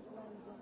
influenza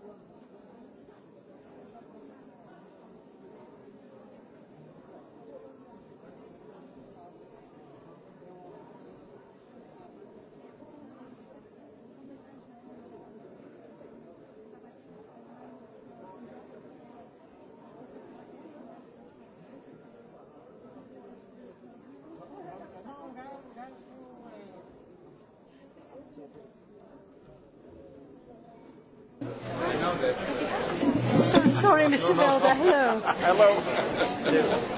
Mr. Belder. Hello. Hello.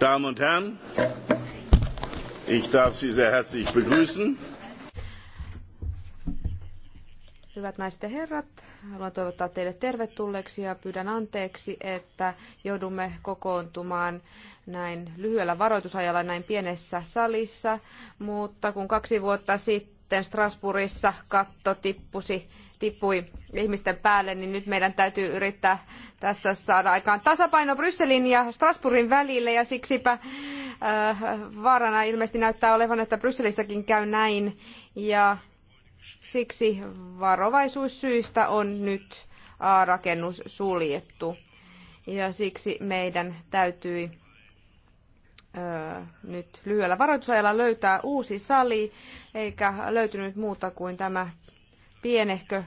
Damen und Herren, ich darf Sie sehr herzlich begrüßen. Hyvät naiset ja herrat, haluan toivottaa teille tervetulleeksi ja pyydän anteeksi, että joudumme kokoontumaan näin lyhyellä varoitusajalla näin pienessä salissa, mutta kun kaksi vuotta sitten sitten Strasbourgissa katto tippusi, tippui ihmisten päälle, niin nyt meidän täytyy yrittää tässä saada aikaan tasapaino Brysselin ja Strasbourgin välille ja siksipä äh, vaarana ilmeisesti näyttää olevan, että Brysselissäkin käy näin ja siksi varovaisuussyistä on nyt A-rakennus äh, suljettu ja siksi meidän täytyi nyt lyhyellä varoitusajalla löytää uusi sali, eikä löytynyt muuta kuin tämä pienehkö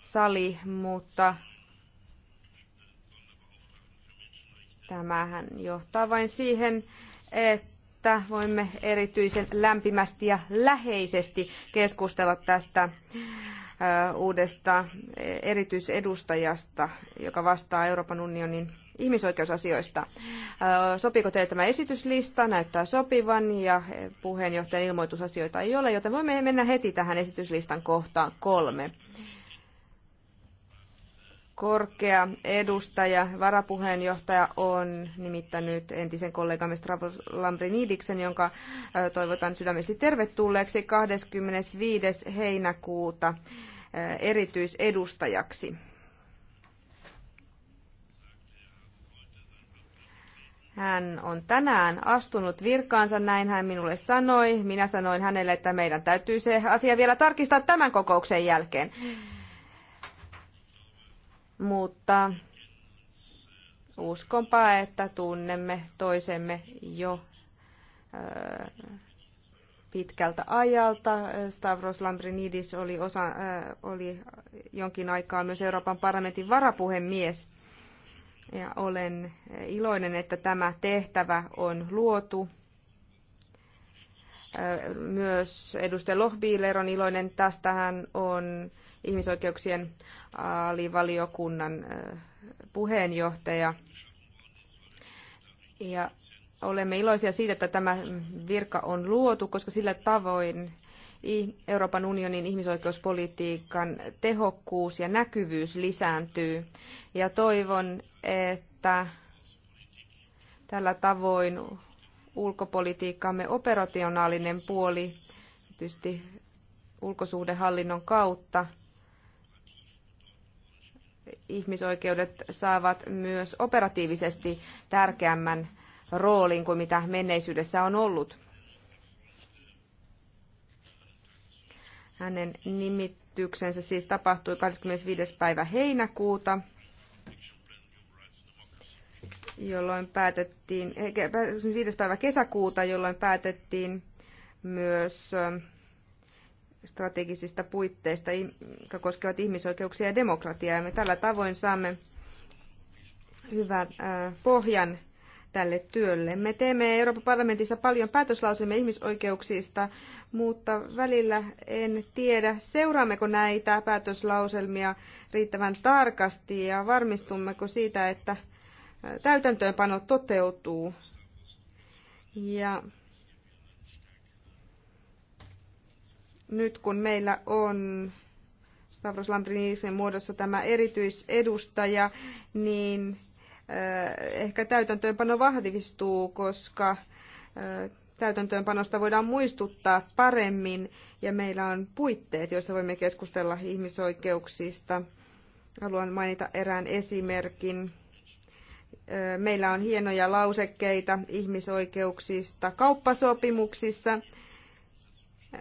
sali, mutta tämähän johtaa vain siihen, että voimme erityisen lämpimästi ja läheisesti keskustella tästä uudesta e, erityisedustajasta, joka vastaa Euroopan unionin ihmisoikeusasioista. Sopiiko teille tämä esityslista? Näyttää sopivan ja puheenjohtajan ilmoitusasioita ei ole, joten voimme mennä heti tähän esityslistan kohtaan kolme. Korkea edustaja, varapuheenjohtaja on nimittänyt entisen kollegamme Stravos Lambrinidiksen, jonka toivotan sydämesti tervetulleeksi 25. heinäkuuta erityisedustajaksi. Hän on tänään astunut virkaansa, näin hän minulle sanoi. Minä sanoin hänelle, että meidän täytyy se asia vielä tarkistaa tämän kokouksen jälkeen. Mutta uskonpa, että tunnemme toisemme jo pitkältä ajalta. Stavros Lambrinidis oli, osa, oli jonkin aikaa myös Euroopan parlamentin varapuhemies ja olen iloinen, että tämä tehtävä on luotu. Myös edustaja Lohbiiler on iloinen. Tästähän on ihmisoikeuksien alivaliokunnan puheenjohtaja. Ja olemme iloisia siitä, että tämä virka on luotu, koska sillä tavoin Euroopan unionin ihmisoikeuspolitiikan tehokkuus ja näkyvyys lisääntyy. Ja toivon, että tällä tavoin ulkopolitiikkamme operationaalinen puoli, tietysti ulkosuhdehallinnon kautta, ihmisoikeudet saavat myös operatiivisesti tärkeämmän roolin kuin mitä menneisyydessä on ollut. Hänen nimityksensä siis tapahtui 25. päivä heinäkuuta, jolloin päätettiin, 5. päivä kesäkuuta, jolloin päätettiin myös ähm, strategisista puitteista, jotka koskevat ihmisoikeuksia ja demokratiaa. Ja me tällä tavoin saamme hyvän äh, pohjan tälle työlle. Me teemme Euroopan parlamentissa paljon päätöslauselmia ihmisoikeuksista, mutta välillä en tiedä, seuraammeko näitä päätöslauselmia riittävän tarkasti ja varmistummeko siitä, että täytäntöönpano toteutuu. Ja nyt kun meillä on Stavros Lambrinisen muodossa tämä erityisedustaja, niin ehkä täytäntöönpano vahvistuu, koska täytäntöönpanosta voidaan muistuttaa paremmin ja meillä on puitteet, joissa voimme keskustella ihmisoikeuksista. Haluan mainita erään esimerkin. Meillä on hienoja lausekkeita ihmisoikeuksista kauppasopimuksissa.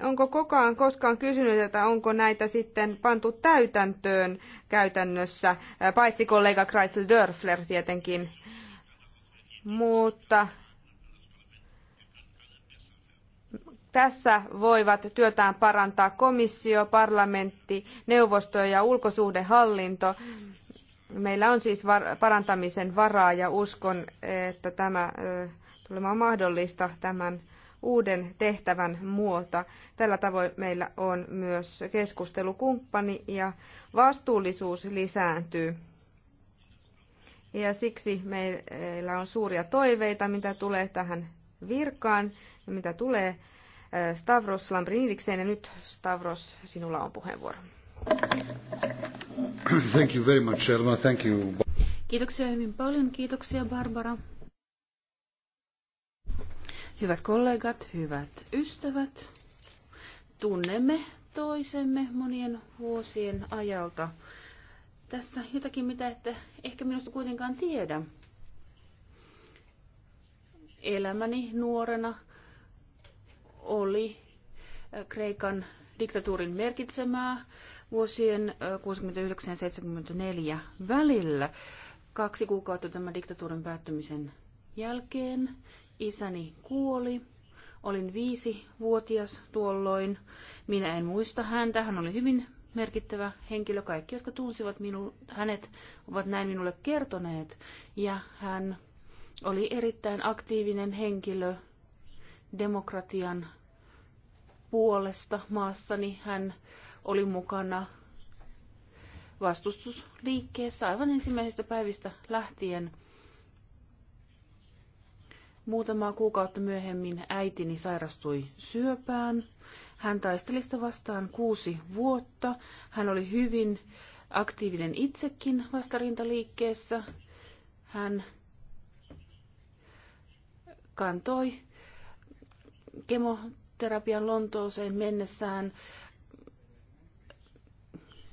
Onko kukaan koskaan kysynyt, että onko näitä sitten pantu täytäntöön käytännössä, paitsi kollega Chrysler Dörfler tietenkin, mutta Tässä voivat työtään parantaa komissio, parlamentti, neuvosto ja ulkosuhdehallinto. Meillä on siis parantamisen varaa ja uskon, että tämä tulemaan mahdollista tämän uuden tehtävän muota. Tällä tavoin meillä on myös keskustelukumppani ja vastuullisuus lisääntyy. Ja siksi meillä on suuria toiveita, mitä tulee tähän virkaan ja mitä tulee Stavros Lambrinidikseen ja nyt Stavros, sinulla on puheenvuoro. Thank you very much, Elma. Thank you. Kiitoksia hyvin paljon. Kiitoksia Barbara. Hyvät kollegat, hyvät ystävät, tunnemme toisemme monien vuosien ajalta. Tässä jotakin, mitä ette ehkä minusta kuitenkaan tiedä. Elämäni nuorena oli äh, Kreikan diktatuurin merkitsemää vuosien 69-74 äh, välillä. Kaksi kuukautta tämän diktatuurin päättymisen jälkeen isäni kuoli. Olin viisi vuotias tuolloin. Minä en muista häntä. Hän oli hyvin merkittävä henkilö. Kaikki, jotka tunsivat minu, hänet, ovat näin minulle kertoneet. Ja hän oli erittäin aktiivinen henkilö demokratian puolesta maassani. Hän oli mukana vastustusliikkeessä aivan ensimmäisestä päivistä lähtien. Muutamaa kuukautta myöhemmin äitini sairastui syöpään. Hän taisteli sitä vastaan kuusi vuotta. Hän oli hyvin aktiivinen itsekin vastarintaliikkeessä. Hän kantoi kemoterapian Lontooseen mennessään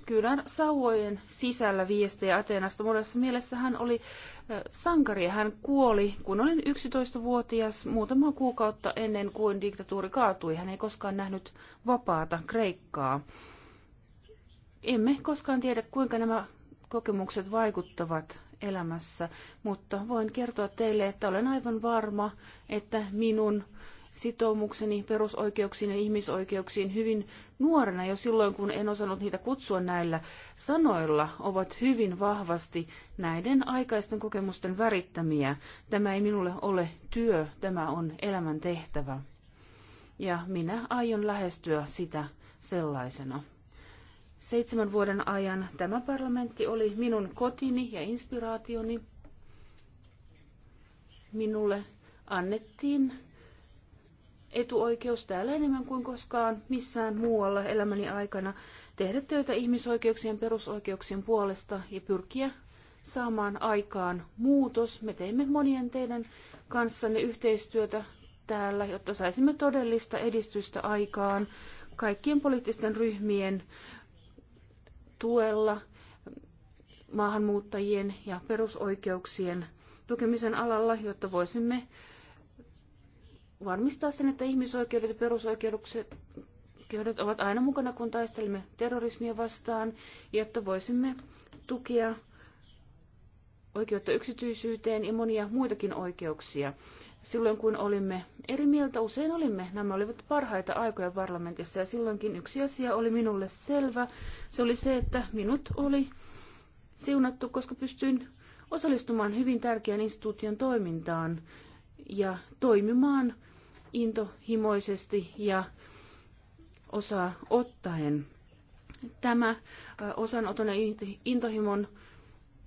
kylän sauvojen sisällä viestejä Ateenasta. Monessa mielessä hän oli sankari ja hän kuoli, kun olin 11-vuotias muutama kuukautta ennen kuin diktatuuri kaatui. Hän ei koskaan nähnyt vapaata Kreikkaa. Emme koskaan tiedä, kuinka nämä kokemukset vaikuttavat elämässä, mutta voin kertoa teille, että olen aivan varma, että minun sitoumukseni perusoikeuksiin ja ihmisoikeuksiin hyvin nuorena jo silloin, kun en osannut niitä kutsua näillä sanoilla, ovat hyvin vahvasti näiden aikaisten kokemusten värittämiä. Tämä ei minulle ole työ, tämä on elämän tehtävä. Ja minä aion lähestyä sitä sellaisena. Seitsemän vuoden ajan tämä parlamentti oli minun kotini ja inspiraationi. Minulle annettiin etuoikeus täällä enemmän kuin koskaan missään muualla elämäni aikana tehdä töitä ihmisoikeuksien perusoikeuksien puolesta ja pyrkiä saamaan aikaan muutos. Me teemme monien teidän kanssanne yhteistyötä täällä, jotta saisimme todellista edistystä aikaan kaikkien poliittisten ryhmien tuella maahanmuuttajien ja perusoikeuksien tukemisen alalla, jotta voisimme varmistaa sen, että ihmisoikeudet ja perusoikeudet ovat aina mukana, kun taistelemme terrorismia vastaan, ja että voisimme tukea oikeutta yksityisyyteen ja monia muitakin oikeuksia. Silloin kun olimme eri mieltä, usein olimme, nämä olivat parhaita aikoja parlamentissa ja silloinkin yksi asia oli minulle selvä. Se oli se, että minut oli siunattu, koska pystyin osallistumaan hyvin tärkeän instituution toimintaan ja toimimaan intohimoisesti ja osaa ottaen. Tämä osanoton ja intohimon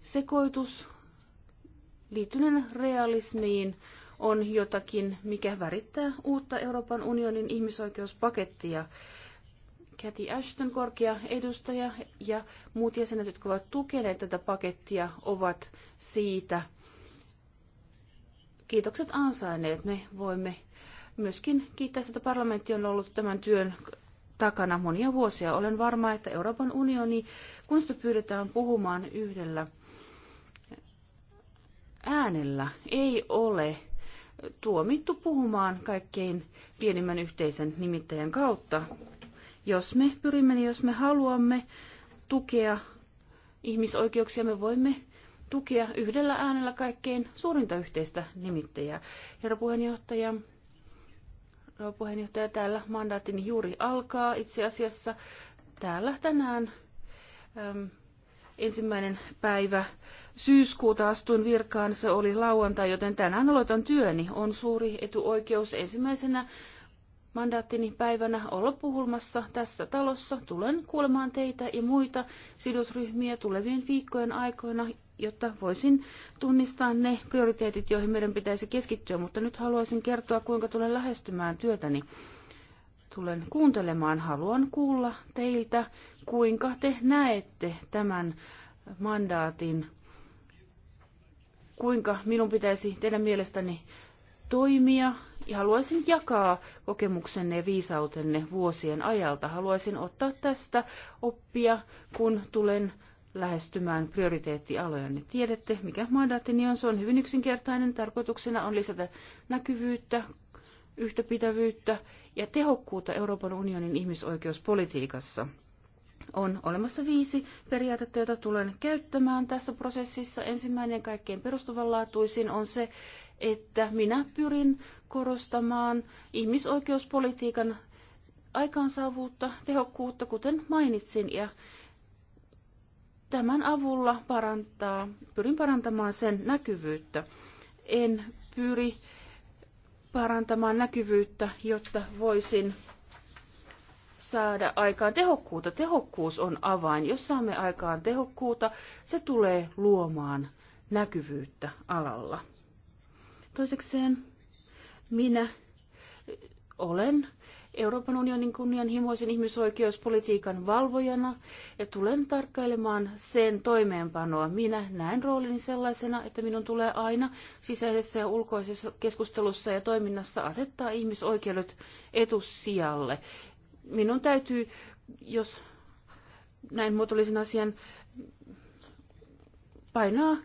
sekoitus liittyen realismiin on jotakin, mikä värittää uutta Euroopan unionin ihmisoikeuspakettia. Kathy Ashton, korkea edustaja ja muut jäsenet, jotka ovat tukeneet tätä pakettia, ovat siitä kiitokset ansainneet. Me voimme myöskin kiittää, että parlamentti on ollut tämän työn takana monia vuosia. Olen varma, että Euroopan unioni, kun sitä pyydetään puhumaan yhdellä äänellä, ei ole tuomittu puhumaan kaikkein pienimmän yhteisen nimittäjän kautta. Jos me pyrimme, niin jos me haluamme tukea ihmisoikeuksia, me voimme tukea yhdellä äänellä kaikkein suurinta yhteistä nimittäjää. Herra puheenjohtaja, Rouva puheenjohtaja, täällä mandaattini juuri alkaa itse asiassa. Täällä tänään äm, ensimmäinen päivä syyskuuta astuin virkaan, se oli lauantai, joten tänään aloitan työni. On suuri etuoikeus ensimmäisenä mandaattini päivänä olla puhulmassa tässä talossa. Tulen kuulemaan teitä ja muita sidosryhmiä tulevien viikkojen aikoina jotta voisin tunnistaa ne prioriteetit, joihin meidän pitäisi keskittyä, mutta nyt haluaisin kertoa, kuinka tulen lähestymään työtäni. Tulen kuuntelemaan, haluan kuulla teiltä, kuinka te näette tämän mandaatin, kuinka minun pitäisi teidän mielestäni toimia ja haluaisin jakaa kokemuksenne ja viisautenne vuosien ajalta. Haluaisin ottaa tästä oppia, kun tulen lähestymään prioriteettialoja. Ne tiedätte, mikä mandaattini on. Se on hyvin yksinkertainen. Tarkoituksena on lisätä näkyvyyttä, yhtäpitävyyttä ja tehokkuutta Euroopan unionin ihmisoikeuspolitiikassa. On olemassa viisi periaatetta, joita tulen käyttämään tässä prosessissa. Ensimmäinen kaikkein perustuvanlaatuisin on se, että minä pyrin korostamaan ihmisoikeuspolitiikan aikaansaavuutta, tehokkuutta, kuten mainitsin, ja tämän avulla parantaa, pyrin parantamaan sen näkyvyyttä. En pyri parantamaan näkyvyyttä, jotta voisin saada aikaan tehokkuutta. Tehokkuus on avain. Jos saamme aikaan tehokkuutta, se tulee luomaan näkyvyyttä alalla. Toisekseen minä olen Euroopan unionin kunnianhimoisen ihmisoikeuspolitiikan valvojana ja tulen tarkkailemaan sen toimeenpanoa. Minä näen roolini sellaisena, että minun tulee aina sisäisessä ja ulkoisessa keskustelussa ja toiminnassa asettaa ihmisoikeudet etusijalle. Minun täytyy, jos näin muotollisen asian painaa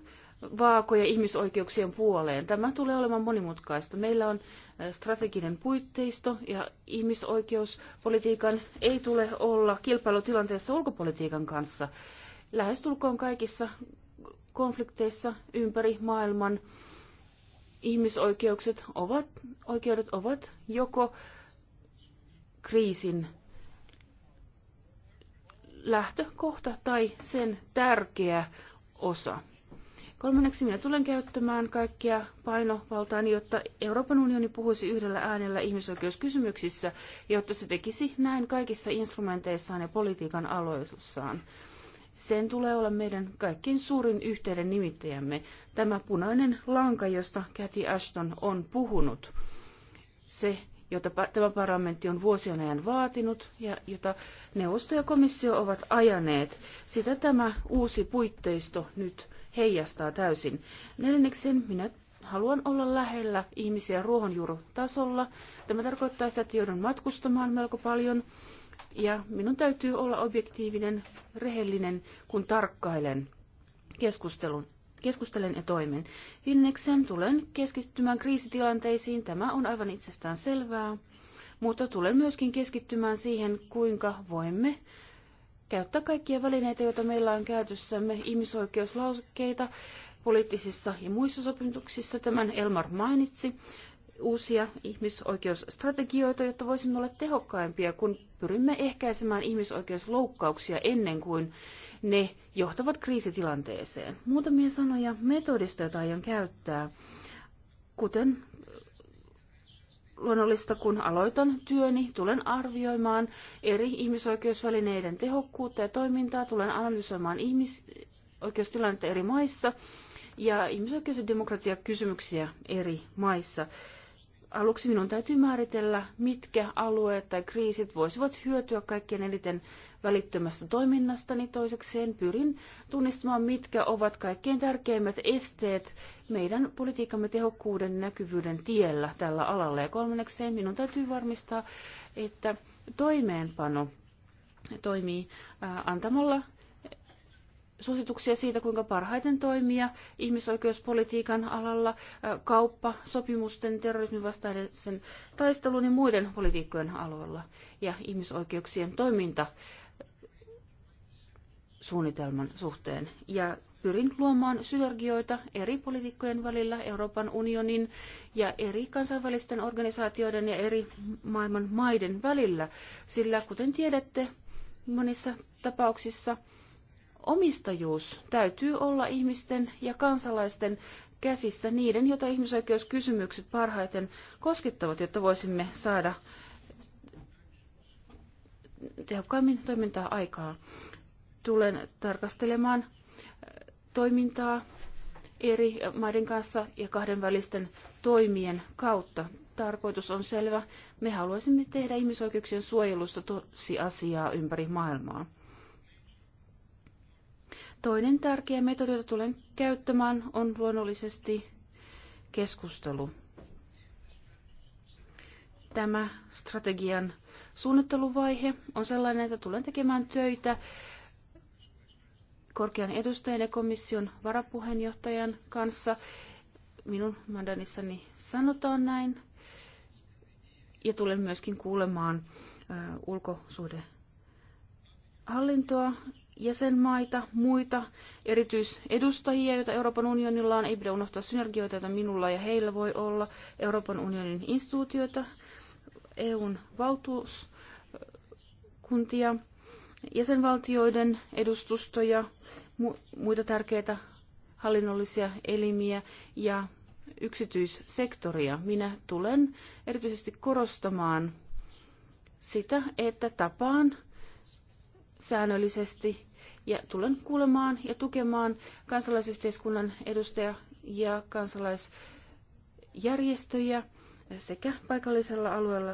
vaakoja ihmisoikeuksien puoleen. Tämä tulee olemaan monimutkaista. Meillä on strateginen puitteisto ja ihmisoikeuspolitiikan ei tule olla kilpailutilanteessa ulkopolitiikan kanssa. Lähestulkoon kaikissa konflikteissa ympäri maailman ihmisoikeukset ovat, oikeudet ovat joko kriisin lähtökohta tai sen tärkeä osa. Kolmanneksi minä tulen käyttämään kaikkia painovaltaani, jotta Euroopan unioni puhuisi yhdellä äänellä ihmisoikeuskysymyksissä, jotta se tekisi näin kaikissa instrumenteissaan ja politiikan aloissaan. Sen tulee olla meidän kaikkien suurin yhteyden nimittäjämme, tämä punainen lanka, josta Cathy Ashton on puhunut. Se, jota tämä parlamentti on vuosien ajan vaatinut ja jota neuvosto ja komissio ovat ajaneet. Sitä tämä uusi puitteisto nyt heijastaa täysin. Neljänneksi minä haluan olla lähellä ihmisiä ruohonjuurotasolla. Tämä tarkoittaa sitä, että joudun matkustamaan melko paljon. Ja minun täytyy olla objektiivinen, rehellinen, kun tarkkailen keskustelun keskustelen ja toimin. Vinneksen tulen keskittymään kriisitilanteisiin, tämä on aivan itsestään selvää, mutta tulen myöskin keskittymään siihen, kuinka voimme käyttää kaikkia välineitä, joita meillä on käytössämme, ihmisoikeuslausekkeita poliittisissa ja muissa sopimuksissa. Tämän Elmar mainitsi uusia ihmisoikeusstrategioita, jotta voisimme olla tehokkaimpia, kun pyrimme ehkäisemään ihmisoikeusloukkauksia ennen kuin ne johtavat kriisitilanteeseen. Muutamia sanoja metodista, jota aion käyttää. Kuten luonnollista, kun aloitan työni, tulen arvioimaan eri ihmisoikeusvälineiden tehokkuutta ja toimintaa, tulen analysoimaan ihmisoikeustilannetta eri maissa ja ihmisoikeus- ja demokratiakysymyksiä eri maissa. Aluksi minun täytyy määritellä, mitkä alueet tai kriisit voisivat hyötyä kaikkien eniten välittömästä toiminnastani. Niin toisekseen pyrin tunnistamaan, mitkä ovat kaikkein tärkeimmät esteet meidän politiikkamme tehokkuuden näkyvyyden tiellä tällä alalla. Ja kolmannekseen minun täytyy varmistaa, että toimeenpano toimii äh, antamalla suosituksia siitä, kuinka parhaiten toimia ihmisoikeuspolitiikan alalla, äh, kauppa, sopimusten, terrorismin vastaisen taistelun ja muiden politiikkojen alueella ja ihmisoikeuksien toiminta suunnitelman suhteen. Ja pyrin luomaan synergioita eri poliitikkojen välillä Euroopan unionin ja eri kansainvälisten organisaatioiden ja eri maailman maiden välillä, sillä kuten tiedätte, monissa tapauksissa omistajuus täytyy olla ihmisten ja kansalaisten käsissä niiden, joita ihmisoikeuskysymykset parhaiten koskettavat, jotta voisimme saada tehokkaammin toimintaa aikaa tulen tarkastelemaan äh, toimintaa eri maiden kanssa ja kahdenvälisten toimien kautta. Tarkoitus on selvä. Me haluaisimme tehdä ihmisoikeuksien suojelusta tosi asiaa ympäri maailmaa. Toinen tärkeä metodi, jota tulen käyttämään, on luonnollisesti keskustelu. Tämä strategian suunnitteluvaihe on sellainen, että tulen tekemään töitä korkean edustajan ja komission varapuheenjohtajan kanssa. Minun mandanissani sanotaan näin. Ja tulen myöskin kuulemaan ulkosuhdehallintoa, jäsenmaita, muita erityisedustajia, joita Euroopan unionilla on. Ei pidä unohtaa synergioita, joita minulla ja heillä voi olla. Euroopan unionin instituutioita, EUn valtuuskuntia, jäsenvaltioiden edustustoja – muita tärkeitä hallinnollisia elimiä ja yksityissektoria. Minä tulen erityisesti korostamaan sitä, että tapaan säännöllisesti ja tulen kuulemaan ja tukemaan kansalaisyhteiskunnan edustajia ja kansalaisjärjestöjä sekä paikallisella alueella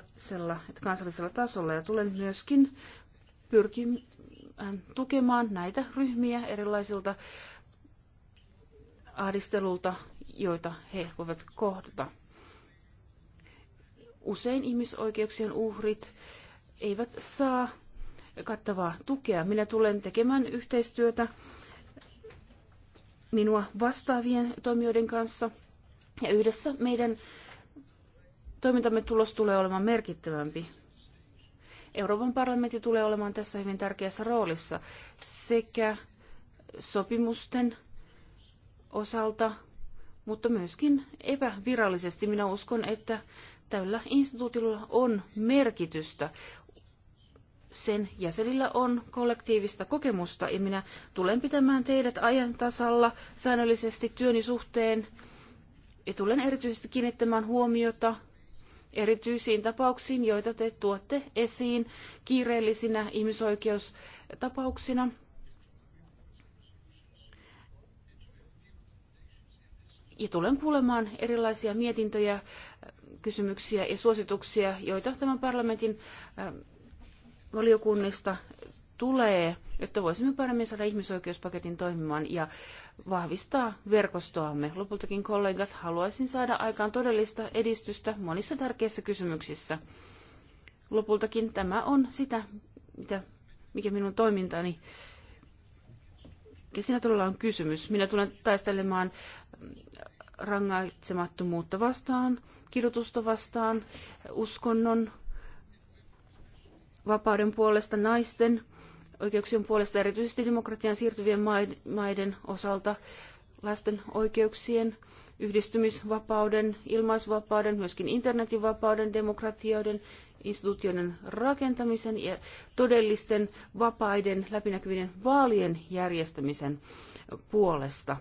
että kansallisella tasolla. Ja tulen myöskin pyrkimään Äh, tukemaan näitä ryhmiä erilaisilta ahdistelulta, joita he voivat kohdata. Usein ihmisoikeuksien uhrit eivät saa kattavaa tukea. Minä tulen tekemään yhteistyötä minua vastaavien toimijoiden kanssa ja yhdessä meidän toimintamme tulos tulee olemaan merkittävämpi. Euroopan parlamentti tulee olemaan tässä hyvin tärkeässä roolissa sekä sopimusten osalta, mutta myöskin epävirallisesti. Minä uskon, että tällä instituutilla on merkitystä. Sen jäsenillä on kollektiivista kokemusta ja minä tulen pitämään teidät ajan tasalla säännöllisesti työni suhteen ja tulen erityisesti kiinnittämään huomiota erityisiin tapauksiin, joita te tuotte esiin kiireellisinä ihmisoikeustapauksina. Ja tulen kuulemaan erilaisia mietintöjä, kysymyksiä ja suosituksia, joita tämän parlamentin valiokunnista tulee, jotta voisimme paremmin saada ihmisoikeuspaketin toimimaan ja vahvistaa verkostoamme. Lopultakin kollegat, haluaisin saada aikaan todellista edistystä monissa tärkeissä kysymyksissä. Lopultakin tämä on sitä, mitä, mikä minun toimintani ja siinä todella on kysymys. Minä tulen taistelemaan rangaitsemattomuutta vastaan, kidutusta vastaan, uskonnon, vapauden puolesta, naisten oikeuksien puolesta, erityisesti demokratian siirtyvien maiden osalta, lasten oikeuksien, yhdistymisvapauden, ilmaisuvapauden myöskin internetin vapauden, demokratioiden, instituutioiden rakentamisen ja todellisten vapaiden läpinäkyvien vaalien järjestämisen puolesta.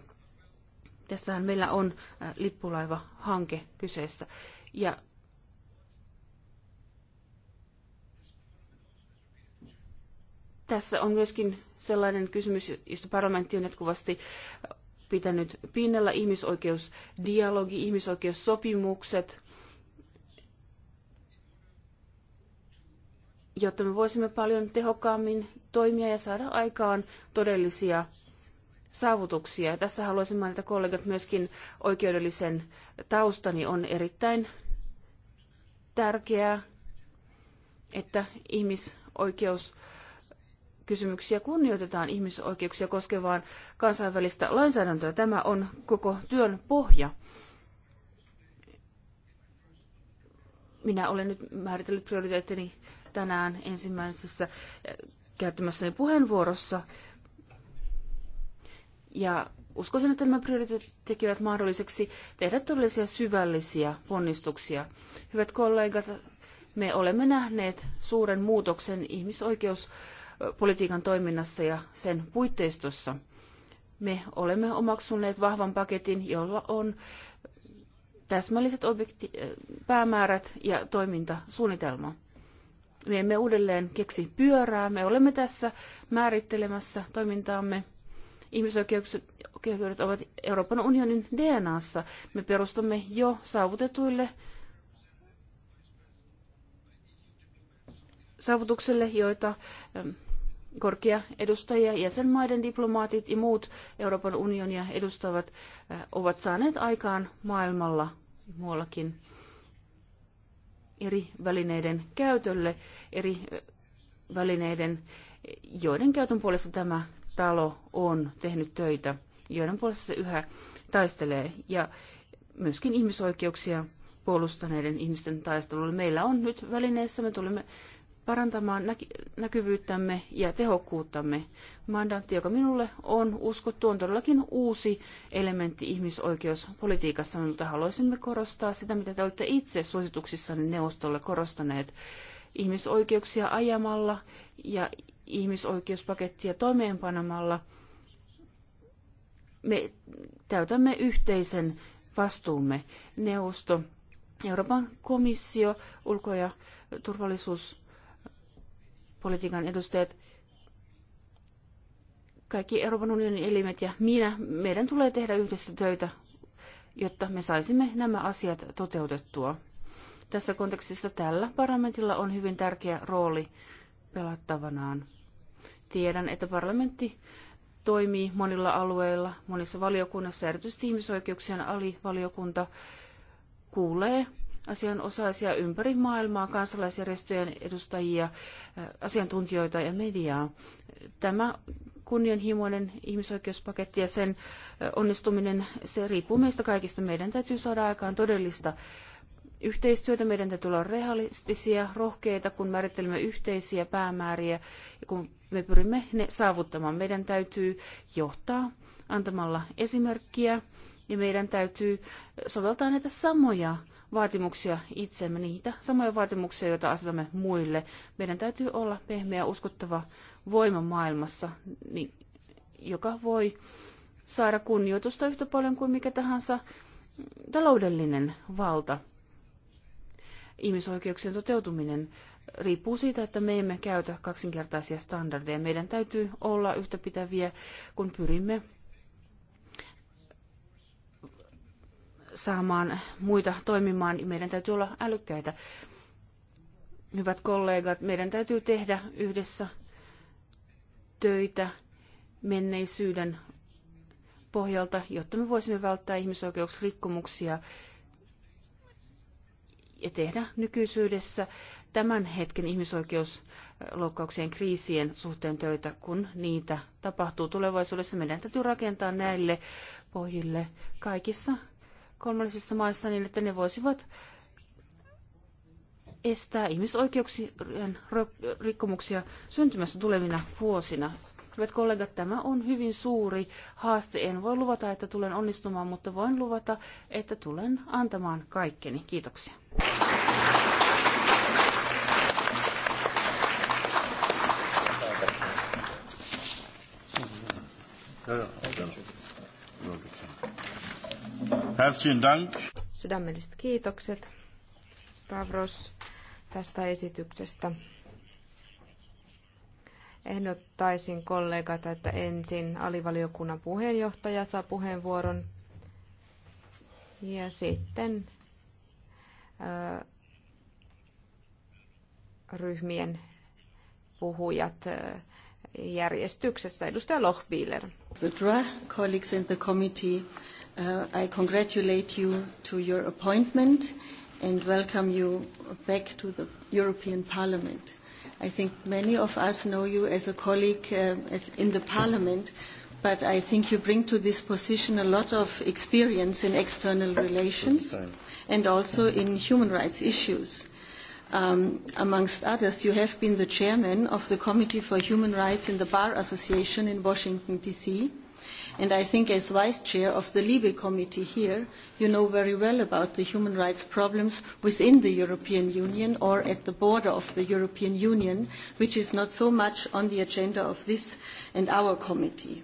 Tässähän meillä on äh, lippulaiva-hanke kyseessä. Ja Tässä on myöskin sellainen kysymys, josta parlamentti on jatkuvasti pitänyt pinnalla ihmisoikeusdialogi, ihmisoikeussopimukset, jotta me voisimme paljon tehokkaammin toimia ja saada aikaan todellisia saavutuksia. Ja tässä haluaisin mainita kollegat myöskin oikeudellisen taustani on erittäin tärkeää, että ihmisoikeus kysymyksiä kunnioitetaan ihmisoikeuksia koskevaan kansainvälistä lainsäädäntöä. Tämä on koko työn pohja. Minä olen nyt määritellyt prioriteettini tänään ensimmäisessä eh, käyttämässäni puheenvuorossa. Ja uskoisin, että nämä prioriteetit tekevät mahdolliseksi tehdä todellisia syvällisiä ponnistuksia. Hyvät kollegat, me olemme nähneet suuren muutoksen ihmisoikeus politiikan toiminnassa ja sen puitteistossa. Me olemme omaksuneet vahvan paketin, jolla on täsmälliset objekti- päämäärät ja toimintasuunnitelma. Me emme uudelleen keksi pyörää, me olemme tässä määrittelemässä toimintaamme. Ihmisoikeudet ovat Euroopan unionin DNAssa. Me perustamme jo saavutetuille saavutukselle, joita korkea edustaja, jäsenmaiden diplomaatit ja muut Euroopan unionia edustavat eh, ovat saaneet aikaan maailmalla muuallakin eri välineiden käytölle, eri eh, välineiden, joiden käytön puolesta tämä talo on tehnyt töitä, joiden puolesta se yhä taistelee ja myöskin ihmisoikeuksia puolustaneiden ihmisten taistelulle. Meillä on nyt välineessä, me tulemme parantamaan näkyvyyttämme ja tehokkuuttamme. Mandaatti, joka minulle on uskottu, on todellakin uusi elementti ihmisoikeuspolitiikassa, mutta haluaisimme korostaa sitä, mitä te olette itse suosituksissanne neuvostolle korostaneet ihmisoikeuksia ajamalla ja ihmisoikeuspakettia toimeenpanemalla. Me täytämme yhteisen vastuumme neuvosto Euroopan komissio, ulko- ja turvallisuus politiikan edustajat, kaikki Euroopan unionin elimet ja minä, meidän tulee tehdä yhdessä töitä, jotta me saisimme nämä asiat toteutettua. Tässä kontekstissa tällä parlamentilla on hyvin tärkeä rooli pelattavanaan. Tiedän, että parlamentti toimii monilla alueilla, monissa valiokunnassa, erityisesti ihmisoikeuksien alivaliokunta kuulee asianosaisia ympäri maailmaa, kansalaisjärjestöjen edustajia, äh, asiantuntijoita ja mediaa. Tämä kunnianhimoinen ihmisoikeuspaketti ja sen äh, onnistuminen, se riippuu meistä kaikista. Meidän täytyy saada aikaan todellista yhteistyötä. Meidän täytyy olla realistisia, rohkeita, kun määrittelemme yhteisiä päämääriä ja kun me pyrimme ne saavuttamaan. Meidän täytyy johtaa antamalla esimerkkiä ja meidän täytyy soveltaa näitä samoja vaatimuksia itsemme, niitä samoja vaatimuksia, joita asetamme muille. Meidän täytyy olla pehmeä, uskottava voima maailmassa, niin, joka voi saada kunnioitusta yhtä paljon kuin mikä tahansa taloudellinen valta. Ihmisoikeuksien toteutuminen riippuu siitä, että me emme käytä kaksinkertaisia standardeja. Meidän täytyy olla yhtäpitäviä, kun pyrimme saamaan muita toimimaan, meidän täytyy olla älykkäitä. Hyvät kollegat, meidän täytyy tehdä yhdessä töitä menneisyyden pohjalta, jotta me voisimme välttää ihmisoikeusrikkomuksia ja tehdä nykyisyydessä tämän hetken ihmisoikeusloukkauksien kriisien suhteen töitä, kun niitä tapahtuu tulevaisuudessa. Meidän täytyy rakentaa näille pohjille kaikissa kolmallisissa maissa niin, että ne voisivat estää ihmisoikeuksien rikkomuksia syntymässä tulevina vuosina. Hyvät kollegat, tämä on hyvin suuri haaste. En voi luvata, että tulen onnistumaan, mutta voin luvata, että tulen antamaan kaikkeni. Kiitoksia. No, no, no. Herzlichen Dank. Sydämelliset kiitokset Stavros tästä esityksestä. Ehdottaisin kollegat, että ensin alivaliokunnan puheenjohtaja saa puheenvuoron ja sitten ryhmien puhujat järjestyksessä. Edustaja Lochbieler. The colleagues in the committee. Uh, I congratulate you to your appointment and welcome you back to the European Parliament. I think many of us know you as a colleague uh, as in the Parliament, but I think you bring to this position a lot of experience in external relations and also in human rights issues. Um, amongst others, you have been the chairman of the Committee for Human Rights in the Bar Association in Washington, D.C., And I think as Vice Chair of the Libe Committee here, you know very well about the human rights problems within the European Union or at the border of the European Union, which is not so much on the agenda of this and our committee.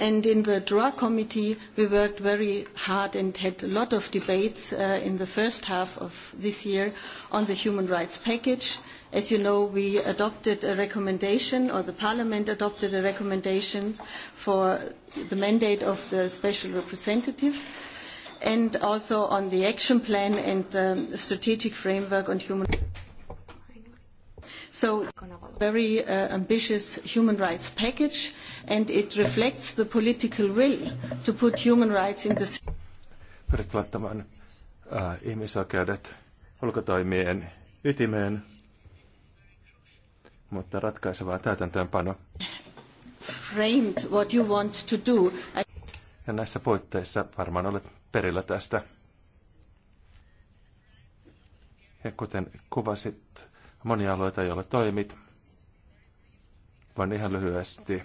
And in the DRA committee, we worked very hard and had a lot of debates uh, in the first half of this year on the human rights package, As you know, we adopted a recommendation, or the Parliament adopted a recommendation for the mandate of the Special Representative and also on the action plan and the strategic framework on human rights. so very uh, ambitious human rights package and it reflects the political will to put human rights in the Pyrit laittamaan äh, uh, ihmisoikeudet ulkotoimien ytimeen mutta ratkaisevaa täytäntöönpano. Framed what you want to do. Ja näissä puitteissa varmaan olet perillä tästä. Ja kuten kuvasit monia alueita, joilla toimit, voin ihan lyhyesti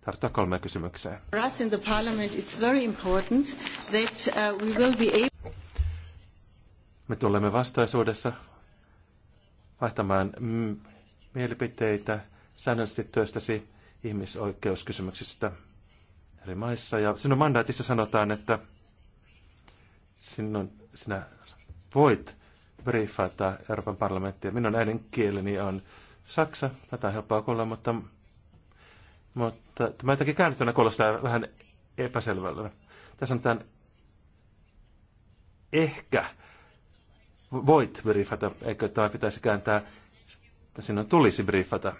tarttua kolme kysymykseen. For us in the parliament it's very important that uh, we will be able... Me tulemme vastaisuudessa vaihtamaan mielipiteitä säännöllisesti työstäsi ihmisoikeuskysymyksistä eri maissa. Ja sinun mandaatissa sanotaan, että sinun, sinä voit briefata Euroopan parlamenttia. Minun äidinkieleni on saksa, tätä on helppoa kuulla, mutta, mutta tämä jotenkin käännettynä kuulostaa vähän epäselvällä. Tässä on tämän ehkä voit briefata, eikö tämä pitäisi kääntää että sinun tulisi briefata.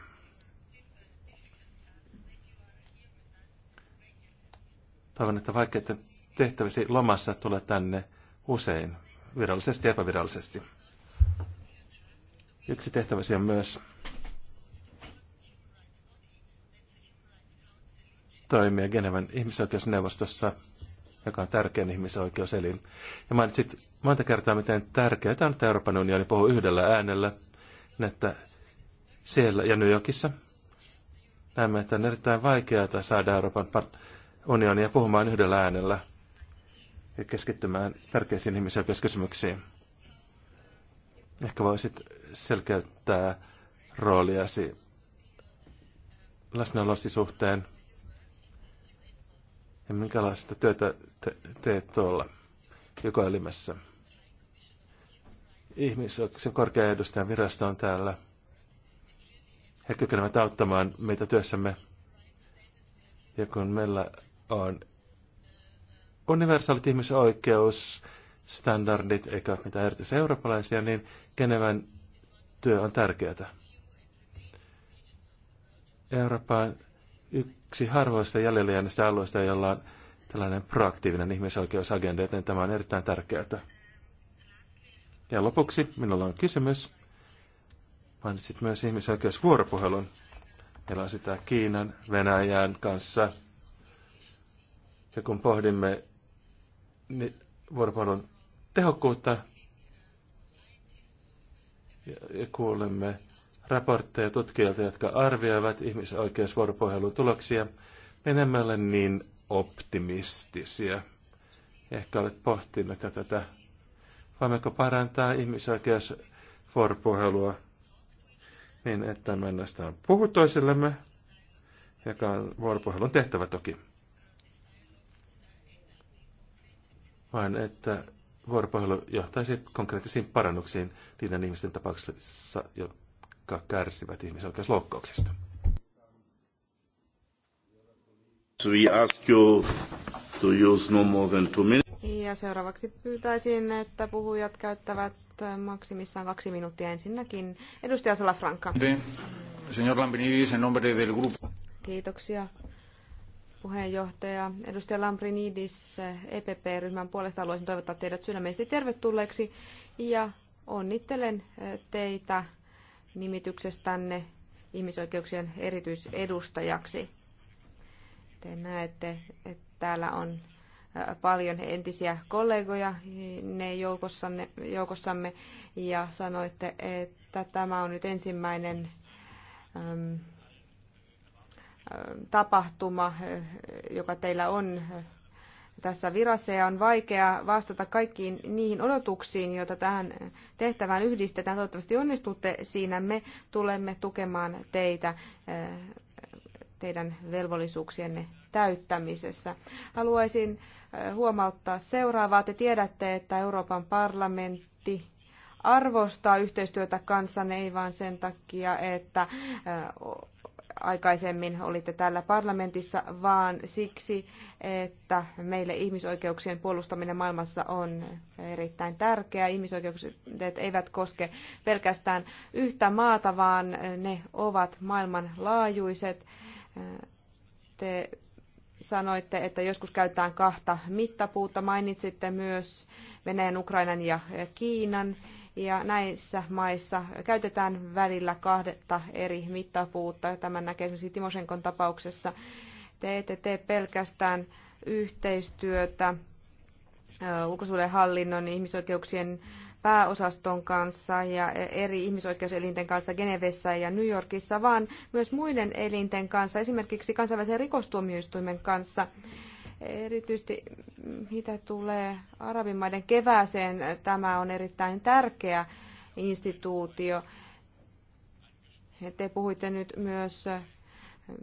Toivon, että vaikeiden tehtävisi lomassa tulee tänne usein, virallisesti ja epävirallisesti. Yksi tehtäväsi on myös toimia Genevan ihmisoikeusneuvostossa, joka on tärkein ihmisoikeuselin. Ja mainitsit monta kertaa, miten tärkeää on, että Euroopan unioni puhuu yhdellä äänellä, että siellä ja New Yorkissa. Näemme, että on erittäin vaikeaa saada Euroopan unionia puhumaan yhdellä äänellä ja keskittymään tärkeisiin ihmisoikeuskysymyksiin. Ehkä voisit selkeyttää rooliasi läsnäolosi suhteen ja minkälaista työtä te- teet tuolla joko elimessä. Ihmisoikeuksien korkean edustajan virasto on täällä – ja kykenevät auttamaan meitä työssämme. Ja kun meillä on universaalit ihmisoikeusstandardit, eikä mitä mitään erityisiä eurooppalaisia, niin Genevän työ on tärkeää. Eurooppa on yksi harvoista jäljellä jääneistä alueista, jolla on tällainen proaktiivinen ihmisoikeusagenda, joten tämä on erittäin tärkeää. Ja lopuksi minulla on kysymys. Mainitsit myös ihmisoikeusvuoropuhelun. Meillä on sitä Kiinan, Venäjän kanssa. Ja kun pohdimme niin vuoropuhelun tehokkuutta ja, ja kuulemme raportteja tutkijoilta, jotka arvioivat ihmisoikeusvuoropuhelun tuloksia, niin emme ole niin optimistisia. Ehkä olet pohtinut tätä. Voimmeko parantaa ihmisoikeusvuoropuhelua niin että me ainoastaan puhu toisillemme, joka on vuoropuhelun tehtävä toki, vaan että vuoropuhelu johtaisi konkreettisiin parannuksiin niiden ihmisten tapauksessa, jotka kärsivät ihmisoikeusloukkauksista. Ja seuraavaksi pyytäisin, että puhujat käyttävät maksimissaan kaksi minuuttia ensinnäkin. Edustaja Salafranca. Señor Lambrinidis, en nombre del grupo. Kiitoksia puheenjohtaja. Edustaja Lambrinidis, EPP-ryhmän puolesta haluaisin toivottaa teidät sydämesti tervetulleeksi ja onnittelen teitä nimityksestänne ihmisoikeuksien erityisedustajaksi. Te näette, että täällä on paljon entisiä kollegoja ne joukossanne, joukossamme ja sanoitte, että tämä on nyt ensimmäinen äm, tapahtuma, äh, joka teillä on äh, tässä virassa ja on vaikea vastata kaikkiin niihin odotuksiin, joita tähän tehtävään yhdistetään. Toivottavasti onnistutte siinä. Me tulemme tukemaan teitä äh, teidän velvollisuuksienne täyttämisessä. Haluaisin Eh, huomauttaa seuraavaa. Te tiedätte, että Euroopan parlamentti arvostaa yhteistyötä kanssanne ei vain sen takia, että eh, aikaisemmin olitte täällä parlamentissa, vaan siksi, että meille ihmisoikeuksien puolustaminen maailmassa on erittäin tärkeää. Ihmisoikeudet eivät koske pelkästään yhtä maata, vaan ne ovat maailmanlaajuiset. Eh, te sanoitte, että joskus käytetään kahta mittapuuta. Mainitsitte myös Venäjän, Ukrainan ja Kiinan. Ja näissä maissa käytetään välillä kahdetta eri mittapuutta. Tämän näkee esimerkiksi Timosenkon tapauksessa. Te ette tee pelkästään yhteistyötä hallinnon ihmisoikeuksien pääosaston kanssa ja eri ihmisoikeuselinten kanssa Genevessä ja New Yorkissa, vaan myös muiden elinten kanssa, esimerkiksi kansainvälisen rikostuomioistuimen kanssa. Erityisesti mm, mitä tulee arabimaiden kevääseen, tämä on erittäin tärkeä instituutio. Te puhuitte nyt myös mm,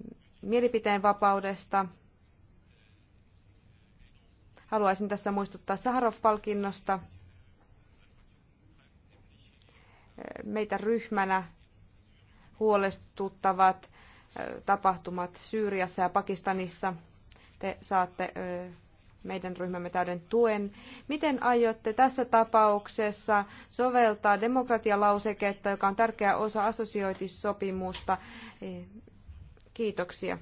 mielipiteen vapaudesta. Haluaisin tässä muistuttaa Saharov-palkinnosta meitä ryhmänä huolestuttavat tapahtumat Syyriassa ja Pakistanissa. Te saatte meidän ryhmämme täyden tuen. Miten aiotte tässä tapauksessa soveltaa demokratialauseketta, joka on tärkeä osa assosioitissopimusta? E, kiitoksia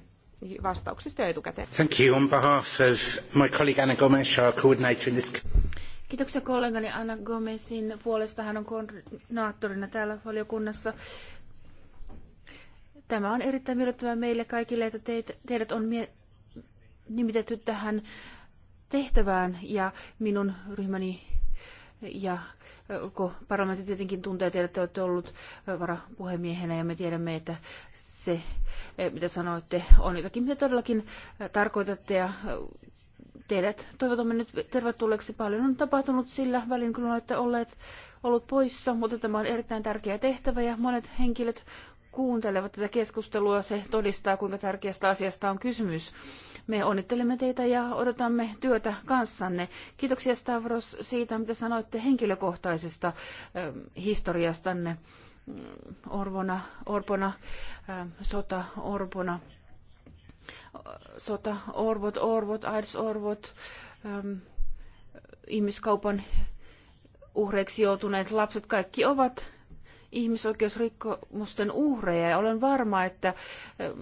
vastauksista jo etukäteen. Thank you. On behalf of my colleague Anna Gomes, our coordinator in this... Kiitoksia kollegani Anna Gomesin puolesta. Hän on koordinaattorina täällä valiokunnassa. Tämä on erittäin miellyttävää meille kaikille, että teitä, teidät on mie- nimitetty tähän tehtävään ja minun ryhmäni ja koko parlamentti tietenkin tuntee teidät, että olette ollut varapuhemiehenä ja me tiedämme, että se, mitä sanoitte, on jotakin, mitä todellakin tarkoitatte ja teidät toivotamme nyt tervetulleeksi. Paljon on tapahtunut sillä välin, kun olette olleet ollut poissa, mutta tämä on erittäin tärkeä tehtävä ja monet henkilöt kuuntelevat tätä keskustelua. Se todistaa, kuinka tärkeästä asiasta on kysymys. Me onnittelemme teitä ja odotamme työtä kanssanne. Kiitoksia Stavros siitä, mitä sanoitte henkilökohtaisesta ähm, historiastanne. Mm, Orvona, Orpona, ähm, sota Orpona sotaorvot, orvot, AIDS-orvot, ähm, ihmiskaupan uhreiksi joutuneet lapset, kaikki ovat ihmisoikeusrikkomusten uhreja. Ja olen varma, että ähm,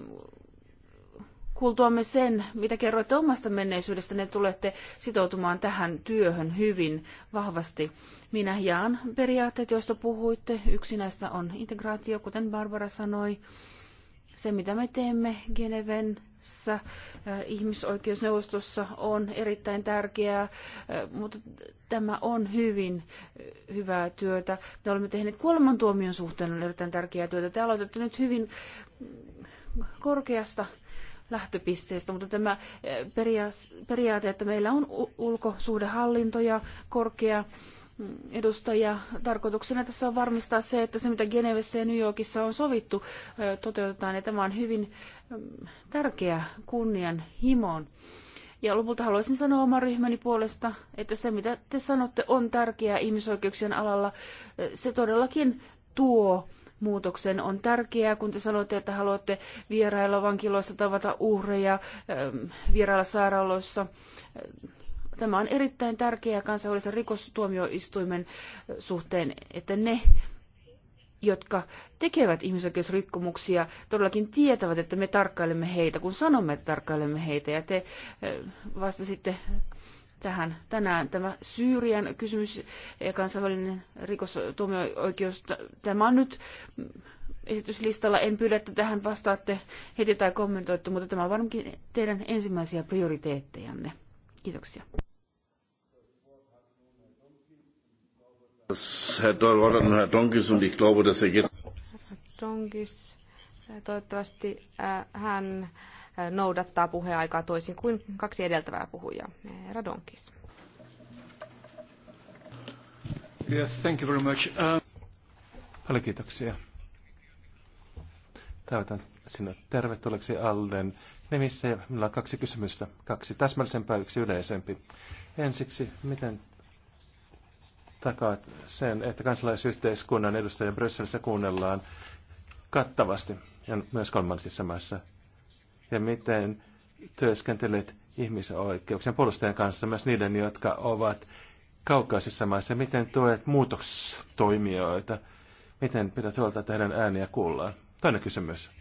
kuultuamme sen, mitä kerroitte omasta menneisyydestä, ne niin tulette sitoutumaan tähän työhön hyvin vahvasti. Minä jaan periaatteet, joista puhuitte. Yksi näistä on integraatio, kuten Barbara sanoi. Se, mitä me teemme Geneven tässä äh, ihmisoikeusneuvostossa on erittäin tärkeää, äh, mutta tämä on hyvin äh, hyvää työtä. Me olemme tehneet kuolemantuomion suhteen on erittäin tärkeää työtä. Te aloitatte nyt hyvin korkeasta lähtöpisteestä, mutta tämä periaate, että meillä on ulkosuhdehallinto ja korkea edustaja. Tarkoituksena tässä on varmistaa se, että se mitä Genevessä ja New Yorkissa on sovittu toteutetaan ja tämä on hyvin tärkeä kunnianhimon. Ja lopulta haluaisin sanoa oman ryhmäni puolesta, että se mitä te sanotte on tärkeää ihmisoikeuksien alalla. Se todellakin tuo muutoksen. On tärkeää, kun te sanotte, että haluatte vierailla vankiloissa, tavata uhreja, vierailla sairaaloissa, Tämä on erittäin tärkeää kansainvälisen rikostuomioistuimen suhteen, että ne, jotka tekevät ihmisoikeusrikkomuksia, todellakin tietävät, että me tarkkailemme heitä, kun sanomme, että tarkkailemme heitä. Ja te vastasitte tähän tänään tämä Syyrian kysymys ja kansainvälinen rikostuomioikeus. Tämä on nyt esityslistalla. En pyydä, että tähän vastaatte heti tai kommentoitte, mutta tämä on varmaankin teidän ensimmäisiä prioriteettejanne. Kiitoksia. Das Herr Dorn, Herr Donkis, und ich glaube, dass er jetzt... Donkis, äh, toivottavasti äh, hän äh, noudattaa puheaikaa toisin kuin kaksi edeltävää puhujaa. Herra Donkis. Yeah, thank you very much. Uh... Paljon kiitoksia. Täytän sinut tervetulleeksi Alden nimissä. Ja minulla on kaksi kysymystä. Kaksi täsmällisempää, yksi yleisempi. Ensiksi, miten takaa sen, että kansalaisyhteiskunnan edustajia Brysselissä kuunnellaan kattavasti ja myös kolmansissa maissa. Ja miten työskentelet ihmisoikeuksien puolustajan kanssa, myös niiden, jotka ovat kaukaisissa maissa, miten tuet muutostoimijoita, miten pidät huolta, että heidän ääniä kuullaan. Toinen kysymys.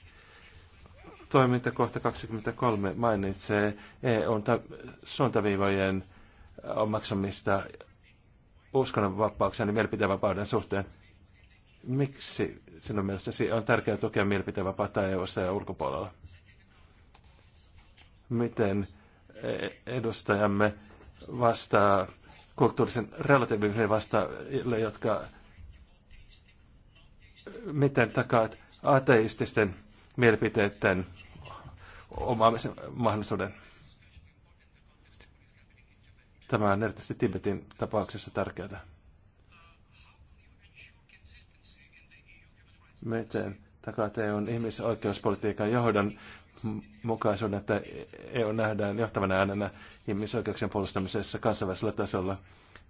Toimintakohta 23 mainitsee eu suuntaviivojen omaksumista uskonnonvapauksen ja mielipiteenvapauden suhteen. Miksi sinun mielestäsi on tärkeää tukea mielipiteenvapautta EU-ssa ja ulkopuolella? Miten edustajamme vastaa kulttuurisen relativismin vastaajille, jotka miten takaat ateististen mielipiteiden omaamisen mahdollisuuden? Tämä on erityisesti Tibetin tapauksessa tärkeää. Miten takaat EUn e ihmisoikeuspolitiikan johdon mukaisuuden, että EU nähdään johtavana äänenä ihmisoikeuksien puolustamisessa kansainvälisellä tasolla,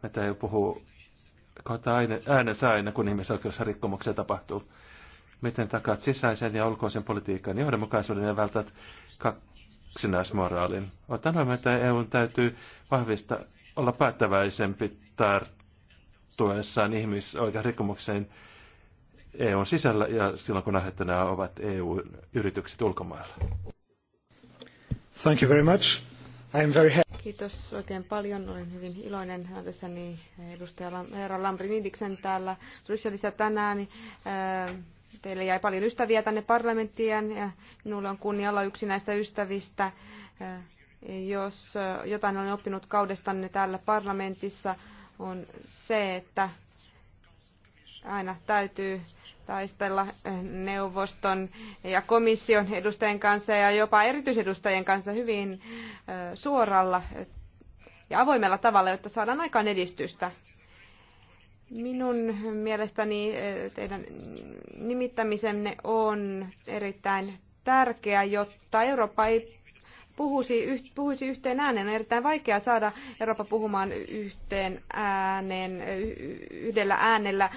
että EU puhuu kohta äänensä aina, kun ihmisoikeusrikkomuksia tapahtuu. Miten takaat sisäisen ja ulkoisen politiikan johdonmukaisuuden ja vältät kaksinaismoraalin. Otan huomioon, että EUn täytyy vahvistaa, olla päättäväisempi tarttuessaan ihmisoikeusrikkomukseen EUn sisällä ja silloin kun aiheuttajana ovat EU-yritykset ulkomailla. Thank you very much. I am very happy. Kiitos oikein paljon. Olen hyvin iloinen nähdessäni edustaja Herra Lambrinidiksen täällä Brysselissä tänään. Äh, Teille jäi paljon ystäviä tänne parlamenttiin ja minulla on kunnia olla yksi näistä ystävistä. Jos jotain olen oppinut kaudestanne täällä parlamentissa, on se, että aina täytyy taistella neuvoston ja komission edustajien kanssa ja jopa erityisedustajien kanssa hyvin suoralla ja avoimella tavalla, jotta saadaan aikaan edistystä. Minun mielestäni eh, teidän nimittämisenne on erittäin tärkeä, jotta Eurooppa ei puhuisi, puhuisi yhteen ääneen. On erittäin vaikea saada Eurooppa puhumaan yhteen ääneen, yhdellä äänellä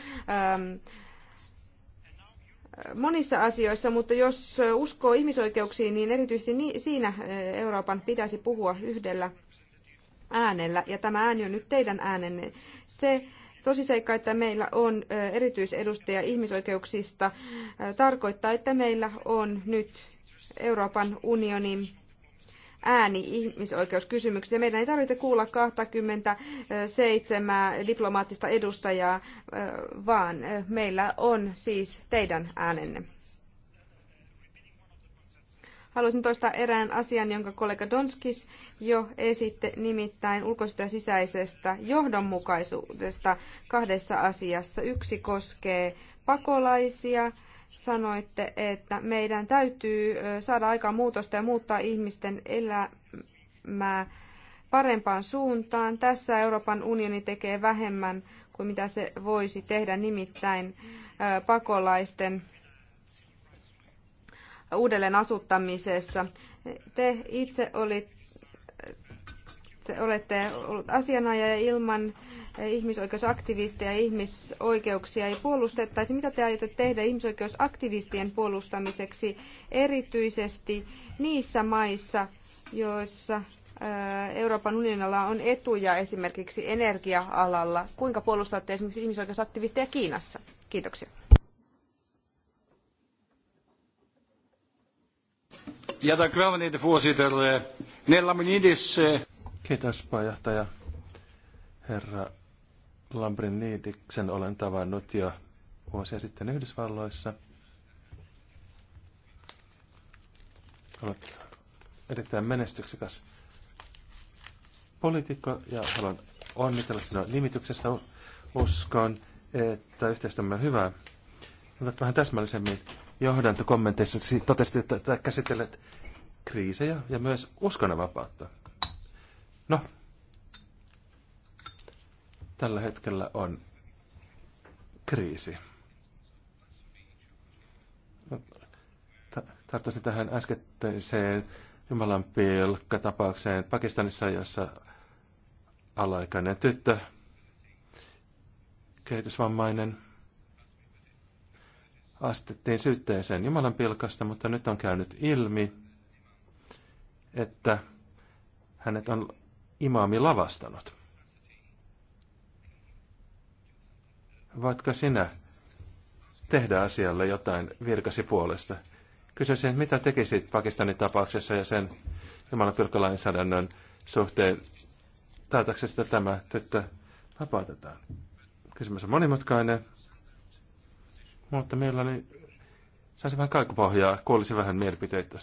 monissa asioissa, mutta jos uskoo ihmisoikeuksiin, niin erityisesti siinä eh, Euroopan pitäisi puhua yhdellä äänellä. Ja tämä ääni on nyt teidän äänenne. Se tosiseikka, että meillä on erityisedustaja ihmisoikeuksista, tarkoittaa, että meillä on nyt Euroopan unionin ääni ihmisoikeuskysymyksiä. Meidän ei tarvitse kuulla 27 diplomaattista edustajaa, vaan meillä on siis teidän äänenne. Haluaisin toistaa erään asian, jonka kollega Donskis jo esitti, nimittäin ulkoisesta ja sisäisestä johdonmukaisuudesta kahdessa asiassa. Yksi koskee pakolaisia. Sanoitte, että meidän täytyy saada aikaan muutosta ja muuttaa ihmisten elämää parempaan suuntaan. Tässä Euroopan unioni tekee vähemmän kuin mitä se voisi tehdä, nimittäin pakolaisten uudelleen asuttamisessa. Te itse olit, te olette ollut asianajaja ilman ihmisoikeusaktivisteja ja ihmisoikeuksia ei puolustettaisi. Mitä te aiotte tehdä ihmisoikeusaktivistien puolustamiseksi erityisesti niissä maissa, joissa äh, Euroopan unionilla on etuja esimerkiksi energia-alalla. Kuinka puolustatte esimerkiksi ihmisoikeusaktivisteja Kiinassa? Kiitoksia. Ja dank u wel, meneer de voorzitter. Eh, meneer Lambrinidis. Eh, Kiitos, puheenjohtaja. Herra Lambrinidiksen olen tavannut jo vuosia sitten Yhdysvalloissa. Olet erittäin menestyksekäs poliitikko ja haluan onnitella sinua nimityksestä. Uskon, että yhteistyömme on hyvää. Mutta vähän täsmällisemmin johdantokommenteissa totesit, että käsittelet kriisejä ja myös uskonnonvapautta. No, tällä hetkellä on kriisi. Tarttuisin tähän äskettäiseen Jumalan pilkkatapaukseen Pakistanissa, jossa alaikainen tyttö, kehitysvammainen, astettiin syytteeseen Jumalan pilkasta, mutta nyt on käynyt ilmi, että hänet on imaami lavastanut. Voitko sinä tehdä asialle jotain virkasi puolesta? Kysyisin, mitä tekisit Pakistanin tapauksessa ja sen Jumalan pilkkalainsäädännön suhteen Taitaksesi tämä tyttö vapautetaan? Kysymys on monimutkainen. Mutta meillä oli, saisi vähän kaikupohjaa, kuolisi vähän mielipiteitä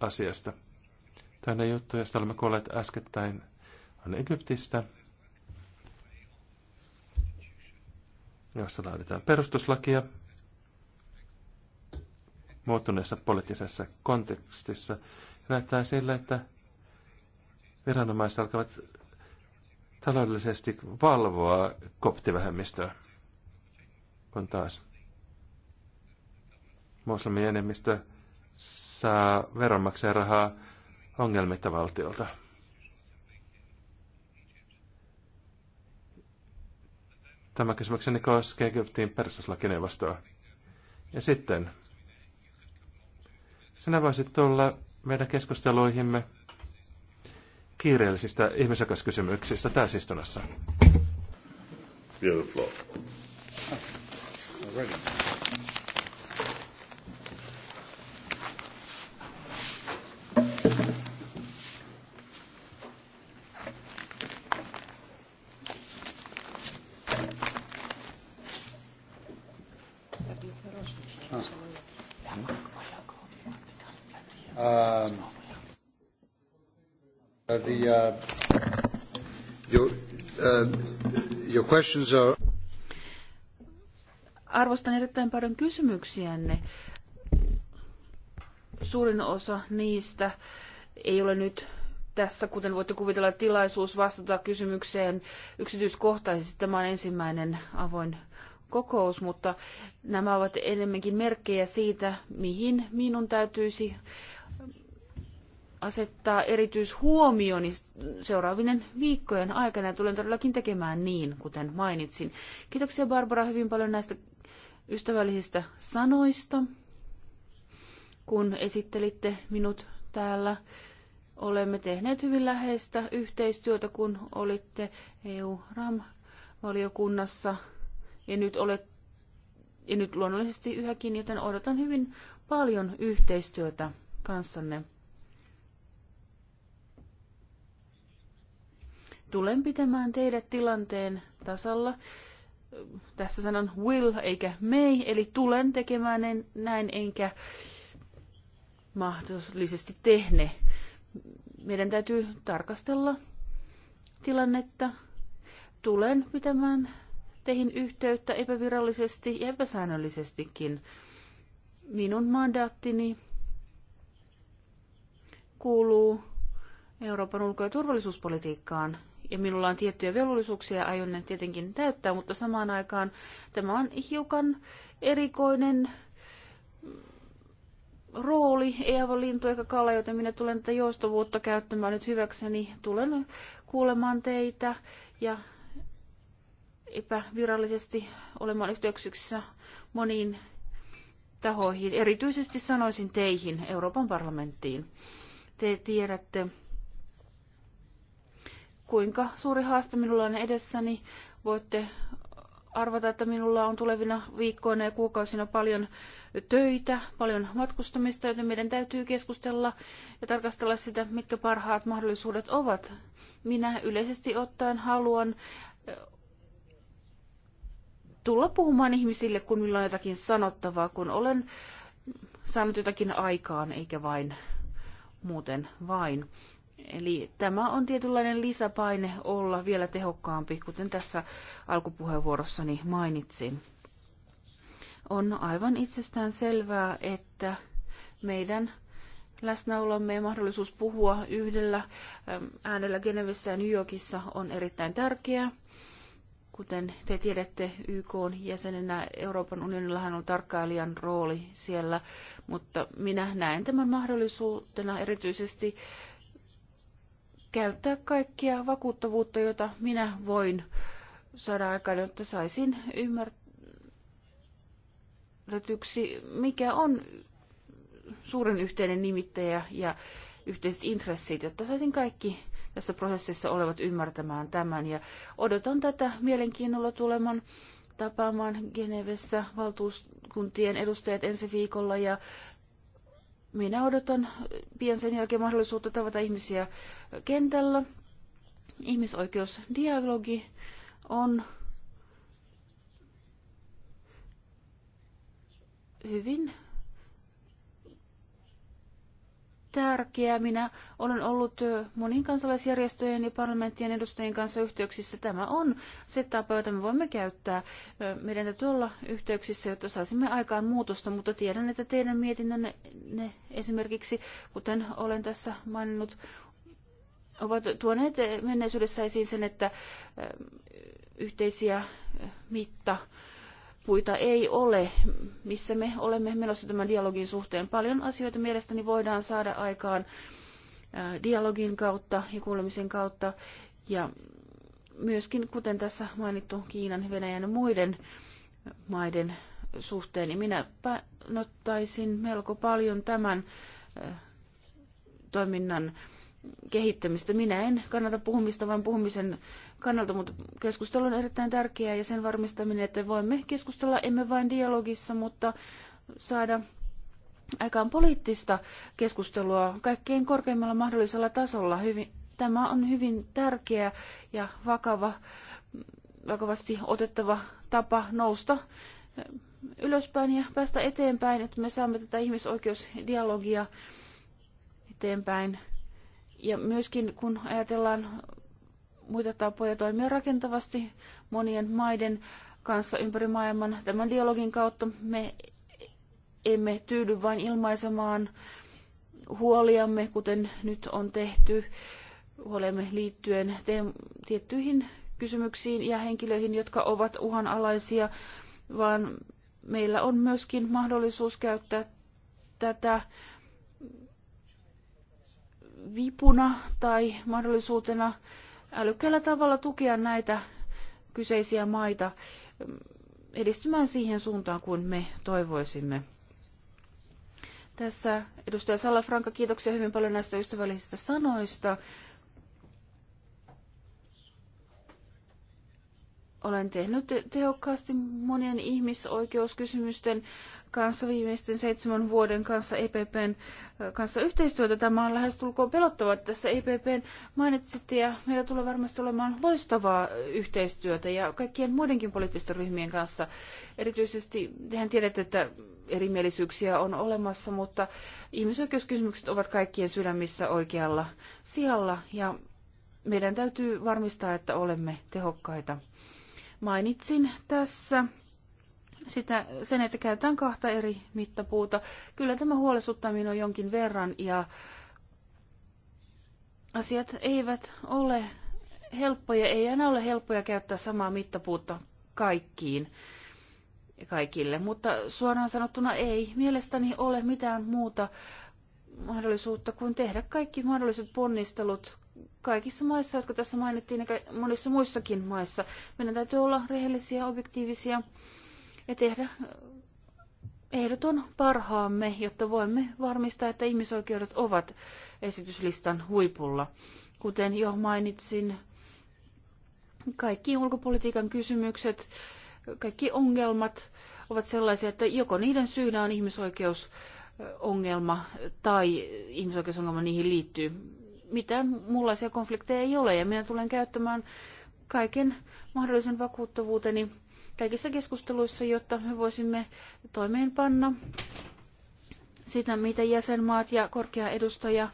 asiasta. Tänne juttu, josta olemme kuulleet äskettäin, on Egyptistä, jossa laaditaan perustuslakia muuttuneessa poliittisessa kontekstissa. Näyttää sille, että viranomaiset alkavat taloudellisesti valvoa koptivähemmistöä, kun taas muslimien enemmistö saa veronmaksajan rahaa ongelmitta valtiolta. Tämä kysymykseni koskee Egyptin perustuslakineuvostoa. Ja sitten, sinä voisit tulla meidän keskusteluihimme kiireellisistä ihmisoikeuskysymyksistä täysistunnossa. Beautiful. Oh, Arvostan erittäin paljon kysymyksiänne. Suurin osa niistä ei ole nyt tässä, kuten voitte kuvitella, tilaisuus vastata kysymykseen yksityiskohtaisesti. Tämä on ensimmäinen avoin kokous, mutta nämä ovat enemmänkin merkkejä siitä, mihin minun täytyisi asettaa erityishuomioni niin seuraavinen viikkojen aikana. Tulen todellakin tekemään niin, kuten mainitsin. Kiitoksia Barbara hyvin paljon näistä ystävällisistä sanoista, kun esittelitte minut täällä. Olemme tehneet hyvin läheistä yhteistyötä, kun olitte EU-RAM-valiokunnassa ja nyt olet ja nyt luonnollisesti yhäkin, joten odotan hyvin paljon yhteistyötä kanssanne. Tulen pitämään teidät tilanteen tasalla. Tässä sanon will eikä may, eli tulen tekemään en, näin enkä mahdollisesti tehne. Meidän täytyy tarkastella tilannetta. Tulen pitämään teihin yhteyttä epävirallisesti ja epäsäännöllisestikin. Minun mandaattini kuuluu Euroopan ulko- ja turvallisuuspolitiikkaan ja minulla on tiettyjä velvollisuuksia ja aion ne tietenkin täyttää, mutta samaan aikaan tämä on hiukan erikoinen rooli, ei aivan lintu eikä kala, joten minä tulen tätä joustavuutta käyttämään nyt hyväkseni. Tulen kuulemaan teitä ja epävirallisesti olemaan yhteyksissä moniin tahoihin, erityisesti sanoisin teihin, Euroopan parlamenttiin. Te tiedätte, kuinka suuri haaste minulla on edessäni. Voitte arvata, että minulla on tulevina viikkoina ja kuukausina paljon töitä, paljon matkustamista, joten meidän täytyy keskustella ja tarkastella sitä, mitkä parhaat mahdollisuudet ovat. Minä yleisesti ottaen haluan eh, tulla puhumaan ihmisille, kun minulla on jotakin sanottavaa, kun olen saanut jotakin aikaan, eikä vain muuten vain. Eli tämä on tietynlainen lisäpaine olla vielä tehokkaampi, kuten tässä alkupuheenvuorossani mainitsin. On aivan itsestään selvää, että meidän läsnäolomme ja mahdollisuus puhua yhdellä äänellä Genevessä ja New Yorkissa on erittäin tärkeää. Kuten te tiedätte, YK on jäsenenä Euroopan unionillahan on tarkkailijan rooli siellä, mutta minä näen tämän mahdollisuutena erityisesti käyttää kaikkia vakuuttavuutta, jota minä voin saada aikaan, jotta saisin ymmärretyksi, mikä on suuren yhteinen nimittäjä ja yhteiset intressit, jotta saisin kaikki tässä prosessissa olevat ymmärtämään tämän. Ja odotan tätä mielenkiinnolla tuleman tapaamaan Genevessä valtuuskuntien edustajat ensi viikolla ja minä odotan pian sen jälkeen mahdollisuutta tavata ihmisiä kentällä. Ihmisoikeusdialogi on hyvin tärkeä. Minä olen ollut monin kansalaisjärjestöjen ja parlamenttien edustajien kanssa yhteyksissä. Tämä on se tapa, jota me voimme käyttää. Meidän täytyy olla yhteyksissä, jotta saisimme aikaan muutosta, mutta tiedän, että teidän mietinnönne ne esimerkiksi, kuten olen tässä maininnut, ovat tuoneet menneisyydessä esiin sen, että yhteisiä mitta puita ei ole, missä me olemme menossa tämän dialogin suhteen. Paljon asioita mielestäni voidaan saada aikaan äh, dialogin kautta ja kuulemisen kautta. Ja myöskin, kuten tässä mainittu, Kiinan, Venäjän ja muiden maiden suhteen, niin minä panottaisin melko paljon tämän äh, toiminnan kehittämistä. Minä en kannata puhumista, vaan puhumisen kannalta, mutta keskustelu on erittäin tärkeää ja sen varmistaminen, että voimme keskustella emme vain dialogissa, mutta saada aikaan poliittista keskustelua kaikkein korkeimmalla mahdollisella tasolla. Hyvin, tämä on hyvin tärkeä ja vakava, vakavasti otettava tapa nousta ylöspäin ja päästä eteenpäin, että me saamme tätä ihmisoikeusdialogia eteenpäin. Ja myöskin kun ajatellaan muita tapoja toimia rakentavasti monien maiden kanssa ympäri maailman. Tämän dialogin kautta me emme tyydy vain ilmaisemaan huoliamme, kuten nyt on tehty, huolemme liittyen tiettyihin kysymyksiin ja henkilöihin, jotka ovat uhanalaisia, vaan meillä on myöskin mahdollisuus käyttää tätä vipuna tai mahdollisuutena älykkäällä tavalla tukea näitä kyseisiä maita edistymään siihen suuntaan kuin me toivoisimme. Tässä edustaja Salafranka, kiitoksia hyvin paljon näistä ystävällisistä sanoista. Olen tehnyt tehokkaasti monien ihmisoikeuskysymysten kanssa, viimeisten seitsemän vuoden kanssa EPPn kanssa yhteistyötä. Tämä on lähestulkoon pelottavaa, että tässä EPPn mainitsitte ja meillä tulee varmasti olemaan loistavaa yhteistyötä ja kaikkien muidenkin poliittisten ryhmien kanssa. Erityisesti tehän tiedätte, että erimielisyyksiä on olemassa, mutta ihmisoikeuskysymykset ovat kaikkien sydämissä oikealla sijalla ja meidän täytyy varmistaa, että olemme tehokkaita. Mainitsin tässä sitä, sen, että käytetään kahta eri mittapuuta. Kyllä tämä huolestuttaa minua jonkin verran ja asiat eivät ole helppoja, ei aina ole helppoja käyttää samaa mittapuutta kaikkiin kaikille, mutta suoraan sanottuna ei mielestäni ole mitään muuta mahdollisuutta kuin tehdä kaikki mahdolliset ponnistelut kaikissa maissa, jotka tässä mainittiin, ja monissa muissakin maissa. Meidän täytyy olla rehellisiä, objektiivisia ja tehdä ehdoton parhaamme, jotta voimme varmistaa, että ihmisoikeudet ovat esityslistan huipulla. Kuten jo mainitsin, kaikki ulkopolitiikan kysymykset, kaikki ongelmat ovat sellaisia, että joko niiden syynä on ihmisoikeusongelma tai ihmisoikeusongelma niihin liittyy. Mitään muunlaisia konflikteja ei ole ja minä tulen käyttämään kaiken mahdollisen vakuuttavuuteni kaikissa keskusteluissa, jotta me voisimme toimeenpanna sitä, mitä jäsenmaat ja korkea edustaja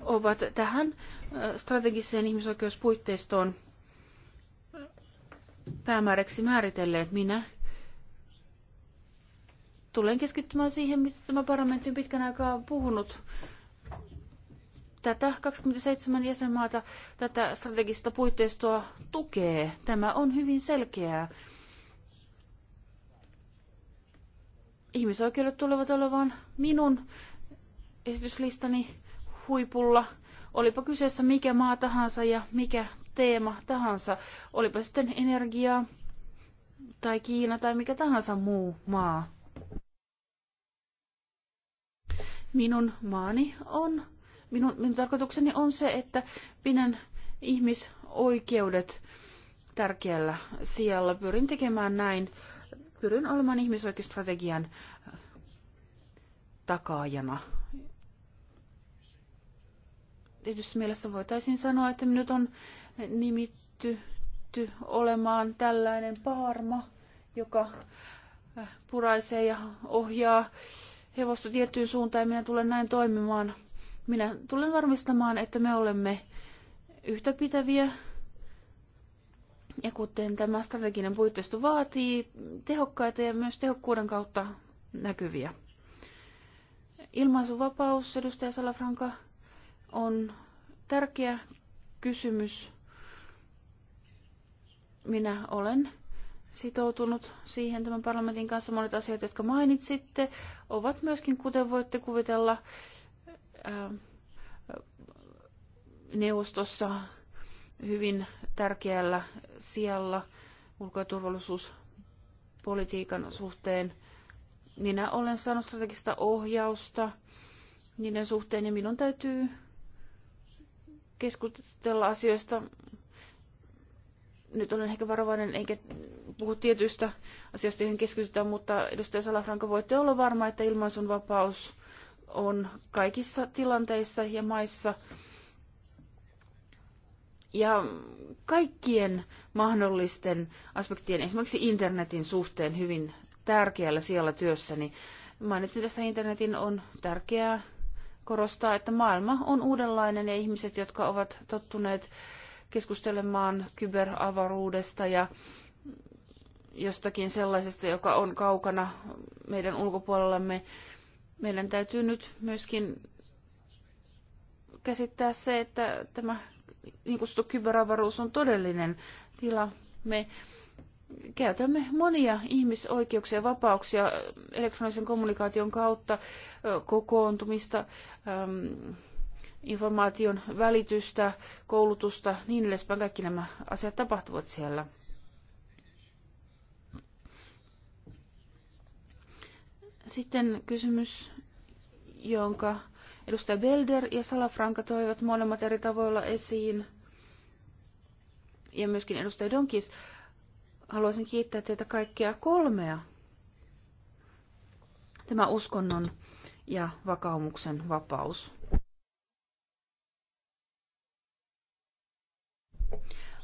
ovat tähän strategiseen ihmisoikeuspuitteistoon päämääräksi määritelleet. Minä tulen keskittymään siihen, mistä tämä parlamentti on pitkän aikaa puhunut. Tätä 27 jäsenmaata tätä strategista puitteistoa tukee. Tämä on hyvin selkeää. ihmisoikeudet tulevat olemaan minun esityslistani huipulla, olipa kyseessä mikä maa tahansa ja mikä teema tahansa, olipa sitten energiaa tai Kiina tai mikä tahansa muu maa. Minun maani on, minun, minun tarkoitukseni on se, että pidän ihmisoikeudet tärkeällä sijalla. Pyrin tekemään näin pyrin olemaan ihmisoikeusstrategian äh, takaajana. Tietysti mielessä voitaisiin sanoa, että minut on nimitty olemaan tällainen paarma, joka äh, puraisee ja ohjaa hevosta tiettyyn suuntaan ja minä tulen näin toimimaan. Minä tulen varmistamaan, että me olemme yhtäpitäviä ja kuten tämä strateginen puitteisto vaatii, tehokkaita ja myös tehokkuuden kautta näkyviä. Ilmaisuvapaus, edustaja Salafranka, on tärkeä kysymys. Minä olen sitoutunut siihen tämän parlamentin kanssa. Monet asiat, jotka mainitsitte, ovat myöskin, kuten voitte kuvitella, neuvostossa hyvin tärkeällä sijalla ulko- ja turvallisuuspolitiikan suhteen. Minä olen saanut strategista ohjausta niiden suhteen ja minun täytyy keskustella asioista. Nyt olen ehkä varovainen enkä puhu tietyistä asioista, joihin keskitytään, mutta edustaja Salafranco, voitte olla varma, että ilmaisun vapaus on kaikissa tilanteissa ja maissa – ja kaikkien mahdollisten aspektien, esimerkiksi internetin suhteen hyvin tärkeällä siellä työssäni. Mainitsin tässä internetin on tärkeää korostaa, että maailma on uudenlainen ja ihmiset, jotka ovat tottuneet keskustelemaan kyberavaruudesta ja jostakin sellaisesta, joka on kaukana meidän ulkopuolellamme, meidän täytyy nyt myöskin käsittää se, että tämä niin kutsuttu kyberavaruus on todellinen tila. Me käytämme monia ihmisoikeuksia ja vapauksia elektronisen kommunikaation kautta, kokoontumista, informaation välitystä, koulutusta, niin edespäin. Kaikki nämä asiat tapahtuvat siellä. Sitten kysymys, jonka Edustaja Belder ja Salafranka toivat molemmat eri tavoilla esiin. Ja myöskin edustaja Donkis. Haluaisin kiittää teitä kaikkia kolmea. Tämä uskonnon ja vakaumuksen vapaus.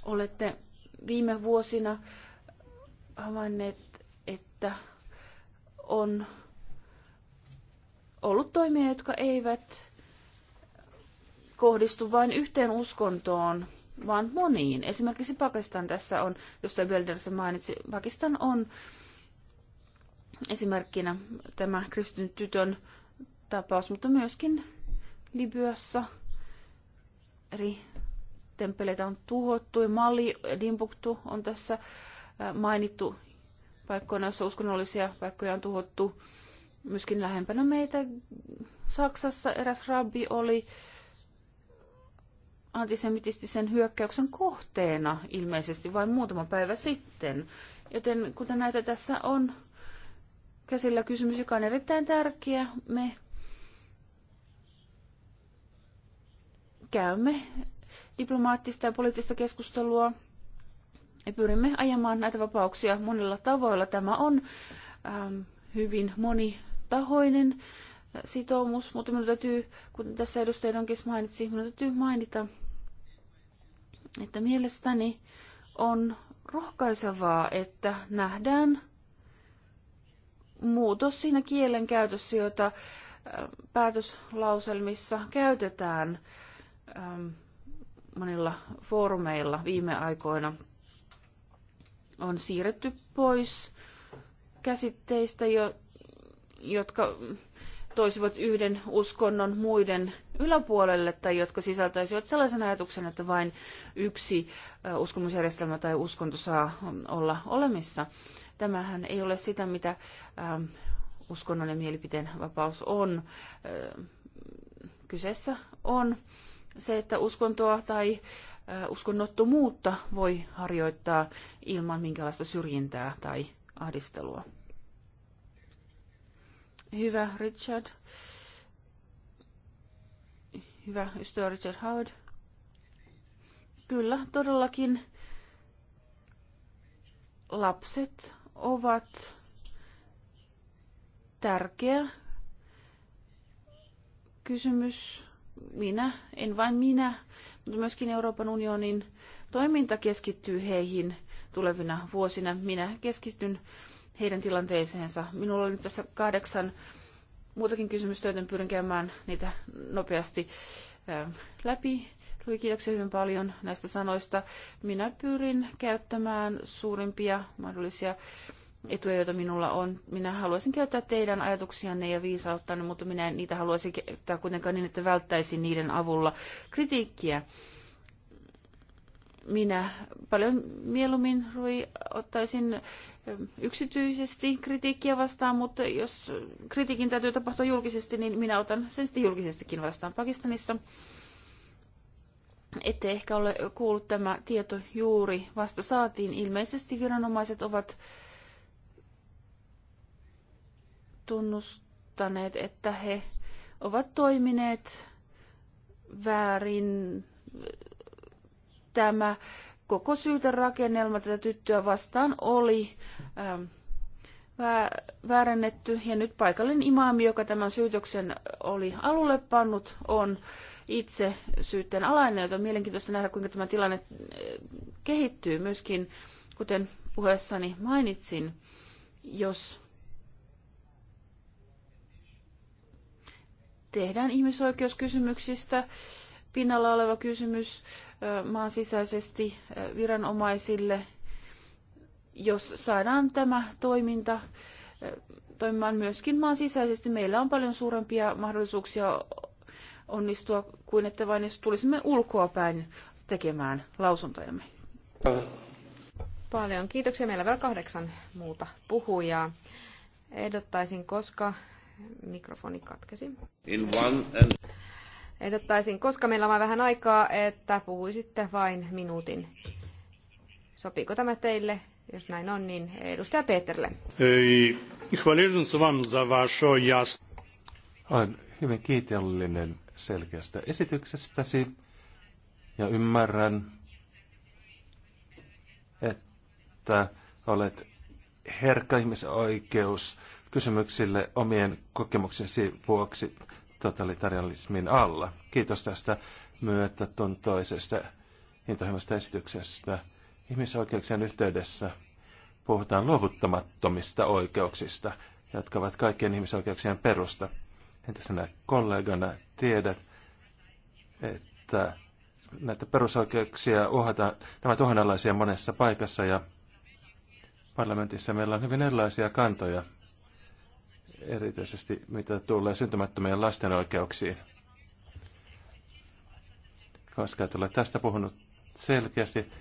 Olette viime vuosina havainneet, että on ollut toimia, jotka eivät kohdistu vain yhteen uskontoon, vaan moniin. Esimerkiksi Pakistan tässä on, josta Böldersen mainitsi, Pakistan on esimerkkinä tämä kristityn tytön tapaus, mutta myöskin Libyassa eri temppeleitä on tuhottu ja Mali Dimbuktu on tässä mainittu paikkoina, joissa uskonnollisia paikkoja on tuhottu myöskin lähempänä meitä. Saksassa eräs rabbi oli antisemitistisen hyökkäyksen kohteena ilmeisesti vain muutama päivä sitten. Joten kuten näitä tässä on käsillä kysymys, joka on erittäin tärkeä, me käymme diplomaattista ja poliittista keskustelua ja pyrimme ajamaan näitä vapauksia monilla tavoilla. Tämä on ähm, hyvin moni tahoinen sitoumus, mutta minun täytyy, kuten tässä edustaja Donkis mainitsi, minun täytyy mainita, että mielestäni on rohkaisevaa, että nähdään muutos siinä kielen käytössä, jota päätöslauselmissa käytetään monilla foorumeilla viime aikoina. On siirretty pois käsitteistä, jo jotka toisivat yhden uskonnon muiden yläpuolelle tai jotka sisältäisivät sellaisen ajatuksen, että vain yksi uskomusjärjestelmä tai uskonto saa olla olemissa. Tämähän ei ole sitä, mitä uskonnon ja mielipiteen vapaus on. Kyseessä on se, että uskontoa tai uskonnottomuutta voi harjoittaa ilman minkälaista syrjintää tai ahdistelua. Hyvä Richard. Hyvä ystävä Richard Howard. Kyllä, todellakin lapset ovat tärkeä kysymys. Minä, en vain minä, mutta myöskin Euroopan unionin toiminta keskittyy heihin tulevina vuosina. Minä keskityn heidän tilanteeseensa. Minulla on nyt tässä kahdeksan muutakin kysymystä, joten pyrin käymään niitä nopeasti ähm, läpi. Lui, kiitoksia hyvin paljon näistä sanoista. Minä pyrin käyttämään suurimpia mahdollisia etuja, joita minulla on. Minä haluaisin käyttää teidän ajatuksianne ja viisauttanne, mutta minä en niitä haluaisin käyttää kuitenkaan niin, että välttäisin niiden avulla kritiikkiä minä paljon mieluummin Rui ottaisin yksityisesti kritiikkiä vastaan, mutta jos kritiikin täytyy tapahtua julkisesti, niin minä otan sen sitten julkisestikin vastaan Pakistanissa. Ette ehkä ole kuullut tämä tieto juuri vasta saatiin. Ilmeisesti viranomaiset ovat tunnustaneet, että he ovat toimineet väärin tämä koko syyterakennelma tätä tyttöä vastaan oli ähm, väärennetty. Ja nyt paikallinen imaami, joka tämän syytöksen oli alulle pannut, on itse syytteen alainen, joten on mielenkiintoista nähdä, kuinka tämä tilanne äh, kehittyy myöskin, kuten puheessani mainitsin, jos tehdään ihmisoikeuskysymyksistä pinnalla oleva kysymys, maan sisäisesti viranomaisille, jos saadaan tämä toiminta toimimaan myöskin maan sisäisesti. Meillä on paljon suurempia mahdollisuuksia onnistua kuin että vain jos tulisimme ulkoa päin tekemään lausuntojamme. Paljon kiitoksia. Meillä on vielä kahdeksan muuta puhujaa. Ehdottaisin, koska mikrofoni katkesi. In one and... Ehdottaisin, koska meillä on vain vähän aikaa, että puhuisitte vain minuutin. Sopiiko tämä teille? Jos näin on, niin edustaja Peterle. Olen hyvin kiitollinen selkeästä esityksestäsi ja ymmärrän, että olet herkkä ihmisoikeus kysymyksille omien kokemuksesi vuoksi totalitarianismin alla. Kiitos tästä myötätuntoisesta intohimoisesta esityksestä. Ihmisoikeuksien yhteydessä puhutaan luovuttamattomista oikeuksista, jotka ovat kaikkien ihmisoikeuksien perusta. sinä kollegana tiedät, että näitä perusoikeuksia uhataan, nämä ovat uhanalaisia monessa paikassa ja parlamentissa meillä on hyvin erilaisia kantoja – erityisesti mitä tulee syntymättömien lasten oikeuksiin. Koska et ole tästä puhunut selkeästi,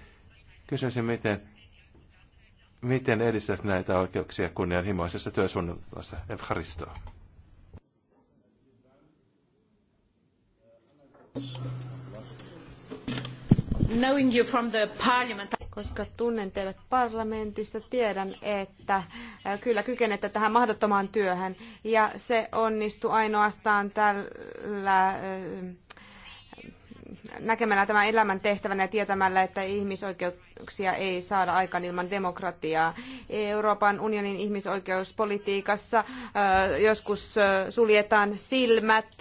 kysyisin, miten, miten edistät näitä oikeuksia kunnianhimoisessa työsuunnitelmassa Evharistoa? Knowing you from the parliament, koska tunnen teidät parlamentista, tiedän, että kyllä kykenette tähän mahdottomaan työhön. Ja se onnistuu ainoastaan tällä näkemällä tämän elämän tehtävänä ja tietämällä, että ihmisoikeudet päätöksiä ei saada aikaan ilman demokratiaa. Euroopan unionin ihmisoikeuspolitiikassa joskus suljetaan silmät,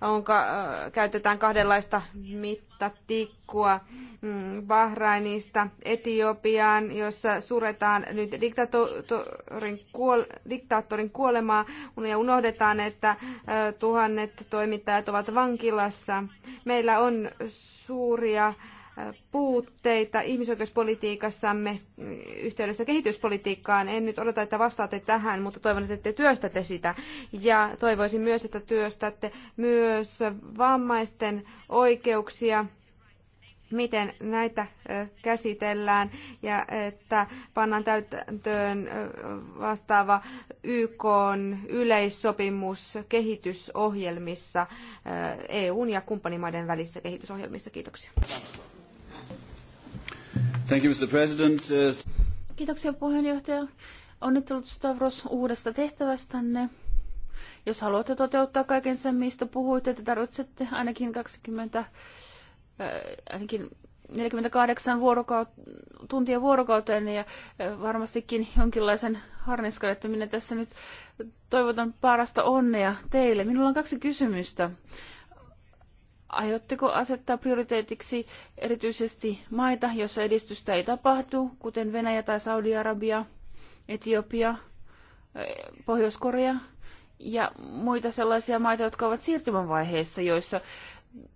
onka, käytetään kahdenlaista mittatikkua mm, Bahrainista Etiopiaan, jossa suretaan nyt diktatorin, kuol, diktaattorin kuolemaa ja unohdetaan, että tuhannet toimittajat ovat vankilassa. Meillä on suuria puutteita ihmisoikeuspolitiikassamme mm, yhteydessä kehityspolitiikkaan. En nyt odota, että vastaatte tähän, mutta toivon, että te työstätte sitä. Ja toivoisin myös, että työstätte myös vammaisten oikeuksia miten näitä käsitellään ja että pannaan täytäntöön vastaava YK yleissopimus kehitysohjelmissa EUn ja kumppanimaiden välissä kehitysohjelmissa. Kiitoksia. Thank you, Mr. President. Uh, Kiitoksia puheenjohtaja. Onnittelut Stavros uudesta tehtävästänne. Jos haluatte toteuttaa kaiken sen, mistä puhuitte, te tarvitsette ainakin 20, äh, ainakin 48 vuorokaut- tuntia vuorokauteen ja äh, varmastikin jonkinlaisen harniskan, että minä tässä nyt toivotan parasta onnea teille. Minulla on kaksi kysymystä. Aiotteko asettaa prioriteetiksi erityisesti maita, joissa edistystä ei tapahdu, kuten Venäjä tai Saudi-Arabia, Etiopia, eh, Pohjois-Korea ja muita sellaisia maita, jotka ovat siirtymävaiheessa, joissa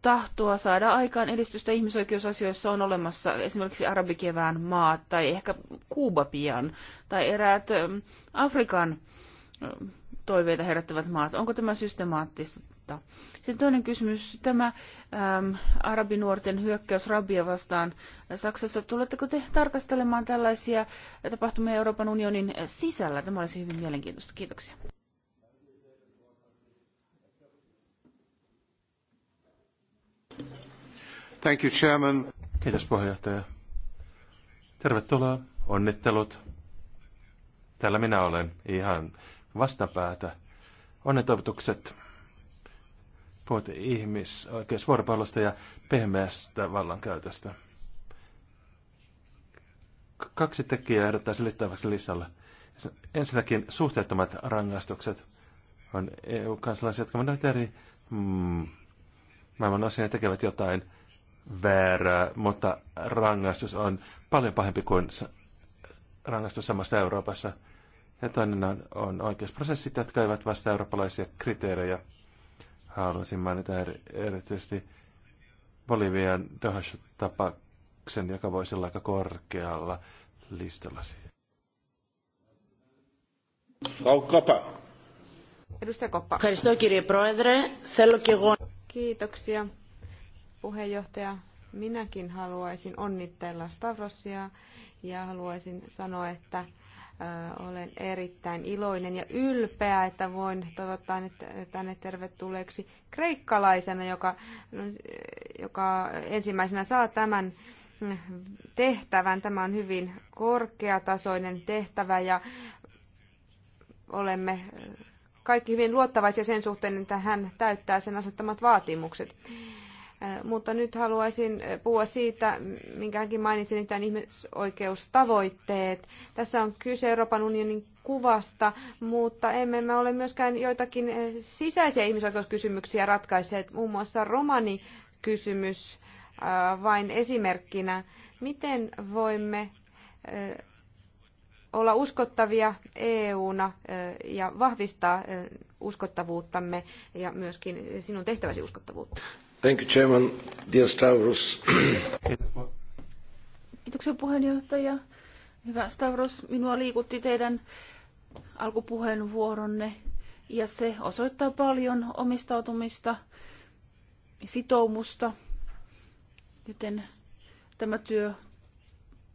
tahtoa saada aikaan edistystä ihmisoikeusasioissa on olemassa esimerkiksi arabikevään maat tai ehkä Kuuba pian tai eräät eh, Afrikan eh, toiveita herättävät maat. Onko tämä systemaattista kautta. Sitten toinen kysymys, tämä äm, arabinuorten hyökkäys rabia vastaan Saksassa. Tuletteko te tarkastelemaan tällaisia tapahtumia Euroopan unionin sisällä? Tämä olisi hyvin mielenkiintoista. Kiitoksia. Thank you, Chairman. Kiitos puheenjohtaja. Tervetuloa. Onnittelut. Täällä minä olen ihan vastapäätä. Onnetoivotukset puhut ihmisoikeusvuoropuhelusta ja pehmeästä vallankäytöstä. Kaksi tekijää ehdottaa selittäväksi lisällä. Ensinnäkin suhteettomat rangaistukset on EU-kansalaisia, jotka monet eri mm, maailman osia tekevät jotain väärää, mutta rangaistus on paljon pahempi kuin rangaistus samassa Euroopassa. Ja toinen on, on oikeusprosessit, jotka eivät vastaa eurooppalaisia kriteerejä haluaisin mainita er, erityisesti Bolivian Dohashu-tapauksen, joka voisi olla aika korkealla listallasi. Frau Koppa. Edustaja Koppa. Kiitoksia, puheenjohtaja. Minäkin haluaisin onnitella Stavrosia ja haluaisin sanoa, että olen erittäin iloinen ja ylpeä, että voin toivottaa tänne tervetulleeksi kreikkalaisena, joka, joka ensimmäisenä saa tämän mm, tehtävän. Tämä on hyvin korkeatasoinen tehtävä ja olemme kaikki hyvin luottavaisia sen suhteen, että hän täyttää sen asettamat vaatimukset. Äh, mutta nyt haluaisin äh, puhua siitä, minkä mainitsin, että ihmisoikeustavoitteet. Tässä on kyse Euroopan unionin kuvasta, mutta emme me ole myöskään joitakin äh, sisäisiä ihmisoikeuskysymyksiä ratkaisseet, muun muassa romanikysymys vain esimerkkinä. Miten voimme olla uskottavia EU-na ja vahvistaa uskottavuuttamme ja myöskin sinun tehtäväsi uskottavuutta? Thank you, Chairman. Dear Stavros. Kiitoksia puheenjohtaja. Hyvä Stavros, minua liikutti teidän alkupuheenvuoronne ja se osoittaa paljon omistautumista, sitoumusta, joten tämä työ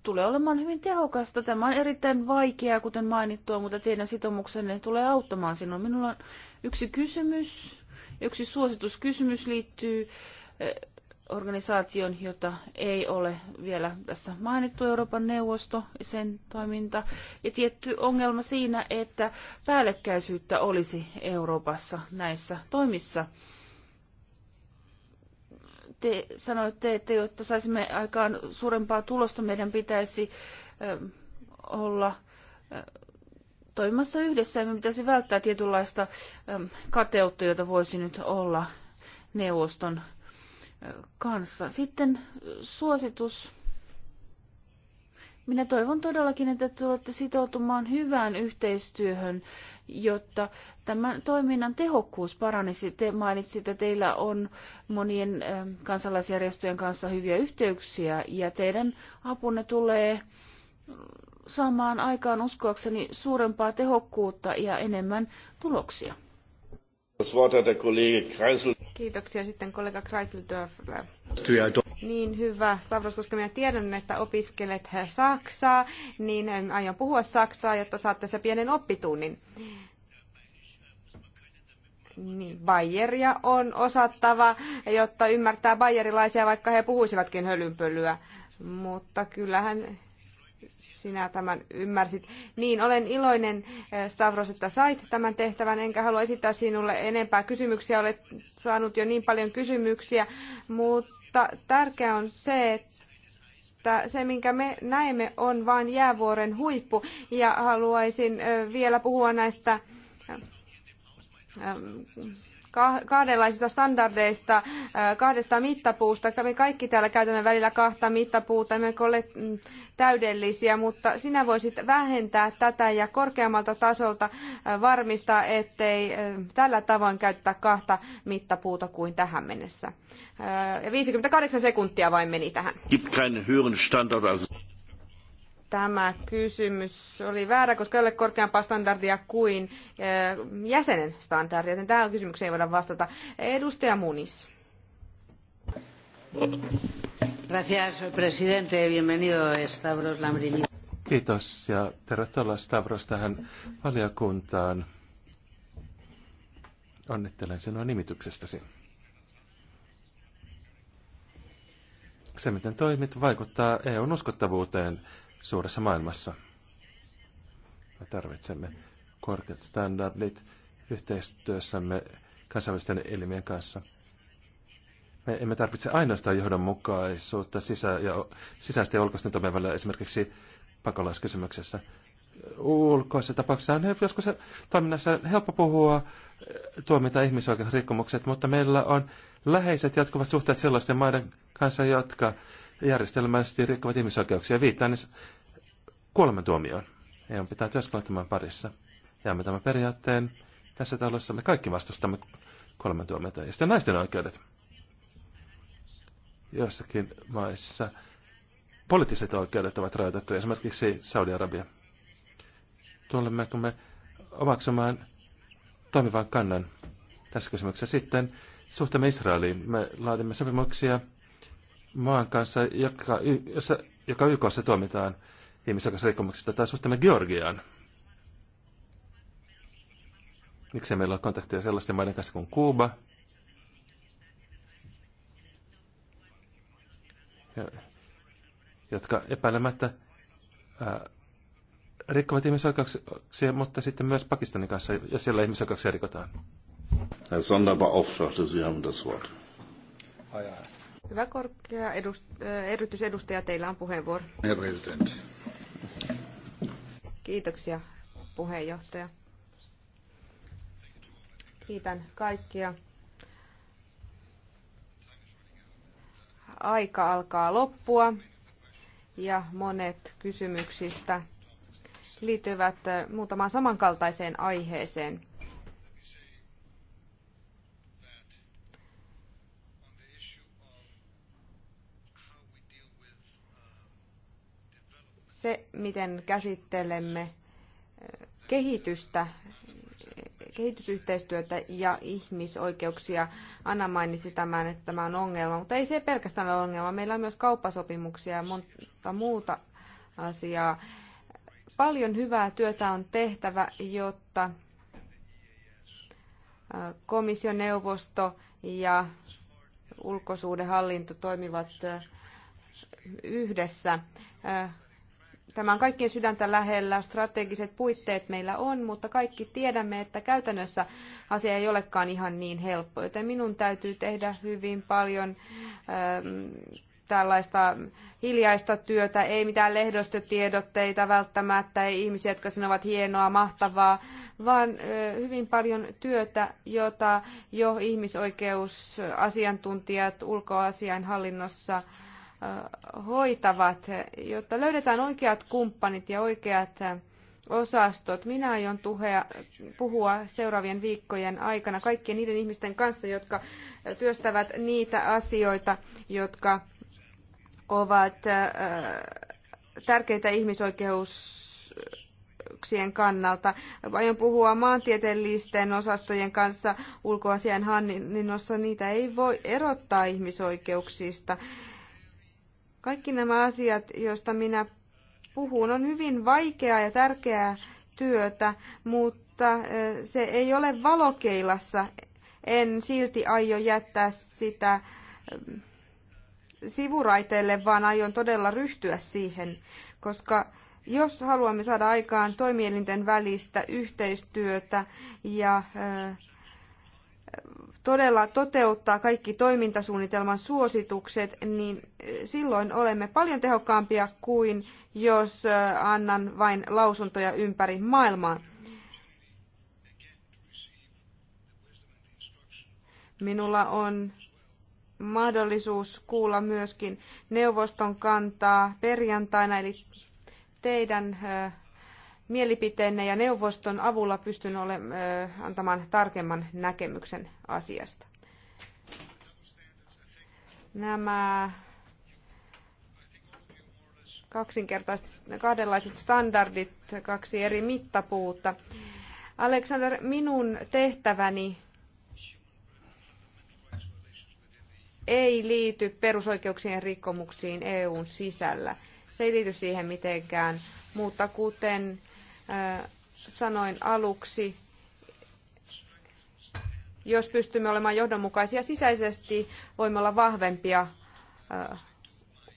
tulee olemaan hyvin tehokasta. Tämä on erittäin vaikeaa, kuten mainittua, mutta teidän sitoumuksenne tulee auttamaan sinua. Minulla on yksi kysymys Yksi suosituskysymys liittyy eh, organisaation, jota ei ole vielä tässä mainittu, Euroopan neuvosto, sen toiminta, ja tietty ongelma siinä, että päällekkäisyyttä olisi Euroopassa näissä toimissa. Te sanoitte, että jotta saisimme aikaan suurempaa tulosta, meidän pitäisi eh, olla eh, toimimassa yhdessä. Me pitäisi välttää tietynlaista kateutta, jota voisi nyt olla neuvoston kanssa. Sitten suositus. Minä toivon todellakin, että tulette sitoutumaan hyvään yhteistyöhön, jotta tämän toiminnan tehokkuus paranisi. Te mainitsitte, että teillä on monien kansalaisjärjestöjen kanssa hyviä yhteyksiä ja teidän apunne tulee saamaan aikaan uskoakseni suurempaa tehokkuutta ja enemmän tuloksia. Kiitoksia sitten kollega Kreiseldörfler. Niin hyvä, Stavros, koska minä tiedän, että opiskelet Saksaa, niin aion puhua Saksaa, jotta saatte se pienen oppitunnin. Niin, Bayeria on osattava, jotta ymmärtää bayerilaisia, vaikka he puhuisivatkin hölynpölyä. Mutta kyllähän sinä tämän ymmärsit. Niin, olen iloinen eh, Stavros, että sait tämän tehtävän, enkä halua esittää sinulle enempää kysymyksiä. Olet saanut jo niin paljon kysymyksiä, mutta tärkeää on se, että se, minkä me näemme, on vain jäävuoren huippu. Ja haluaisin eh, vielä puhua näistä eh, kahdenlaisista standardeista, äh, kahdesta mittapuusta. Me kaikki täällä käytämme välillä kahta mittapuuta, emme ole mm, täydellisiä, mutta sinä voisit vähentää tätä ja korkeammalta tasolta äh, varmistaa, ettei äh, tällä tavoin käyttää kahta mittapuuta kuin tähän mennessä. 58 sekuntia vain meni tähän tämä kysymys oli väärä, koska ei ole korkeampaa standardia kuin eh, jäsenen standardia, joten tähän kysymykseen ei voida vastata. Edustaja Munis. Gracias, presidente. Bienvenido, Stavros Lambrini. Kiitos ja tervetuloa Stavros tähän valiokuntaan. Onnittelen sinua nimityksestäsi. Se, miten toimit, vaikuttaa EUn uskottavuuteen suuressa maailmassa. Me tarvitsemme korkeat standardit yhteistyössämme kansainvälisten elimien kanssa. Me emme tarvitse ainoastaan johdonmukaisuutta sisä- ja sisäisten ja ulkoisten toimien välillä esimerkiksi pakolaiskysymyksessä. Ulkoisessa tapauksessa on joskus toiminnassa helppo puhua eh, tuomita ihmisoikeusrikkomukset, mutta meillä on läheiset jatkuvat suhteet sellaisten maiden kanssa, jotka järjestelmällisesti rikkovat ihmisoikeuksia. Viittaan niin kuolemantuomioon. EU pitää työskennellä tämän parissa. Jäämme tämän periaatteen. Tässä talossa me kaikki vastustamme kuolemantuomiota. Ja sitten naisten oikeudet. Joissakin maissa poliittiset oikeudet ovat rajoitettuja, esimerkiksi Saudi-Arabia. Tulemmeko me omaksumaan toimivan kannan tässä kysymyksessä sitten suhteemme Israeliin? Me laadimme sopimuksia maan kanssa, joka, jossa, joka YKssa tuomitaan ihmisoikeusrikkomuksista tai suhteemme Georgiaan. Miksi meillä on kontakteja sellaisten maiden kanssa kuin Kuuba? jotka epäilemättä ää, rikkovat ihmisoikeuksia, mutta sitten myös Pakistanin kanssa, ja siellä ihmisoikeuksia rikotaan. Herr Sonderbeauftragte, Sie haben das Wort. Ah, ja. Hyvä korkea edust- äh, erityisedustaja, teillä on puheenvuoro. Kiitoksia puheenjohtaja. Kiitän kaikkia. Aika alkaa loppua ja monet kysymyksistä liittyvät äh, muutamaan samankaltaiseen aiheeseen. se, miten käsittelemme eh, kehitystä, eh, kehitysyhteistyötä ja ihmisoikeuksia. Anna mainitsi tämän, että tämä on ongelma, mutta ei se pelkästään ole ongelma. Meillä on myös kauppasopimuksia ja monta muuta asiaa. Paljon hyvää työtä on tehtävä, jotta eh, komissioneuvosto ja ulkosuudenhallinto toimivat yhdessä. Tämä on kaikkien sydäntä lähellä, strategiset puitteet meillä on, mutta kaikki tiedämme, että käytännössä asia ei olekaan ihan niin helppo, joten minun täytyy tehdä hyvin paljon ähm, tällaista hiljaista työtä, ei mitään lehdostötiedotteita välttämättä, ei ihmisiä, jotka sanovat hienoa, mahtavaa, vaan äh, hyvin paljon työtä, jota jo ihmisoikeusasiantuntijat ulkoasiainhallinnossa hallinnossa hoitavat, jotta löydetään oikeat kumppanit ja oikeat äh, osastot. Minä aion tuhea, puhua seuraavien viikkojen aikana kaikkien niiden ihmisten kanssa, jotka äh, työstävät niitä asioita, jotka ovat äh, tärkeitä ihmisoikeuksien kannalta. Aion puhua maantieteellisten osastojen kanssa ulkoasian hanninnossa. Niitä ei voi erottaa ihmisoikeuksista. Kaikki nämä asiat, joista minä puhun, on hyvin vaikeaa ja tärkeää työtä, mutta se ei ole valokeilassa. En silti aio jättää sitä sivuraiteille, vaan aion todella ryhtyä siihen, koska jos haluamme saada aikaan toimielinten välistä yhteistyötä ja äh, todella toteuttaa kaikki toimintasuunnitelman suositukset, niin eh, silloin olemme paljon tehokkaampia kuin jos eh, annan vain lausuntoja ympäri maailmaa. Minulla on mahdollisuus kuulla myöskin neuvoston kantaa perjantaina, eli teidän eh, mielipiteenne ja neuvoston avulla pystyn ole, antamaan tarkemman näkemyksen asiasta. Nämä kaksinkertaiset, kahdenlaiset standardit, kaksi eri mittapuuta. Alexander, minun tehtäväni ei liity perusoikeuksien rikkomuksiin EUn sisällä. Se ei liity siihen mitenkään, mutta kuten sanoin aluksi, jos pystymme olemaan johdonmukaisia sisäisesti, voimme olla vahvempia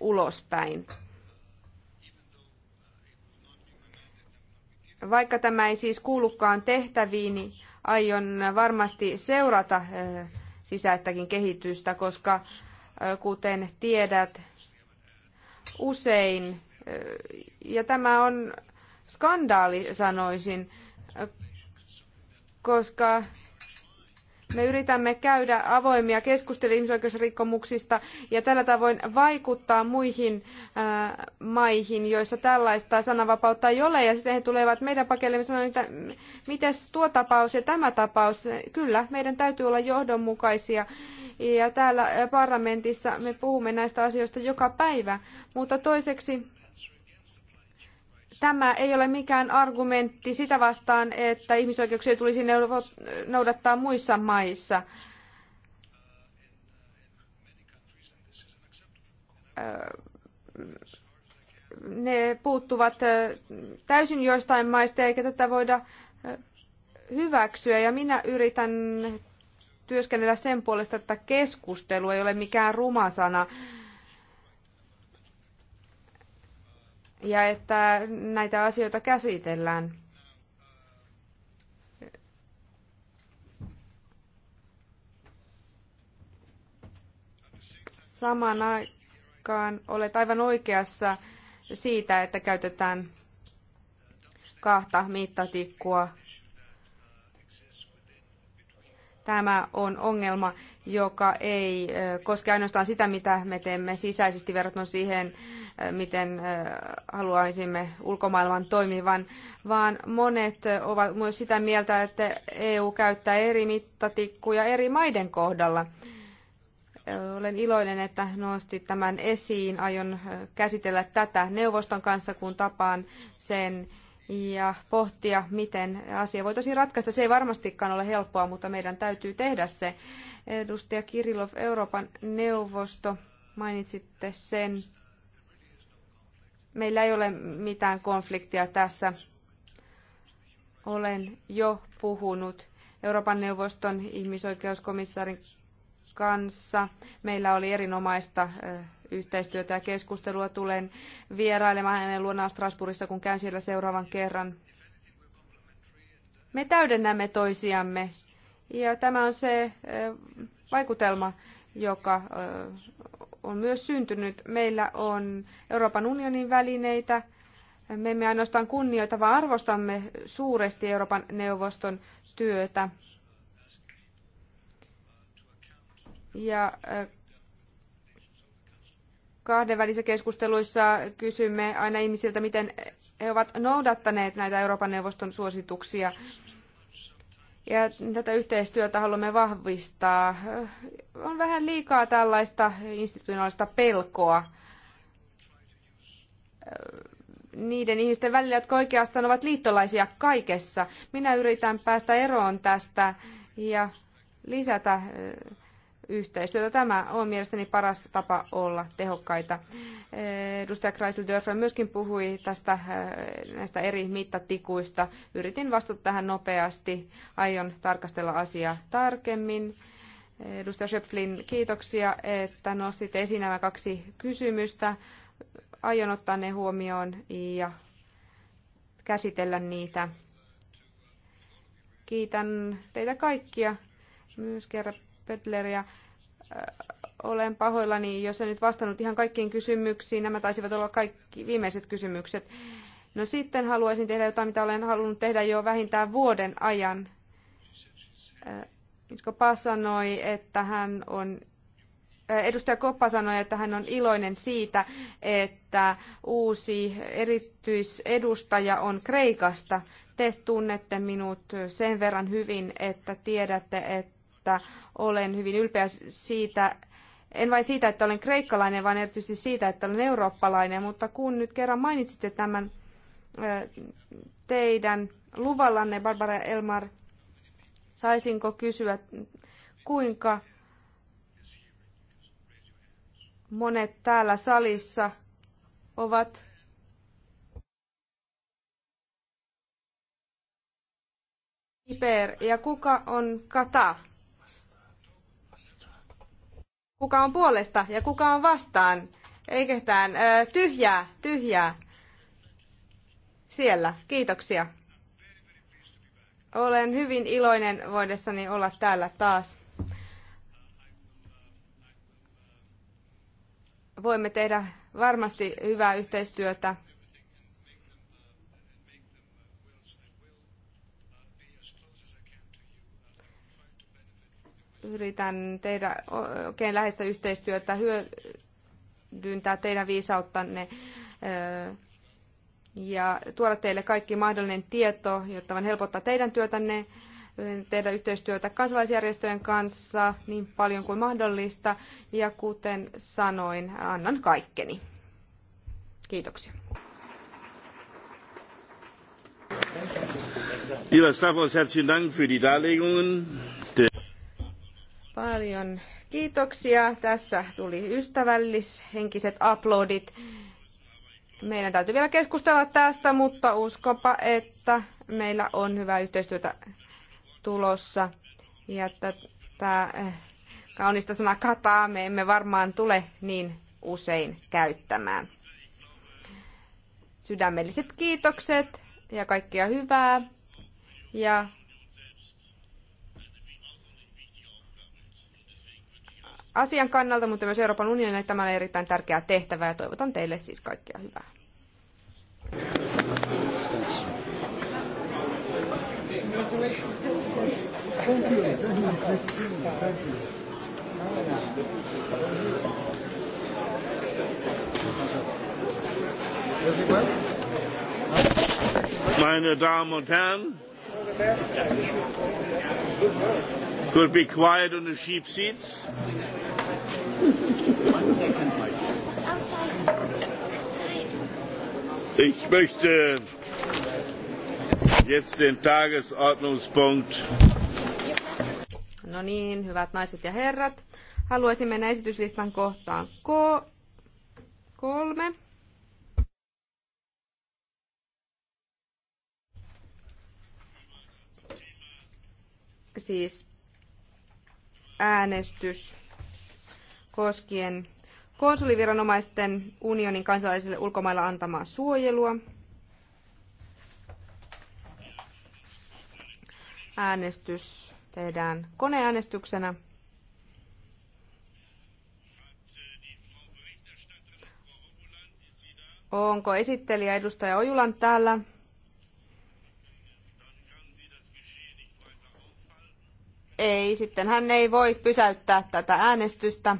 ulospäin. Vaikka tämä ei siis kuulukaan tehtäviin, niin aion varmasti seurata sisäistäkin kehitystä, koska kuten tiedät, usein, ja tämä on skandaali, sanoisin, koska me yritämme käydä avoimia keskusteluja ihmisoikeusrikkomuksista ja tällä tavoin vaikuttaa muihin ää, äh, maihin, joissa tällaista sananvapautta ei ole. Ja sitten he tulevat meidän pakelle ja sanovat, että miten tuo tapaus ja tämä tapaus. Kyllä, meidän täytyy olla johdonmukaisia. Ja täällä parlamentissa me puhumme näistä asioista joka päivä. Mutta toiseksi Tämä ei ole mikään argumentti sitä vastaan, että ihmisoikeuksia tulisi noudattaa muissa maissa. Ne puuttuvat täysin joistain maista, eikä tätä voida hyväksyä. Ja minä yritän työskennellä sen puolesta, että keskustelu ei ole mikään ruma sana. ja että näitä asioita käsitellään. Samaan aikaan olet aivan oikeassa siitä, että käytetään kahta mittatikkua Tämä on ongelma, joka ei koske ainoastaan sitä, mitä me teemme sisäisesti verrattuna siihen, miten haluaisimme ulkomaailman toimivan, vaan monet ovat myös sitä mieltä, että EU käyttää eri mittatikkuja eri maiden kohdalla. Olen iloinen, että nostit tämän esiin. Aion käsitellä tätä neuvoston kanssa, kun tapaan sen ja pohtia, miten asia voitaisiin ratkaista. Se ei varmastikaan ole helppoa, mutta meidän täytyy tehdä se. Edustaja Kirilov, Euroopan neuvosto, mainitsitte sen. Meillä ei ole mitään konfliktia tässä. Olen jo puhunut Euroopan neuvoston ihmisoikeuskomissaarin kanssa. Meillä oli erinomaista yhteistyötä ja keskustelua. Tulen vierailemaan hänen luonaan Strasbourgissa, kun käyn siellä seuraavan kerran. Me täydennämme toisiamme ja tämä on se vaikutelma, joka on myös syntynyt. Meillä on Euroopan unionin välineitä. Me emme ainoastaan kunnioita, vaan arvostamme suuresti Euroopan neuvoston työtä. Ja kahdenvälisissä keskusteluissa kysymme aina ihmisiltä, miten he ovat noudattaneet näitä Euroopan neuvoston suosituksia. Ja tätä yhteistyötä haluamme vahvistaa. On vähän liikaa tällaista institutionaalista pelkoa niiden ihmisten välillä, jotka oikeastaan ovat liittolaisia kaikessa. Minä yritän päästä eroon tästä ja lisätä yhteistyötä. Tämä on mielestäni paras tapa olla tehokkaita. Eh, edustaja Kreisel Dörfer myöskin puhui tästä, eh, näistä eri mittatikuista. Yritin vastata tähän nopeasti. Aion tarkastella asiaa tarkemmin. Eh, edustaja Schöpflin, kiitoksia, että nostit esiin nämä kaksi kysymystä. Aion ottaa ne huomioon ja käsitellä niitä. Kiitän teitä kaikkia, myös kerran Pötleriä. Olen pahoillani, jos en nyt vastannut ihan kaikkiin kysymyksiin. Nämä taisivat olla kaikki viimeiset kysymykset. No sitten haluaisin tehdä jotain, mitä olen halunnut tehdä jo vähintään vuoden ajan. Koppa sanoi, että hän on Edustaja Koppa sanoi, että hän on iloinen siitä, että uusi erityisedustaja on Kreikasta. Te tunnette minut sen verran hyvin, että tiedätte, että että olen hyvin ylpeä siitä, en vain siitä, että olen kreikkalainen, vaan erityisesti siitä, että olen eurooppalainen, mutta kun nyt kerran mainitsitte tämän teidän luvallanne, Barbara Elmar, saisinko kysyä, kuinka monet täällä salissa ovat Iber ja kuka on Kata? Kuka on puolesta ja kuka on vastaan? Ei ketään. Tyhjää, tyhjää. Siellä. Kiitoksia. Olen hyvin iloinen voidessani olla täällä taas. Voimme tehdä varmasti hyvää yhteistyötä yritän tehdä oikein läheistä yhteistyötä, hyödyntää teidän viisauttanne ja tuoda teille kaikki mahdollinen tieto, jotta vain helpottaa teidän työtänne, tehdä yhteistyötä kansalaisjärjestöjen kanssa niin paljon kuin mahdollista. Ja kuten sanoin, annan kaikkeni. Kiitoksia. Ja Stavros, herzlichen Dank für die Darlegungen. Paljon kiitoksia. Tässä tuli ystävällishenkiset uploadit. Meidän täytyy vielä keskustella tästä, mutta uskopa, että meillä on hyvää yhteistyötä tulossa. Ja tätä eh, kaunista sana kataa me emme varmaan tule niin usein käyttämään. Sydämelliset kiitokset ja kaikkia hyvää. Ja asian kannalta, mutta myös Euroopan unionille tämä on erittäin tärkeä tehtävä ja toivotan teille siis kaikkea hyvää. Meine Damen und Herren, Could be quiet on the sheep seats. Ich möchte jetzt den Tagesordnungspunkt. No niin, hyvät naiset ja herrat. Haluaisin mennä esityslistan kohtaan K- 3 Ko- siis äänestys koskien konsuliviranomaisten unionin kansalaisille ulkomailla antamaa suojelua. Äänestys tehdään koneäänestyksenä. Onko esittelijä edustaja Ojulan täällä? ei, sitten hän ei voi pysäyttää tätä äänestystä.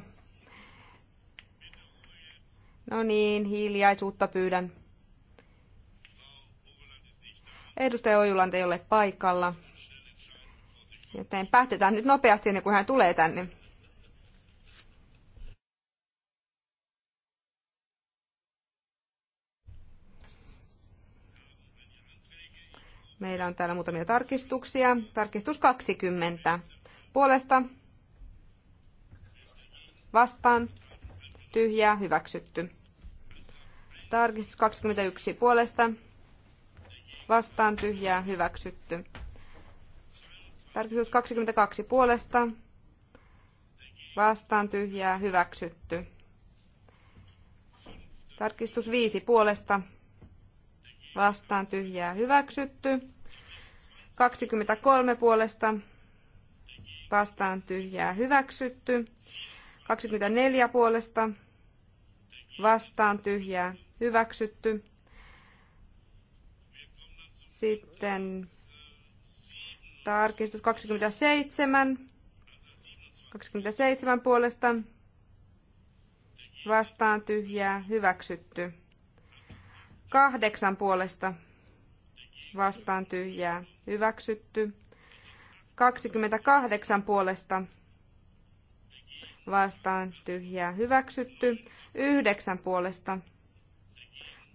No niin, hiljaisuutta pyydän. Edustaja Ojuland ei ole paikalla. Joten päätetään nyt nopeasti ennen kuin hän tulee tänne. Meillä on täällä muutamia tarkistuksia. Tarkistus 20. Puolesta vastaan tyhjää hyväksytty. Tarkistus 21 puolesta vastaan tyhjää hyväksytty. Tarkistus 22 puolesta vastaan tyhjää hyväksytty. Tarkistus 5 puolesta vastaan tyhjää hyväksytty. 23 puolesta vastaan tyhjää hyväksytty. 24 puolesta vastaan tyhjää hyväksytty. Sitten tarkistus 27. 27 puolesta vastaan tyhjää hyväksytty. Kahdeksan puolesta vastaan tyhjää hyväksytty. 28 puolesta vastaan tyhjää hyväksytty. 9 puolesta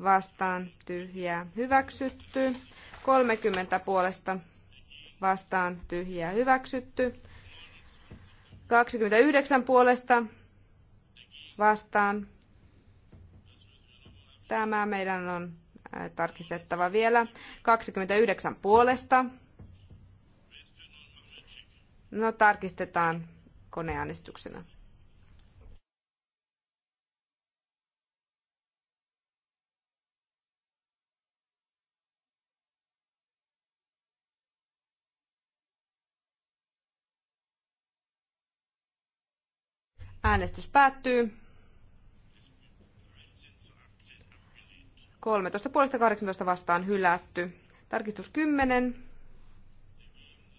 vastaan tyhjää hyväksytty. 30 puolesta vastaan tyhjää hyväksytty. 29 puolesta vastaan. Tämä meidän on tarkistettava vielä. 29 puolesta. No tarkistetaan koneäänestyksenä. Äänestys päättyy. 13 puolesta 18 vastaan hylätty. Tarkistus 10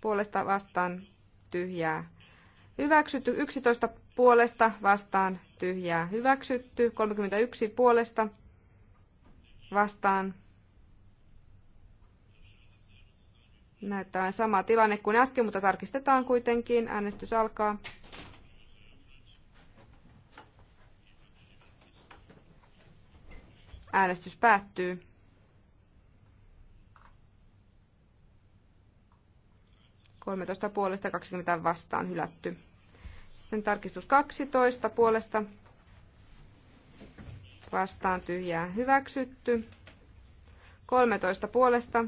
puolesta vastaan tyhjää hyväksytty. 11 puolesta vastaan tyhjää hyväksytty. 31 puolesta vastaan Näyttää sama tilanne kuin äsken, mutta tarkistetaan kuitenkin. Äänestys alkaa. Äänestys päättyy. Kolmetoista puolesta 20 vastaan hylätty. Sitten tarkistus 12 puolesta vastaan tyhjää hyväksytty. 13 puolesta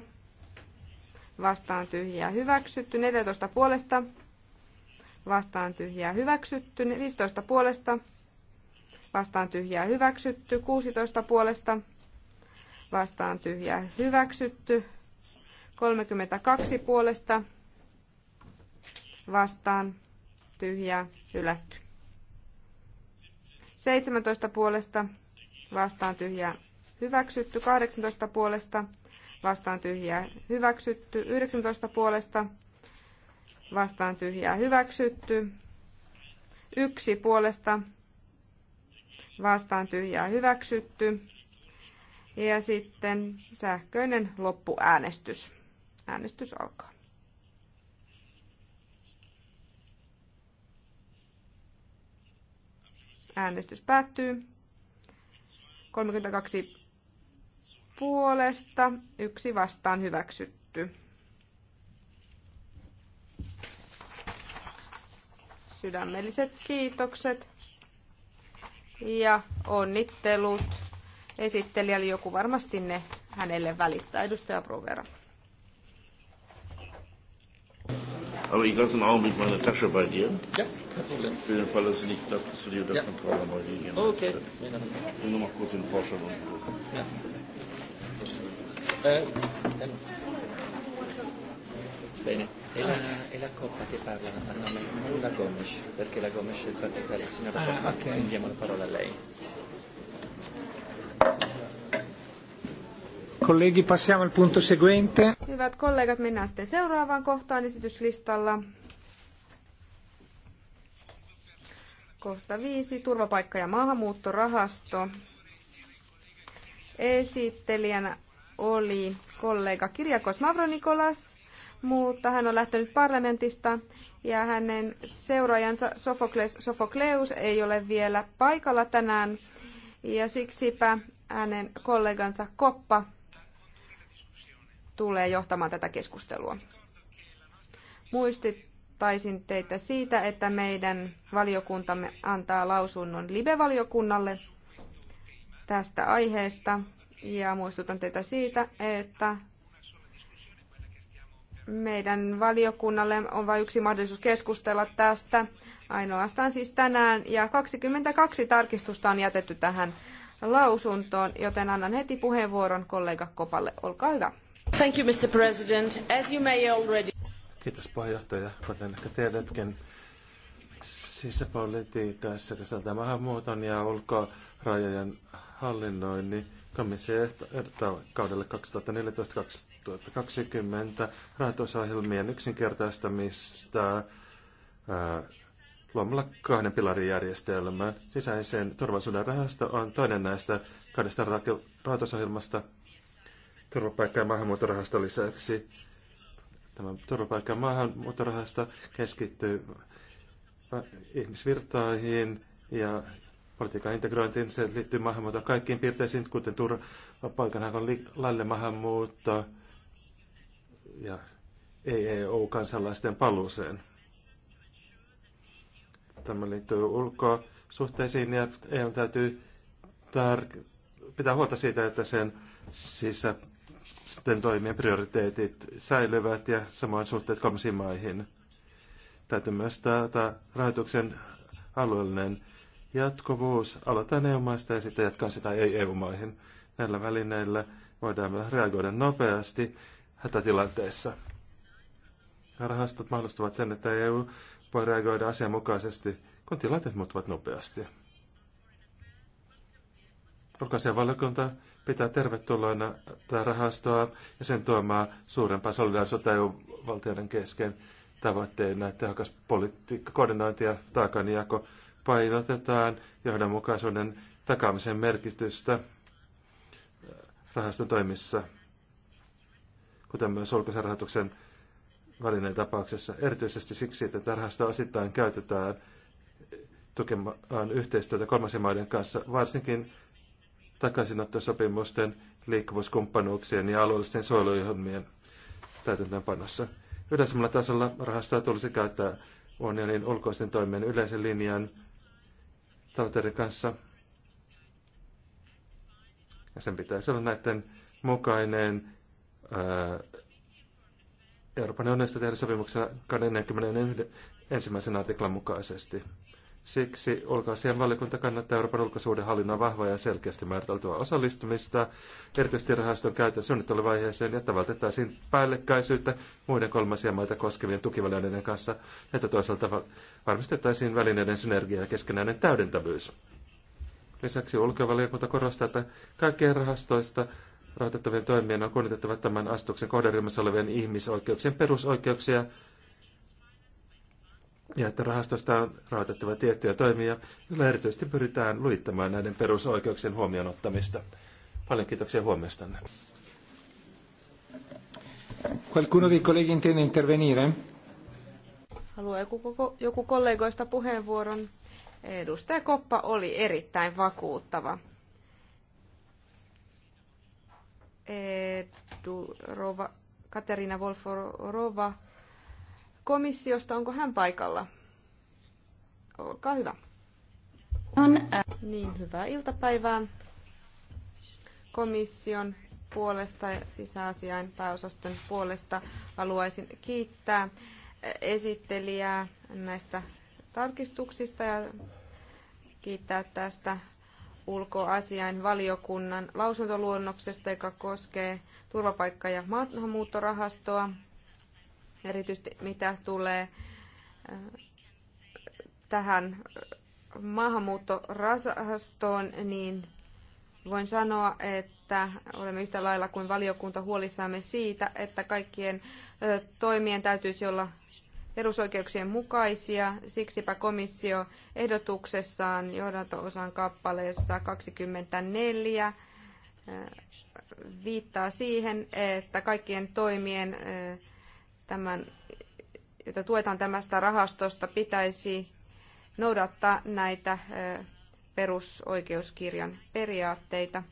vastaan tyhjää hyväksytty. 14 puolesta vastaan tyhjää hyväksytty. 15 puolesta vastaan tyhjää hyväksytty. 16 puolesta vastaan tyhjää hyväksytty. 32 puolesta vastaan tyhjää hylätty. 17 puolesta vastaan tyhjää hyväksytty. 18 puolesta vastaan tyhjää hyväksytty. 19 puolesta vastaan tyhjää hyväksytty. 1 puolesta vastaan tyhjää hyväksytty. Ja sitten sähköinen loppuäänestys. Äänestys alkaa. Äänestys päättyy. 32 puolesta, yksi vastaan hyväksytty. Sydämelliset kiitokset ja onnittelut esittelijälle. Joku varmasti ne hänelle välittää. Edustaja Provera. Aber ich lasse einen Augenblick meine Tasche bei dir. Ja, kein Problem. Für den Fall, dass sie nicht glaubst, dass du dir unter ja. Kontrolle mal liegen oh, Okay. Ich will nur mal kurz den Forscher Ja. Äh, Bene. E la, e la Coppa che parla a nome non la Gomes, perché la Gomes è il partito no della signora ah, Coppa, okay. inviamo la parola a lei. Colleghi, passiamo al punto seguente. Hyvät kollegat, mennään sitten seuraavaan kohtaan esityslistalla. Kohta viisi, turvapaikka- ja maahanmuuttorahasto. Esittelijänä oli kollega Kirjakos Mavronikolas mutta hän on lähtenyt parlamentista ja hänen seuraajansa Sofokles Sofokleus ei ole vielä paikalla tänään ja siksipä hänen kollegansa Koppa tulee johtamaan tätä keskustelua. Muistittaisin teitä siitä, että meidän valiokuntamme antaa lausunnon live-valiokunnalle tästä aiheesta. Ja muistutan teitä siitä, että meidän valiokunnalle on vain yksi mahdollisuus keskustella tästä. Ainoastaan siis tänään. Ja 22 tarkistusta on jätetty tähän lausuntoon, joten annan heti puheenvuoron kollega Kopalle. Olkaa hyvä. Thank you, Mr. President. As you may already... Kiitos puheenjohtaja. Kuten ehkä tiedätkin, sisäpolitiikassa, kun sieltä maahanmuuton ja ulkorajojen hallinnoinnin komissio kaudelle 2014 2020 rahoitusohjelmien yksinkertaistamista ää, luomalla kahden pilarin järjestelmän. Sisäisen turvallisuuden rahasto on toinen näistä kahdesta rahoitusohjelmasta turvapaikka- ja maahanmuuttorahasto lisäksi. Tämä turvapaikka- ja maahanmuuttorahasto keskittyy ihmisvirtoihin ja politiikan integrointiin. Se liittyy maahanmuuttoon kaikkiin piirteisiin, kuten turvapaikanhakon laille maahanmuuttoon ja ei EU-kansalaisten paluuseen. Tämä liittyy ulkoa suhteisiin ja EU täytyy tar- pitää huolta siitä, että sen sisä sitten toimien prioriteetit säilyvät ja samoin suhteet kolmansiin maihin. Täytyy myös taata rahoituksen alueellinen jatkuvuus. Aloitetaan EU-maista ja sitten jatkaa sitä ei-EU-maihin. Näillä välineillä voidaan myös reagoida nopeasti hätätilanteissa. Rahastot mahdollistavat sen, että EU voi reagoida asianmukaisesti, kun tilanteet muuttuvat nopeasti. Ulkoasianvaliokunta pitää tervetulleena tätä rahastoa ja sen tuomaa suurempaa solidaarisuutta EU-valtioiden kesken tavoitteena tehokas politiikka, koordinointi ja taakanjako painotetaan johdonmukaisuuden takaamisen merkitystä rahaston toimissa kuten myös ulkoisen rahoituksen välineen tapauksessa, erityisesti siksi, että tarhasta osittain käytetään tukemaan yhteistyötä kolmansien maiden kanssa, varsinkin takaisinottosopimusten, liikkuvuuskumppanuuksien ja alueellisten suojeluohjelmien täytäntöönpanossa. Yleisemmällä tasolla rahastoa tulisi käyttää unionin ulkoisten toimien yleisen linjan tavoitteiden kanssa. Ja sen pitäisi olla näiden mukainen Euroopan unionista tehdä sopimuksessa 21. artiklan mukaisesti. Siksi ulkoasian valiokunta kannattaa Euroopan ulkosuuden hallinnan vahvaa ja selkeästi määriteltyä osallistumista, erityisesti rahaston käytön suunnitteluvaiheeseen, jotta vältettäisiin päällekkäisyyttä muiden kolmasia maita koskevien tukivälineiden kanssa, että toisaalta varmistettaisiin välineiden synergia ja keskenäinen täydentävyys. Lisäksi ulkovaliokunta korostaa, että kaikkien rahastoista rahoitettavien toimien on kunnioitettava tämän astuksen kohderyhmässä olevien ihmisoikeuksien perusoikeuksia ja että rahastosta on rahoitettava tiettyjä toimia, joilla erityisesti pyritään luittamaan näiden perusoikeuksien huomioon ottamista. Paljon kiitoksia huomiostanne. Qualcuno dei colleghi intende intervenire? Haluaa joku, joku kollegoista puheenvuoron. Edustaja Koppa oli erittäin vakuuttava. Edu, Rova, Katerina Wolforova komissiosta. Onko hän paikalla? Olkaa hyvä. On, äh, niin, hyvää iltapäivää komission puolesta ja sisäasiain pääosaston puolesta haluaisin kiittää esittelijää näistä tarkistuksista ja kiittää tästä ulkoasiainvaliokunnan valiokunnan lausuntoluonnoksesta, joka koskee turvapaikka- ja maahanmuuttorahastoa, erityisesti mitä tulee äh, tähän maahanmuuttorahastoon, niin voin sanoa, että olemme yhtä lailla kuin valiokunta huolissamme siitä, että kaikkien äh, toimien täytyisi olla perusoikeuksien mukaisia. Siksipä komissio ehdotuksessaan johdanto-osan kappaleessa 24 äh, viittaa siihen, että kaikkien toimien, äh, tämän, jota tuetaan tämästä rahastosta, pitäisi noudattaa näitä äh, perusoikeuskirjan periaatteita.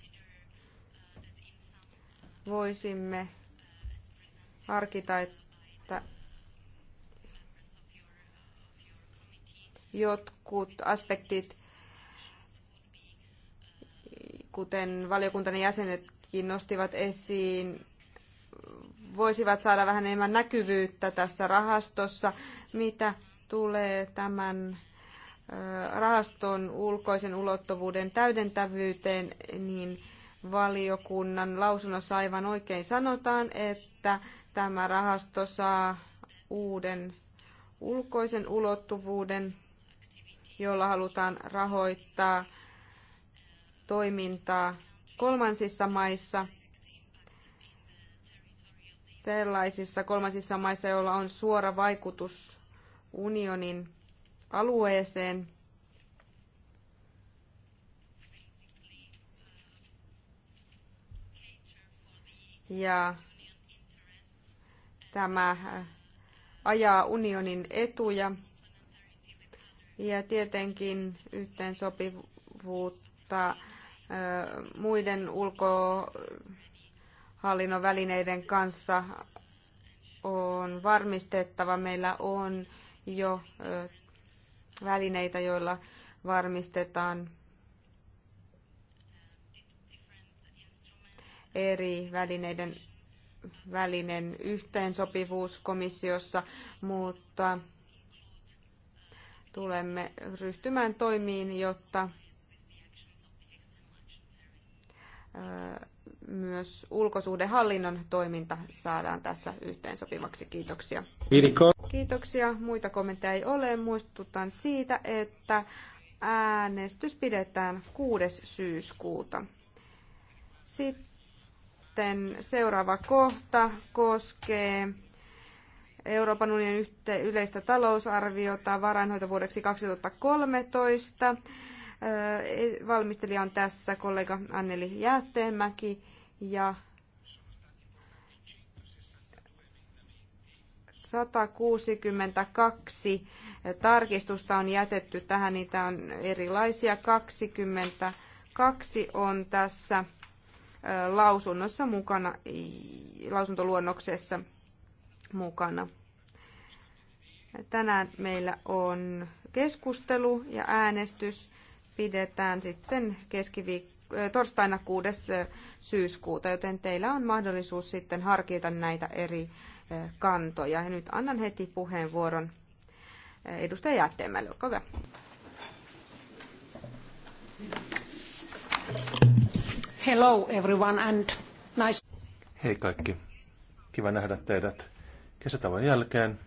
Voisimme harkita, että jotkut aspektit, kuten valiokuntainen jäsenetkin nostivat esiin, voisivat saada vähän enemmän näkyvyyttä tässä rahastossa, mitä tulee tämän rahaston ulkoisen ulottuvuuden täydentävyyteen, niin valiokunnan lausunnossa aivan oikein sanotaan, että tämä rahasto saa uuden ulkoisen ulottuvuuden jolla halutaan rahoittaa toimintaa kolmansissa maissa, sellaisissa kolmansissa maissa, joilla on suora vaikutus unionin alueeseen. Ja tämä äh, ajaa unionin etuja ja tietenkin yhteensopivuutta muiden ulkohallinnon välineiden kanssa on varmistettava. Meillä on jo välineitä, joilla varmistetaan eri välineiden välinen yhteensopivuus komissiossa, mutta tulemme ryhtymään toimiin, jotta myös ulkosuhdehallinnon toiminta saadaan tässä yhteensopivaksi. Kiitoksia. Kiitoksia. Muita kommentteja ei ole. Muistutan siitä, että äänestys pidetään 6. syyskuuta. Sitten seuraava kohta koskee Euroopan unionin yleistä talousarviota varainhoitovuodeksi 2013. E, valmistelija on tässä kollega Anneli Jäätteenmäki ja 162 tarkistusta on jätetty tähän, niitä on erilaisia. 22 on tässä lausunnossa mukana, lausuntoluonnoksessa mukana. Tänään meillä on keskustelu ja äänestys pidetään sitten keskiviik- torstaina 6. syyskuuta, joten teillä on mahdollisuus sitten harkita näitä eri kantoja. Ja nyt annan heti puheenvuoron edustaja Jäätteenmäelle. Olkaa hyvä. Hello everyone and nice... Hei kaikki. Kiva nähdä teidät kesätavan jälkeen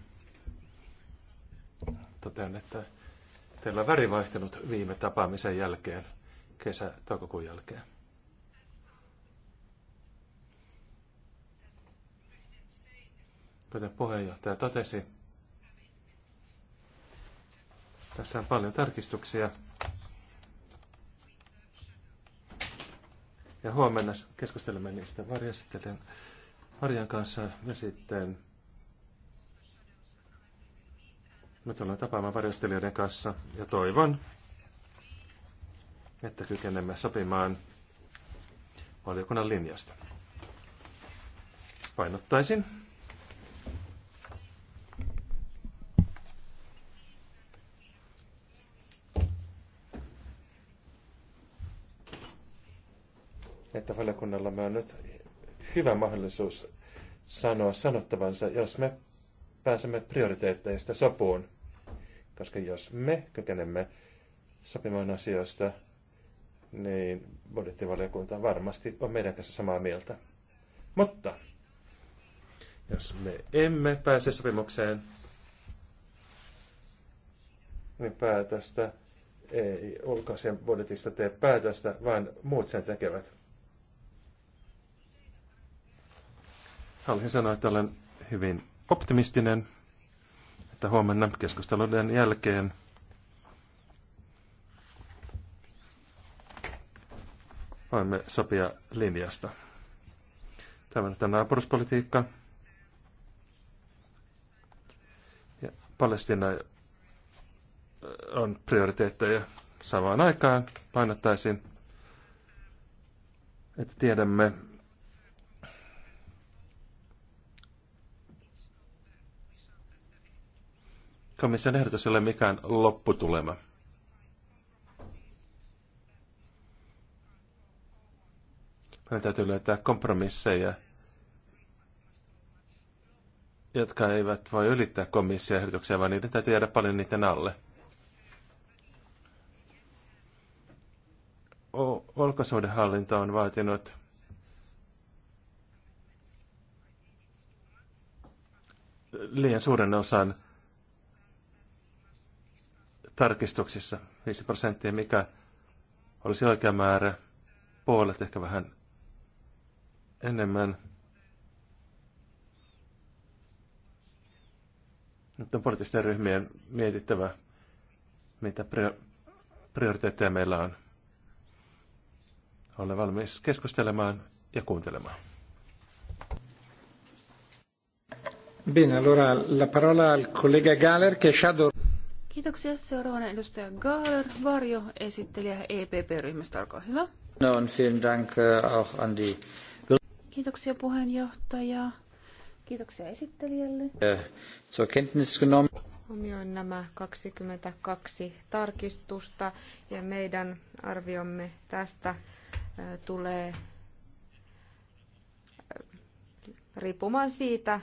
totean, että teillä on väri vaihtunut viime tapaamisen jälkeen, kesä-toukokuun jälkeen. Kuten puheenjohtaja totesi, tässä on paljon tarkistuksia. Ja huomenna keskustelemme niistä varjan kanssa ja sitten Me tullaan tapaamaan varjostelijoiden kanssa ja toivon, että kykenemme sopimaan valiokunnan linjasta. Painottaisin. että valiokunnallamme on nyt hyvä mahdollisuus sanoa sanottavansa, jos me pääsemme prioriteetteista sopuun. Koska jos me kykenemme sopimaan asioista, niin budjettivaliokunta varmasti on meidän kanssa samaa mieltä. Mutta jos me emme pääse sopimukseen, niin päätöstä ei ulkoisen budjetista tee päätöstä, vaan muut sen tekevät. Haluaisin sanoa, että olen hyvin optimistinen että huomenna keskustelujen jälkeen voimme sopia linjasta. Tämä on naapuruspolitiikka. Ja Palestina on prioriteetteja samaan aikaan. Painottaisin, että tiedämme, komission ehdotus ei ole mikään lopputulema. Meidän täytyy löytää kompromisseja, jotka eivät voi ylittää komission ehdotuksia, vaan niiden täytyy jäädä paljon niiden alle. Ulkosuhdehallinto on vaatinut liian suuren osan tarkistuksissa, 5 prosenttia, mikä olisi oikea määrä, puolet ehkä vähän enemmän. Nyt on poliittisten ryhmien mietittävä, mitä prioriteetteja meillä on. Olen valmis keskustelemaan ja kuuntelemaan. Bene, allora la parola al collega Galler che è shadow Kiitoksia. Seuraavana edustaja Gaaler, varjo, esittelijä EPP-ryhmästä. Olkaa hyvä. No, on vielen dank äh, auch an die... Kiitoksia puheenjohtaja. Kiitoksia esittelijälle. Äh, zur Kenntnis genommen. Huomioin nämä 22 tarkistusta ja meidän arviomme tästä äh, tulee riippumaan siitä,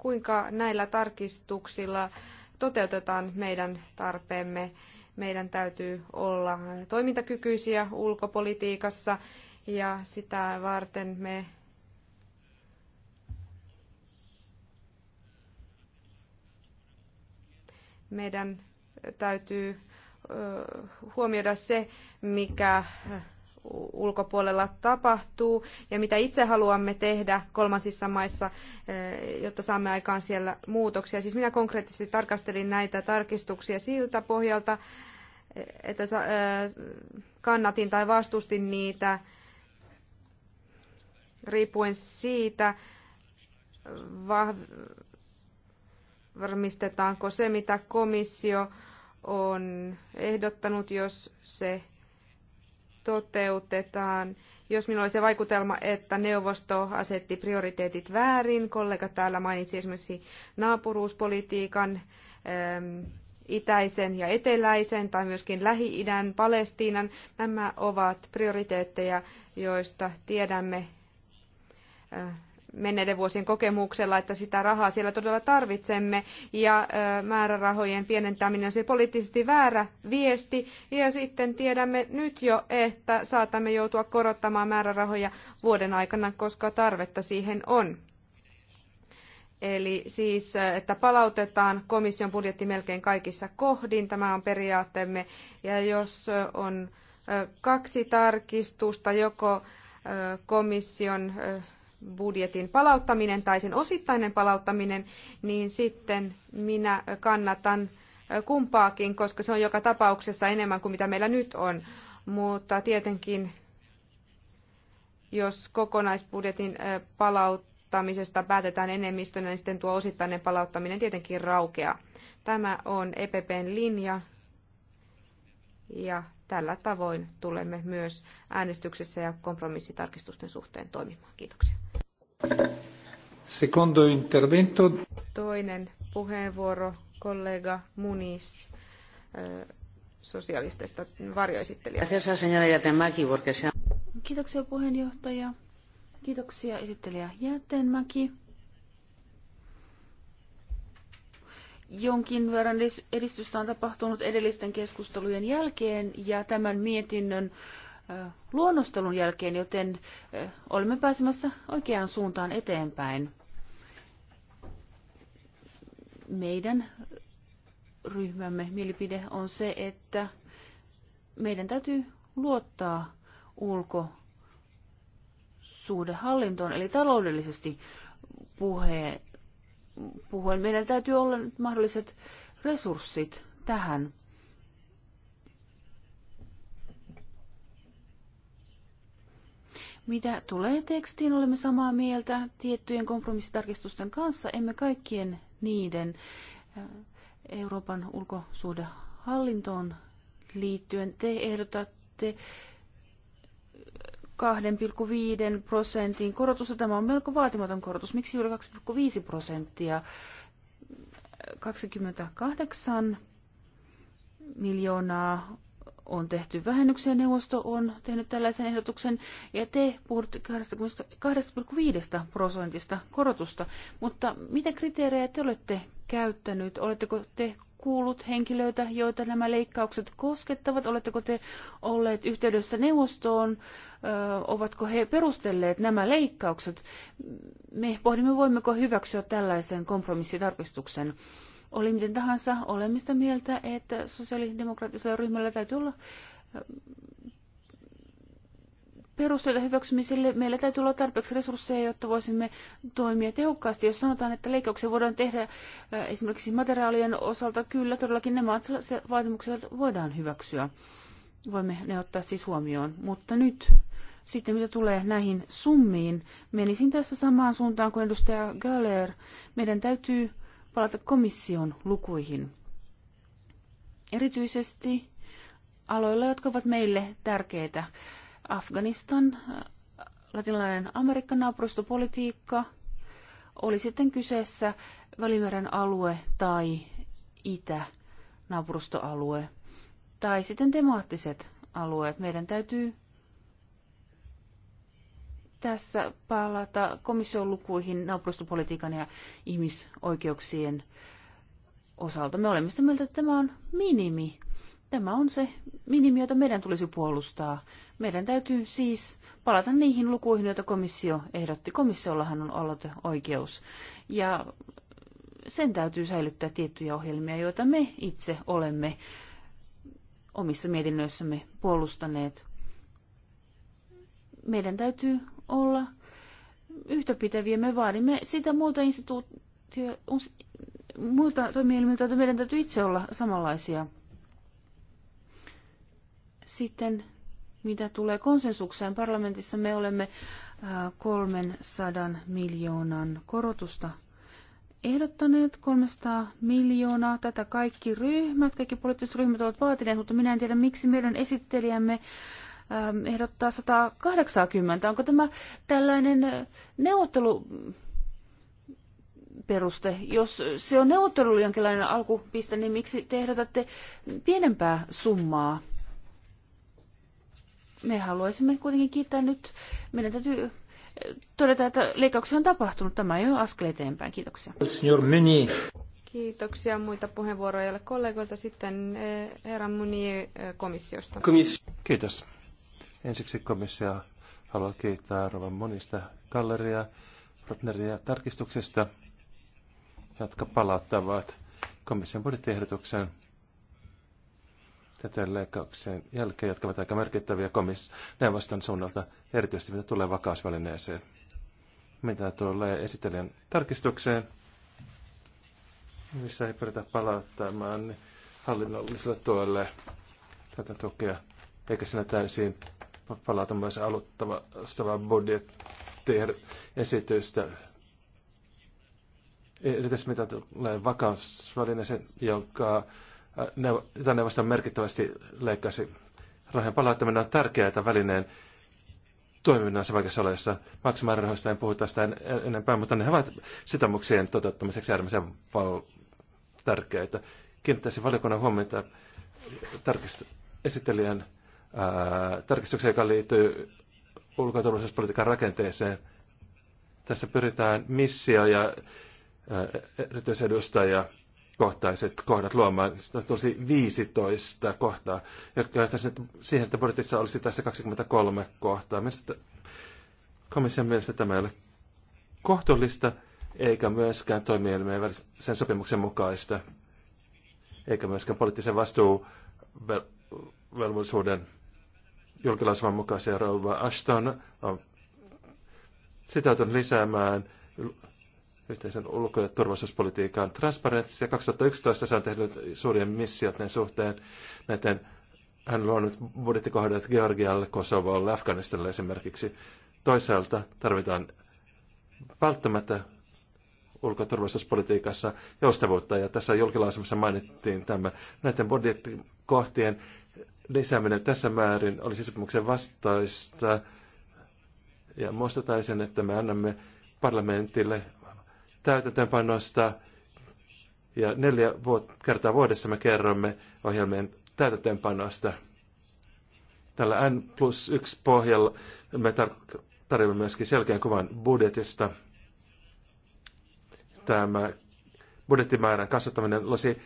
kuinka näillä tarkistuksilla toteutetaan meidän tarpeemme. Meidän täytyy olla toimintakykyisiä ulkopolitiikassa ja sitä varten me meidän täytyy huomioida se, mikä ulkopuolella tapahtuu ja mitä itse haluamme tehdä kolmansissa maissa, eh, jotta saamme aikaan siellä muutoksia. Siis minä konkreettisesti tarkastelin näitä tarkistuksia siltä pohjalta, eh, että eh, kannatin tai vastustin niitä riippuen siitä, varmistetaanko se, mitä komissio on ehdottanut, jos se toteutetaan. Jos minulla oli se vaikutelma, että neuvosto asetti prioriteetit väärin, kollega täällä mainitsi esimerkiksi naapuruuspolitiikan, ähm, itäisen ja eteläisen tai myöskin Lähi-idän, Palestiinan. Nämä ovat prioriteetteja, joista tiedämme äh, menneiden vuosien kokemuksella, että sitä rahaa siellä todella tarvitsemme ja määrärahojen pienentäminen on se poliittisesti väärä viesti ja sitten tiedämme nyt jo, että saatamme joutua korottamaan määrärahoja vuoden aikana, koska tarvetta siihen on. Eli siis, että palautetaan komission budjetti melkein kaikissa kohdin, tämä on periaatteemme. Ja jos on kaksi tarkistusta, joko komission budjetin palauttaminen tai sen osittainen palauttaminen, niin sitten minä kannatan kumpaakin, koska se on joka tapauksessa enemmän kuin mitä meillä nyt on. Mutta tietenkin, jos kokonaisbudjetin palauttamisesta päätetään enemmistönä, niin sitten tuo osittainen palauttaminen tietenkin raukeaa. Tämä on EPPn linja ja tällä tavoin tulemme myös äänestyksessä ja kompromissitarkistusten suhteen toimimaan. Kiitoksia. Secondo intervento. Toinen puheenvuoro, kollega Munis sosialistista varjoesittelijä. Kiitoksia puheenjohtaja. Kiitoksia esittelijä Jäteenmäki. Jonkin verran edistystä on tapahtunut edellisten keskustelujen jälkeen ja tämän mietinnön luonnostelun jälkeen, joten olemme pääsemässä oikeaan suuntaan eteenpäin. Meidän ryhmämme mielipide on se, että meidän täytyy luottaa ulko hallintoon, eli taloudellisesti puheen Meidän täytyy olla mahdolliset resurssit tähän. Mitä tulee tekstiin, olemme samaa mieltä tiettyjen kompromissitarkistusten kanssa, emme kaikkien niiden äh, Euroopan ulkosuhdehallintoon liittyen. Te ehdotatte 2,5 prosentin korotusta. Tämä on melko vaatimaton korotus. Miksi juuri 2,5 prosenttia? 28 miljoonaa on tehty vähennyksiä. Neuvosto on tehnyt tällaisen ehdotuksen ja te puhutte 2,5 prosentista korotusta. Mutta mitä kriteerejä te olette käyttänyt? Oletteko te kuullut henkilöitä, joita nämä leikkaukset koskettavat? Oletteko te olleet yhteydessä neuvostoon? Ö, ovatko he perustelleet nämä leikkaukset? Me pohdimme, voimmeko hyväksyä tällaisen kompromissitarkistuksen. Oli miten tahansa, olemme sitä mieltä, että sosiaalidemokraattisella ryhmällä täytyy olla ähm, perusteita hyväksymiselle meillä täytyy olla tarpeeksi resursseja, jotta voisimme toimia tehokkaasti. Jos sanotaan, että leikkauksia voidaan tehdä äh, esimerkiksi materiaalien osalta, kyllä todellakin nämä vaatimukset voidaan hyväksyä. Voimme ne ottaa siis huomioon. Mutta nyt sitten mitä tulee näihin summiin, menisin tässä samaan suuntaan kuin edustaja Galler. Meidän täytyy palata komission lukuihin. Erityisesti aloilla, jotka ovat meille tärkeitä. Afganistan, latinalainen Amerikan naapurustopolitiikka, oli sitten kyseessä Välimeren alue tai Itä-naapurustoalue tai sitten temaattiset alueet. Meidän täytyy tässä palata komission lukuihin naapurustopolitiikan ja ihmisoikeuksien osalta. Me olemme sitä mieltä, että tämä on minimi. Tämä on se minimi, jota meidän tulisi puolustaa. Meidän täytyy siis palata niihin lukuihin, joita komissio ehdotti. Komissiollahan on oikeus. Ja sen täytyy säilyttää tiettyjä ohjelmia, joita me itse olemme omissa mietinnöissämme puolustaneet. Meidän täytyy olla yhtäpitäviä. Me vaadimme sitä muuta instituutio, muilta toimielimiltä, että meidän täytyy itse olla samanlaisia. Sitten mitä tulee konsensukseen parlamentissa, me olemme 300 miljoonan korotusta ehdottaneet 300 miljoonaa. Tätä kaikki ryhmät, kaikki poliittiset ryhmät ovat vaatineet, mutta minä en tiedä, miksi meidän esittelijämme Ähm, ehdottaa 180. Onko tämä tällainen äh, neuvottelu peruste. Jos se on neuvottelu jonkinlainen alkupiste, niin miksi te ehdotatte pienempää summaa? Me haluaisimme kuitenkin kiittää nyt. Meidän täytyy äh, todeta, että leikkauksia on tapahtunut. Tämä ei ole askel eteenpäin. Kiitoksia. Signor Kiitoksia. Muita puheenvuoroja kollegoilta. Sitten äh, herra Muni komissiosta. Kiitos. Ensiksi komissio haluaa kiittää Rovan monista galleria Rotneria tarkistuksista, jotka palauttavat komission budjettiehdotuksen tätä leikkauksen jälkeen, jotka ovat aika merkittäviä komis neuvoston suunnalta, erityisesti mitä tulee vakausvälineeseen. Mitä tulee esittelijän tarkistukseen, missä ei pyritä palauttamaan hallinnolliselle tuolle tätä tukea, eikä siinä täysin palata myös aluttavaa budjettiesitystä. Erityisesti mitä tulee vakausvälineeseen, jonka äh, jota neuvosto merkittävästi leikkasi. Rahojen palauttaminen on tärkeää välineen toiminnassa vaikeassa olessa. Maksumäärärahoista en puhu tästä en, enempää, mutta ne ovat sitoumuksien toteuttamiseksi äärimmäisen val- tärkeitä. Kiinnittäisin valiokunnan huomiota tarkist- esittelijän tarkistuksia, joka liittyy ulko- ja turvallisuuspolitiikan rakenteeseen. Tässä pyritään missio- ja erityisedustaja kohtaiset kohdat luomaan. Sitä tosi 15 kohtaa, jotka tässä siihen, että budjetissa olisi tässä 23 kohtaa. Mielestä, komission mielestä tämä ei ole kohtuullista, eikä myöskään toimielimien sen sopimuksen mukaista, eikä myöskään poliittisen vastuuvelvollisuuden julkilausuman mukaan seuraava Ashton on sitoutunut lisäämään yhteisen ulko- ja turvallisuuspolitiikan transparenssia. 2011 se on tehnyt suurien missioiden suhteen näiden hän on luonut budjettikohdat Georgialle, Kosovolle, Afganistalle esimerkiksi. Toisaalta tarvitaan välttämättä ulko- ja turvallisuuspolitiikassa joustavuutta, ja tässä julkilausumassa mainittiin tämä näiden budjettikohtien lisääminen tässä määrin olisi sopimuksen vastaista. Ja muistutaisin, että me annamme parlamentille täytäntöönpanosta ja neljä vuot- kertaa vuodessa me kerromme ohjelmien täytäntöönpanosta. Tällä N plus 1 pohjalla me tar- tarjoamme myöskin selkeän kuvan budjetista. Tämä budjettimäärän kasvattaminen olisi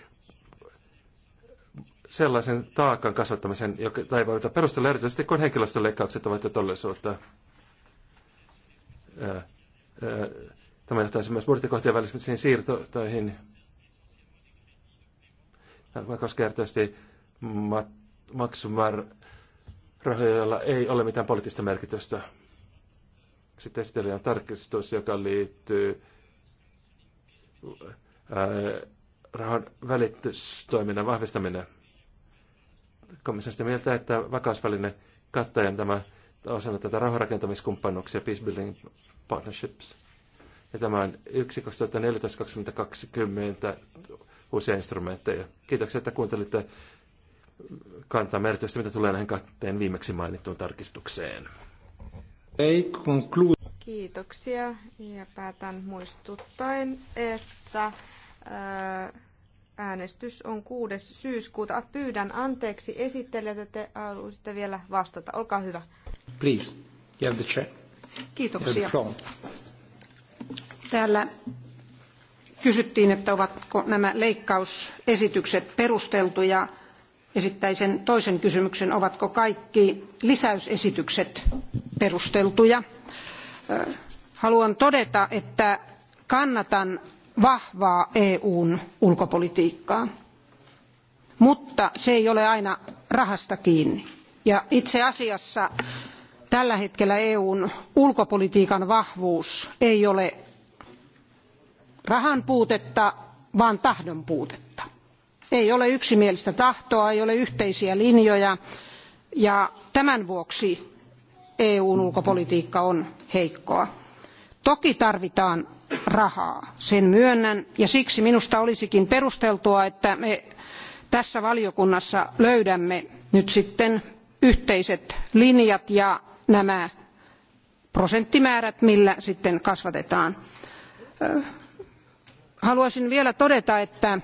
sellaisen taakan kasvattamisen, joka, ei voida perustella erityisesti, kun henkilöstöleikkaukset ovat jo todellisuutta. Tämä johtaisi myös budjettikohtien välisiin siirtoihin. Tämä koskee erityisesti maksumäärärahoja, joilla ei ole mitään poliittista merkitystä. Sitten esitellään tarkistus, joka liittyy rahan välitystoiminnan vahvistaminen komissiosta mieltä, että vakausväline kattajan tämä osana tätä rauhanrakentamiskumppanuuksia Peace Building Partnerships. Ja tämä on yksi 2014-2020 uusia instrumentteja. Kiitoksia, että kuuntelitte kantaa merkitystä, mitä tulee näihin kahteen viimeksi mainittuun tarkistukseen. Ei conclude. Kiitoksia ja päätän muistuttaen, että äh, äänestys on 6. syyskuuta. Pyydän anteeksi esittelijät, että te haluaisitte vielä vastata. Olkaa hyvä. Please, you have the chair. Kiitoksia. Täällä kysyttiin, että ovatko nämä leikkausesitykset perusteltuja. Esittäisin toisen kysymyksen, ovatko kaikki lisäysesitykset perusteltuja. Haluan todeta, että kannatan vahvaa EUn ulkopolitiikkaa. Mutta se ei ole aina rahasta kiinni. Ja itse asiassa tällä hetkellä EUn ulkopolitiikan vahvuus ei ole rahan puutetta, vaan tahdon puutetta. Ei ole yksimielistä tahtoa, ei ole yhteisiä linjoja ja tämän vuoksi EUn ulkopolitiikka on heikkoa. Toki tarvitaan rahaa sen myönnän ja siksi minusta olisikin perusteltua että me tässä valiokunnassa löydämme nyt sitten yhteiset linjat ja nämä prosenttimäärät millä sitten kasvatetaan. haluaisin vielä todeta että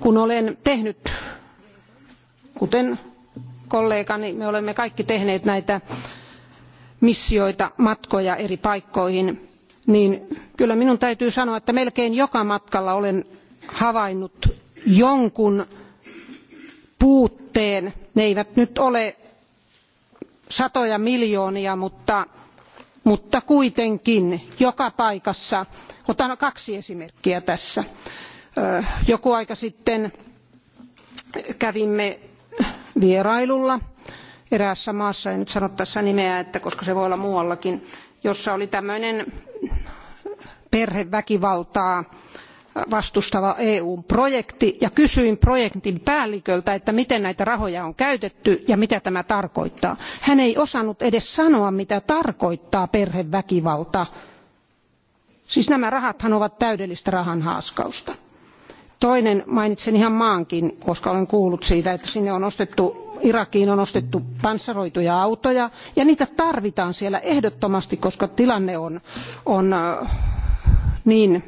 kun olen tehnyt kuten kollegani me olemme kaikki tehneet näitä missioita matkoja eri paikkoihin niin kyllä minun täytyy sanoa, että melkein joka matkalla olen havainnut jonkun puutteen. Ne eivät nyt ole satoja miljoonia, mutta, mutta kuitenkin joka paikassa. Otan kaksi esimerkkiä tässä. Joku aika sitten kävimme vierailulla eräässä maassa, en nyt sano tässä nimeä, että koska se voi olla muuallakin, jossa oli tämmöinen perheväkivaltaa vastustava eu n projekti ja kysyin projektin päälliköltä että miten näitä rahoja on käytetty ja mitä tämä tarkoittaa. hän ei osannut edes sanoa mitä tarkoittaa perheväkivalta. siis nämä rahathan ovat täydellistä rahanhaaskausta Toinen mainitsen ihan maankin, koska olen kuullut siitä, että sinne on ostettu Irakiin on ostettu panssaroituja autoja ja niitä tarvitaan siellä ehdottomasti, koska tilanne on, on äh, niin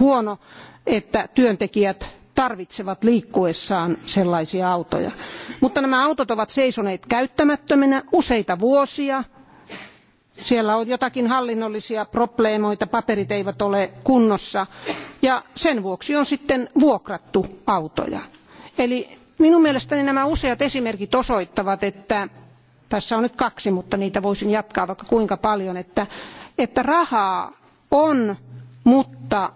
huono, että työntekijät tarvitsevat liikkuessaan sellaisia autoja. Mutta nämä autot ovat seisoneet käyttämättöminä useita vuosia siellä on jotakin hallinnollisia probleemoita paperit eivät ole kunnossa ja sen vuoksi on sitten vuokrattu autoja. eli minun mielestäni nämä useat esimerkit osoittavat että tässä on nyt kaksi mutta niitä voisin jatkaa vaikka kuinka paljon että, että rahaa on mutta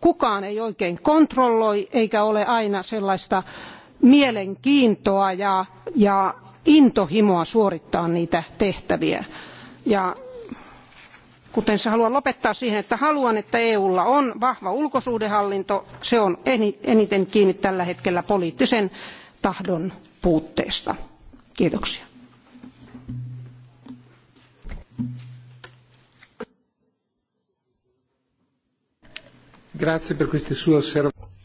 kukaan ei oikein kontrolloi eikä ole aina sellaista mielenkiintoa ja, ja intohimoa suorittaa niitä tehtäviä ja kuten se haluan lopettaa siihen, että haluan, että EUlla on vahva ulkosuhdehallinto. Se on eniten kiinni tällä hetkellä poliittisen tahdon puutteesta. Kiitoksia.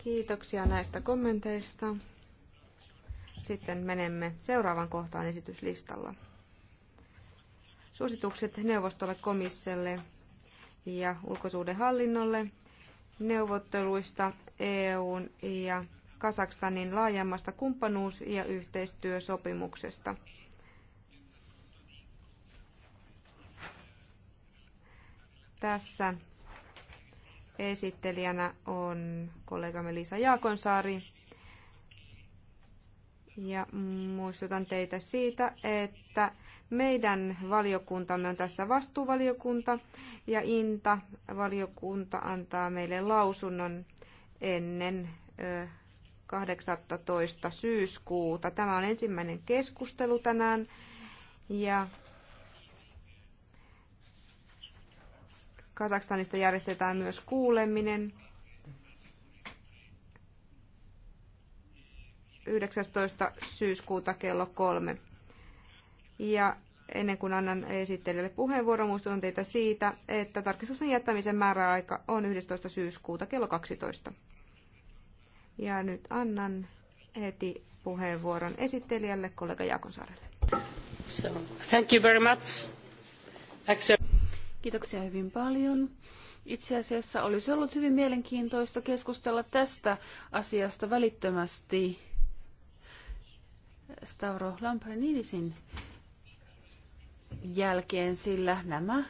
Kiitoksia näistä kommenteista. Sitten menemme seuraavan kohtaan esityslistalla. Suositukset neuvostolle, komisselle ja ulkosuudenhallinnolle neuvotteluista EUn ja Kazakstanin laajemmasta kumppanuus- ja yhteistyösopimuksesta. Tässä esittelijänä on kollegamme Liisa Jaakonsaari. Ja muistutan teitä siitä, että meidän valiokuntamme on tässä vastuuvaliokunta ja INTA-valiokunta antaa meille lausunnon ennen 18. syyskuuta. Tämä on ensimmäinen keskustelu tänään ja Kazakstanista järjestetään myös kuuleminen. 19. syyskuuta kello kolme. Ja ennen kuin annan esittelijälle puheenvuoron, muistutan teitä siitä, että tarkistuksen jättämisen määräaika on 11. syyskuuta kello 12. Ja nyt annan heti puheenvuoron esittelijälle kollega Jaakonsaarelle. So, thank you very much. Kiitoksia hyvin paljon. Itse asiassa olisi ollut hyvin mielenkiintoista keskustella tästä asiasta välittömästi Stavro Lampreninisin jälkeen, sillä nämä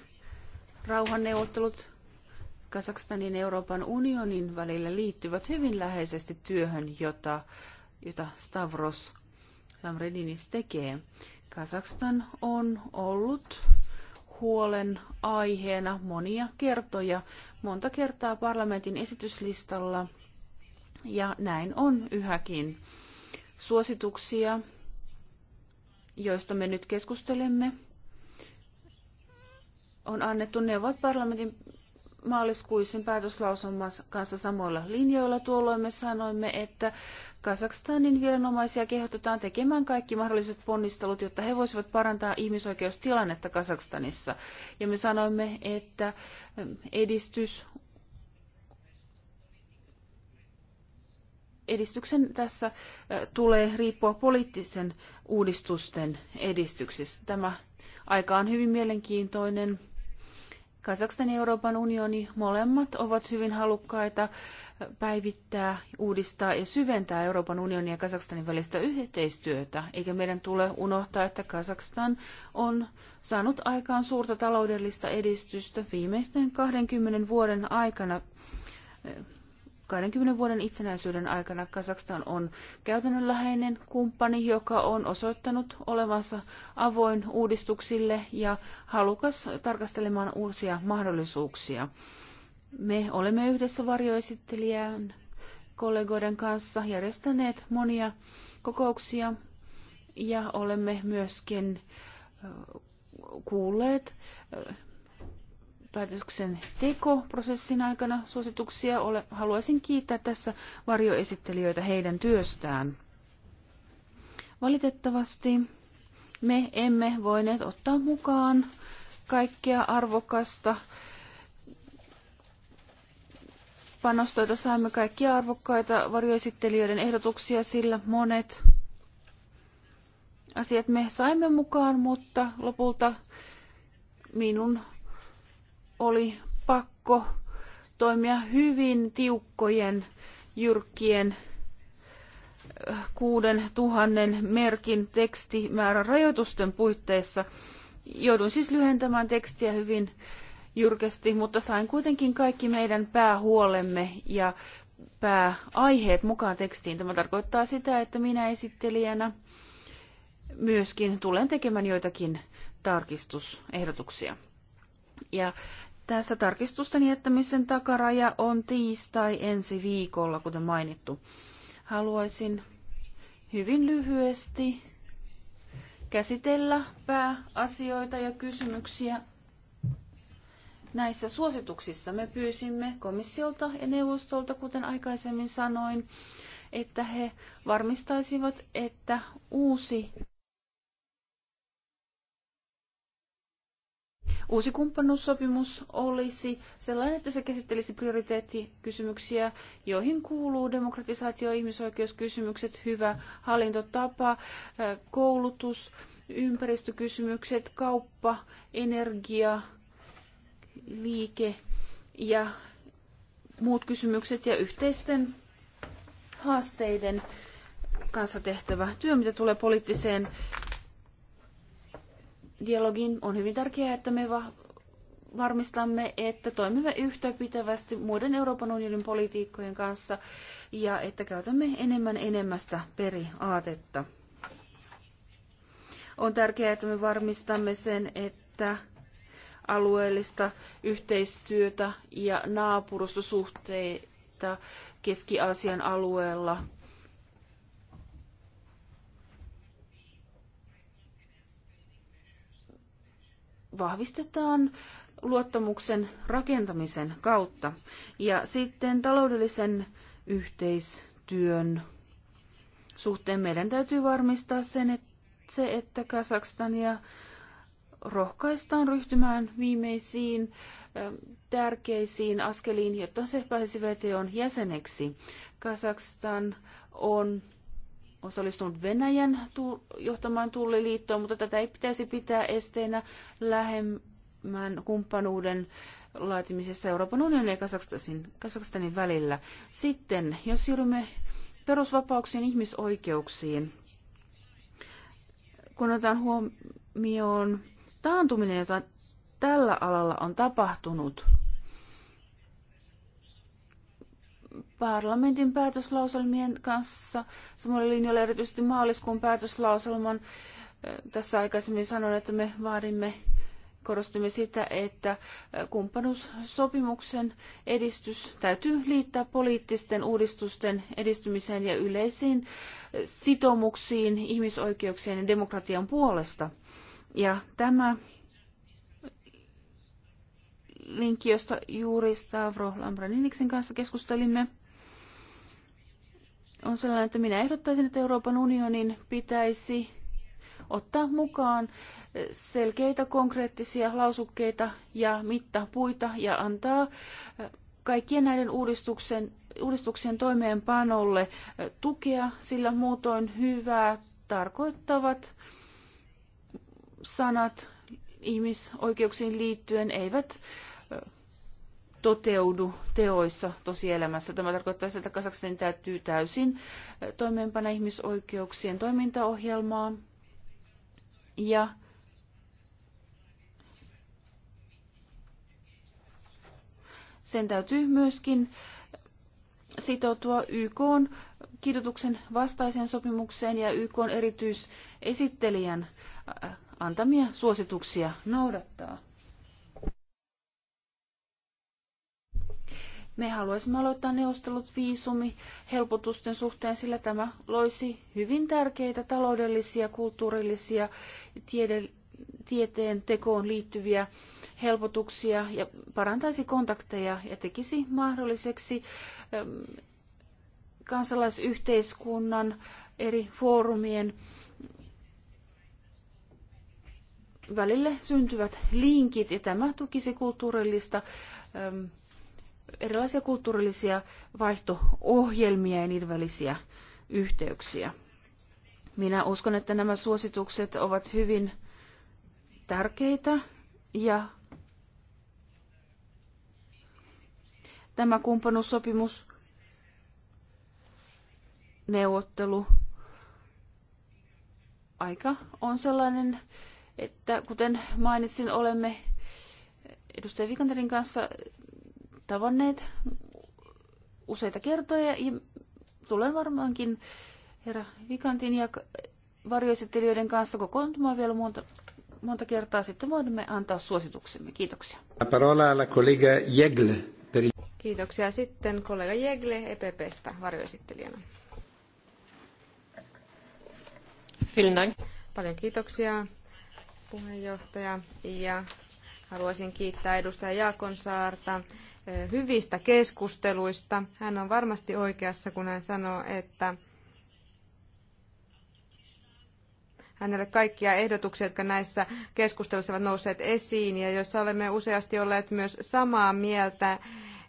rauhanneuvottelut Kazakstanin Euroopan unionin välillä liittyvät hyvin läheisesti työhön, jota, jota Stavros Lamredinis tekee. Kazakstan on ollut huolen aiheena monia kertoja, monta kertaa parlamentin esityslistalla, ja näin on yhäkin suosituksia, joista me nyt keskustelemme, on annettu. Ne ovat parlamentin maaliskuisen päätöslauselman kanssa samoilla linjoilla. Tuolloin me sanoimme, että Kazakstanin viranomaisia kehotetaan tekemään kaikki mahdolliset ponnistelut, jotta he voisivat parantaa ihmisoikeustilannetta Kazakstanissa. Ja me sanoimme, että edistys edistyksen tässä tulee riippua poliittisen uudistusten edistyksistä. Tämä aika on hyvin mielenkiintoinen. Kazakstan ja Euroopan unioni molemmat ovat hyvin halukkaita päivittää, uudistaa ja syventää Euroopan unionin ja Kazakstanin välistä yhteistyötä. Eikä meidän tule unohtaa, että Kazakstan on saanut aikaan suurta taloudellista edistystä viimeisten 20 vuoden aikana 20 vuoden itsenäisyyden aikana Kazakstan on käytännönläheinen kumppani, joka on osoittanut olevansa avoin uudistuksille ja halukas tarkastelemaan uusia mahdollisuuksia. Me olemme yhdessä varjoesittelijän kollegoiden kanssa järjestäneet monia kokouksia ja olemme myöskin kuulleet päätöksen tekoprosessin aikana suosituksia. Ole, haluaisin kiittää tässä varjoesittelijöitä heidän työstään. Valitettavasti me emme voineet ottaa mukaan kaikkea arvokasta Panostoita saimme kaikkia arvokkaita varjoesittelijöiden ehdotuksia, sillä monet asiat me saimme mukaan, mutta lopulta minun oli pakko toimia hyvin tiukkojen, jyrkkien kuuden tuhannen merkin tekstimäärän rajoitusten puitteissa. Joudun siis lyhentämään tekstiä hyvin jyrkästi, mutta sain kuitenkin kaikki meidän päähuolemme ja pääaiheet mukaan tekstiin. Tämä tarkoittaa sitä, että minä esittelijänä myöskin tulen tekemään joitakin tarkistusehdotuksia. Ja tässä tarkistusten jättämisen takaraja on tiistai ensi viikolla, kuten mainittu. Haluaisin hyvin lyhyesti käsitellä pääasioita ja kysymyksiä näissä suosituksissa. Me pyysimme komissiolta ja neuvostolta, kuten aikaisemmin sanoin, että he varmistaisivat, että uusi Uusi kumppanuussopimus olisi sellainen, että se käsittelisi prioriteettikysymyksiä, joihin kuuluu demokratisaatio, ihmisoikeuskysymykset, hyvä hallintotapa, koulutus, ympäristökysymykset, kauppa, energia, liike ja muut kysymykset ja yhteisten haasteiden kanssa tehtävä työ, mitä tulee poliittiseen dialogin on hyvin tärkeää, että me varmistamme, että toimimme yhtäpitävästi muiden Euroopan unionin politiikkojen kanssa ja että käytämme enemmän enemmästä periaatetta. On tärkeää, että me varmistamme sen, että alueellista yhteistyötä ja naapurustosuhteita Keski-Aasian alueella vahvistetaan luottamuksen rakentamisen kautta. Ja sitten taloudellisen yhteistyön suhteen meidän täytyy varmistaa sen, että se, että Kasakstania rohkaistaan ryhtymään viimeisiin tärkeisiin askeliin, jotta se pääsisi VTOn jäseneksi. Kazakstan on osallistunut Venäjän johtamaan tulliliittoon, mutta tätä ei pitäisi pitää esteenä lähemmän kumppanuuden laatimisessa Euroopan unionin ja Kazakstanin, Kazakstanin välillä. Sitten, jos siirrymme perusvapauksien ihmisoikeuksiin, kun otetaan huomioon taantuminen, jota tällä alalla on tapahtunut – parlamentin päätöslauselmien kanssa samalla linjalla erityisesti maaliskuun päätöslauselman. Tässä aikaisemmin sanoin, että me vaadimme, korostimme sitä, että kumppanuussopimuksen edistys täytyy liittää poliittisten uudistusten edistymiseen ja yleisiin sitoumuksiin ihmisoikeuksien ja demokratian puolesta. Ja tämä linkki, josta juuri Stavro Lambraniniksen kanssa keskustelimme, on sellainen, että minä ehdottaisin, että Euroopan unionin pitäisi ottaa mukaan selkeitä konkreettisia lausukkeita ja mittapuita ja antaa kaikkien näiden uudistuksen, uudistuksien toimeenpanolle tukea, sillä muutoin hyvää tarkoittavat sanat ihmisoikeuksiin liittyen eivät toteudu teoissa tosielämässä. Tämä tarkoittaa sitä, että Kasaksanin täytyy täysin toimeenpana ihmisoikeuksien toimintaohjelmaa ja sen täytyy myöskin sitoutua YK on kidutuksen vastaiseen sopimukseen ja YK on erityisesittelijän antamia suosituksia noudattaa. Me haluaisimme aloittaa neuvostelut viisumi helpotusten suhteen, sillä tämä loisi hyvin tärkeitä taloudellisia, kulttuurillisia, tiede, tieteen tekoon liittyviä helpotuksia ja parantaisi kontakteja ja tekisi mahdolliseksi ähm, kansalaisyhteiskunnan eri foorumien välille syntyvät linkit ja tämä tukisi kulttuurillista ähm, erilaisia kulttuurillisia vaihto-ohjelmia ja niiden välisiä yhteyksiä. Minä uskon, että nämä suositukset ovat hyvin tärkeitä ja tämä kumppanuussopimus neuvottelu aika on sellainen, että kuten mainitsin, olemme edustaja Vikanterin kanssa tavanneet useita kertoja ja tulen varmaankin herra Vikantin ja varjoesittelijöiden kanssa kokoontumaan vielä monta, monta kertaa. Sitten voimme antaa suosituksemme. Kiitoksia. Parola alla Jegle. Per... Kiitoksia. Sitten kollega Jegle EPPstä varjoesittelijänä. Vielen Paljon kiitoksia puheenjohtaja ja haluaisin kiittää edustaja Jaakonsaarta. saarta hyvistä keskusteluista. Hän on varmasti oikeassa, kun hän sanoo, että hänelle kaikkia ehdotuksia, jotka näissä keskusteluissa ovat nousseet esiin ja joissa olemme useasti olleet myös samaa mieltä.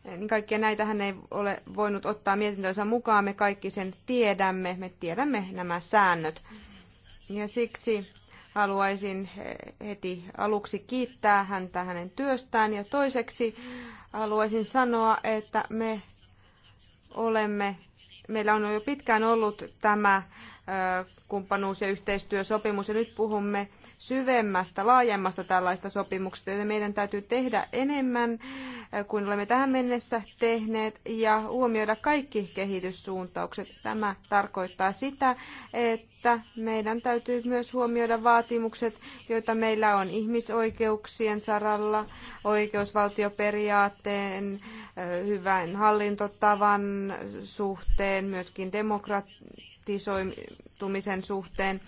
Niin kaikkia näitä hän ei ole voinut ottaa mietintönsä mukaan. Me kaikki sen tiedämme. Me tiedämme nämä säännöt. Ja siksi Haluaisin heti aluksi kiittää häntä hänen työstään ja toiseksi haluaisin sanoa, että me olemme, meillä on jo pitkään ollut tämä kumppanuus- ja yhteistyösopimus ja nyt puhumme syvemmästä, laajemmasta tällaista sopimuksesta, joten meidän täytyy tehdä enemmän eh, kuin olemme tähän mennessä tehneet ja huomioida kaikki kehityssuuntaukset. Tämä tarkoittaa sitä, että meidän täytyy myös huomioida vaatimukset, joita meillä on ihmisoikeuksien saralla, oikeusvaltioperiaatteen, eh, hyvän hallintotavan suhteen, myöskin demokratisoitumisen suhteen.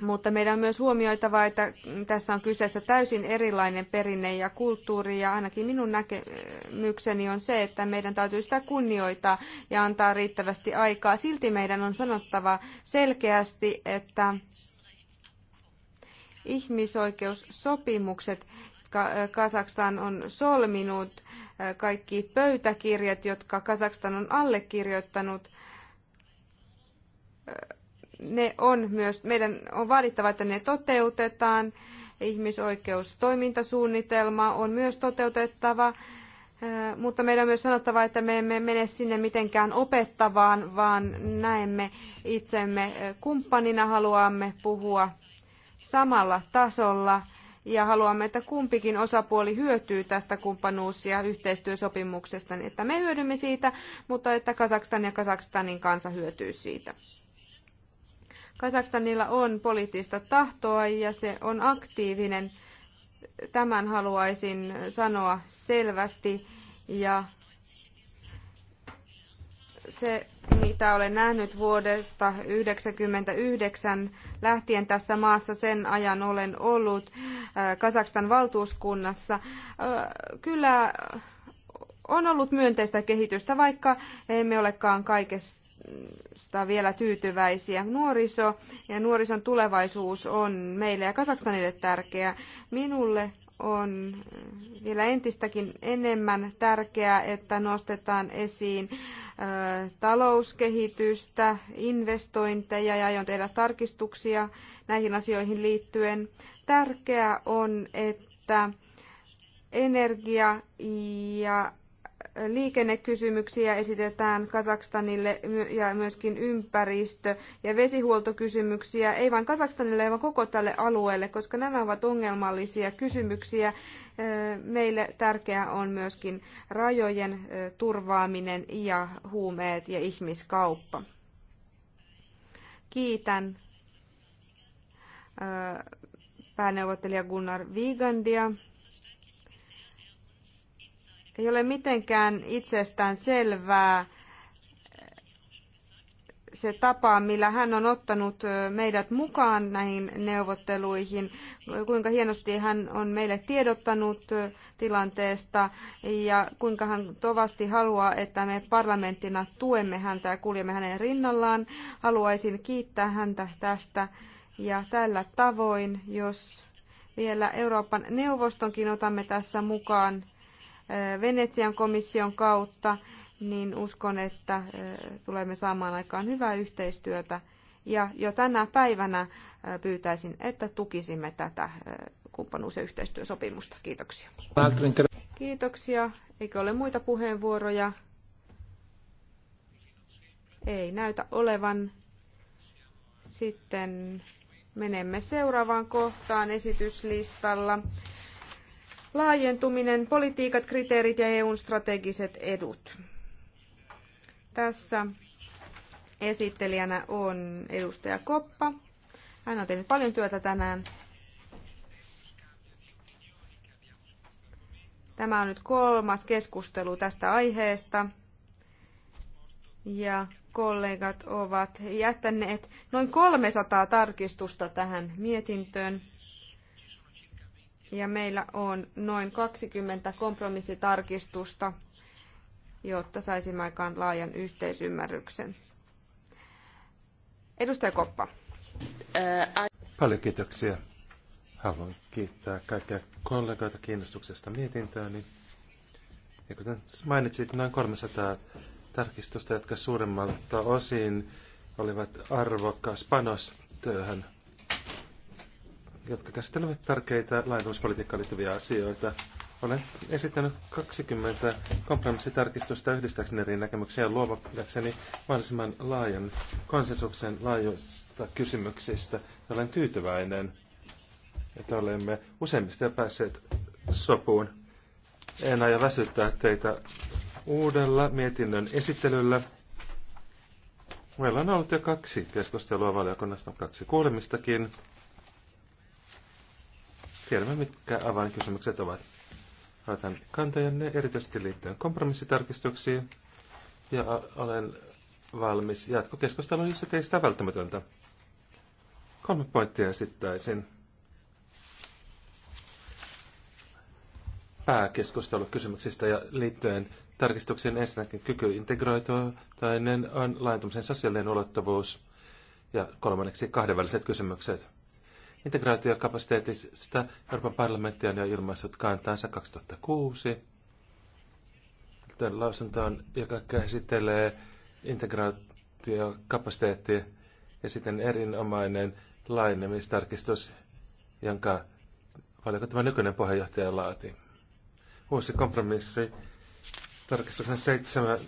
Mutta meidän on myös huomioitava, että tässä on kyseessä täysin erilainen perinne ja kulttuuri, ja ainakin minun näkemykseni on se, että meidän täytyy sitä kunnioittaa ja antaa riittävästi aikaa. Silti meidän on sanottava selkeästi, että ihmisoikeussopimukset, Kazakstan on solminut, äh, kaikki pöytäkirjat, jotka Kazakstan on allekirjoittanut, äh, ne on myös, meidän on vaadittava, että ne toteutetaan. Ihmisoikeustoimintasuunnitelma on myös toteutettava, eh, mutta meidän on myös sanottava, että me emme mene sinne mitenkään opettavaan, vaan näemme itsemme eh, kumppanina, haluamme puhua samalla tasolla ja haluamme, että kumpikin osapuoli hyötyy tästä kumppanuus- ja yhteistyösopimuksesta, niin että me hyödymme siitä, mutta että Kazakstan ja Kazakstanin kansa hyötyy siitä. Kazakstanilla on poliittista tahtoa ja se on aktiivinen. Tämän haluaisin sanoa selvästi ja se, mitä olen nähnyt vuodesta 1999 lähtien tässä maassa, sen ajan olen ollut äh, Kazakstan valtuuskunnassa. Äh, kyllä on ollut myönteistä kehitystä, vaikka emme olekaan kaikessa vielä tyytyväisiä. Nuoriso ja nuorison tulevaisuus on meille ja Kazakstanille tärkeä. Minulle on vielä entistäkin enemmän tärkeää, että nostetaan esiin talouskehitystä, investointeja ja aion tehdä tarkistuksia näihin asioihin liittyen. Tärkeää on, että energia- ja liikennekysymyksiä esitetään Kazakstanille ja myöskin ympäristö- ja vesihuoltokysymyksiä, ei vain Kazakstanille, vaan koko tälle alueelle, koska nämä ovat ongelmallisia kysymyksiä. Meille tärkeää on myöskin rajojen turvaaminen ja huumeet ja ihmiskauppa. Kiitän pääneuvottelija Gunnar Vigandia ei ole mitenkään itsestään selvää se tapa, millä hän on ottanut meidät mukaan näihin neuvotteluihin, kuinka hienosti hän on meille tiedottanut tilanteesta ja kuinka hän tovasti haluaa, että me parlamenttina tuemme häntä ja kuljemme hänen rinnallaan. Haluaisin kiittää häntä tästä ja tällä tavoin, jos vielä Euroopan neuvostonkin otamme tässä mukaan, Venetsian komission kautta, niin uskon, että tulemme saamaan aikaan hyvää yhteistyötä. Ja jo tänä päivänä pyytäisin, että tukisimme tätä kumppanuus- ja yhteistyösopimusta. Kiitoksia. Kiitoksia. Eikö ole muita puheenvuoroja? Ei näytä olevan. Sitten menemme seuraavaan kohtaan esityslistalla laajentuminen, politiikat, kriteerit ja EUn strategiset edut. Tässä esittelijänä on edustaja Koppa. Hän on tehnyt paljon työtä tänään. Tämä on nyt kolmas keskustelu tästä aiheesta. Ja kollegat ovat jättäneet noin 300 tarkistusta tähän mietintöön ja meillä on noin 20 kompromissitarkistusta, jotta saisimme aikaan laajan yhteisymmärryksen. Edustaja Koppa. Paljon kiitoksia. Haluan kiittää kaikkia kollegoita kiinnostuksesta mietintööni. Ja kuten mainitsit, noin 300 tarkistusta, jotka suuremmalta osin olivat arvokas panos työhön jotka käsittelevät tärkeitä laajentumispolitiikkaan liittyviä asioita. Olen esittänyt 20 kompromissitarkistusta yhdistääkseni eri näkemyksiä ja luovakseni mahdollisimman laajan konsensuksen laajoista kysymyksistä. Olen tyytyväinen, että olemme useimmista päässeet sopuun. En aio väsyttää teitä uudella mietinnön esittelyllä. Meillä on ollut jo kaksi keskustelua valiokunnasta, kaksi kuulemistakin. Tiedämme, mitkä avainkysymykset ovat. Laitan kantajanne erityisesti liittyen kompromissitarkistuksiin ja olen valmis jatkokeskusteluun, jos se teistä välttämätöntä. Kolme pointtia esittäisin. kysymyksistä ja liittyen tarkistuksiin ensinnäkin kyky integroitua, toinen on laajentumisen sosiaalinen ulottuvuus ja kolmanneksi kahdenväliset kysymykset integraatiokapasiteetista Euroopan parlamenttia on jo ilmaissut kantansa 2006. Tämän lausuntoon, joka käsittelee integraatiokapasiteettia ja sitten erinomainen laajenemistarkistus, jonka valiokuntamme nykyinen puheenjohtaja laati. Uusi kompromissi tarkistuksen seitsemän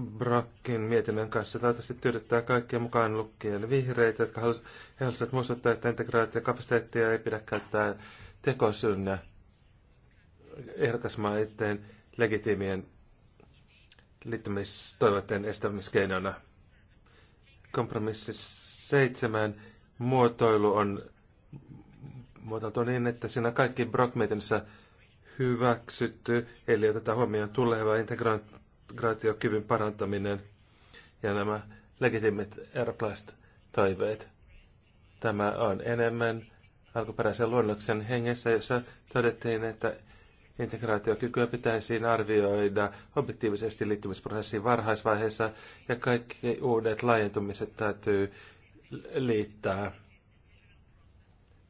Brakkin mietinnön kanssa. Taitaisi tyydyttää kaikkia mukaan lukien vihreitä, jotka halusivat muistuttaa, että integraatiokapasiteettia ei pidä käyttää tekosynnä itteen legitiimien liittymistoivoitteen estämiskeinona. Kompromissi seitsemän muotoilu on muotoiltu niin, että siinä kaikki Brock hyväksytty, eli otetaan huomioon tuleva integraatio integraatiokyvyn parantaminen ja nämä legitimit erplast toiveet. Tämä on enemmän alkuperäisen luonnoksen hengessä, jossa todettiin, että integraatiokykyä pitäisi arvioida objektiivisesti liittymisprosessin varhaisvaiheessa ja kaikki uudet laajentumiset täytyy liittää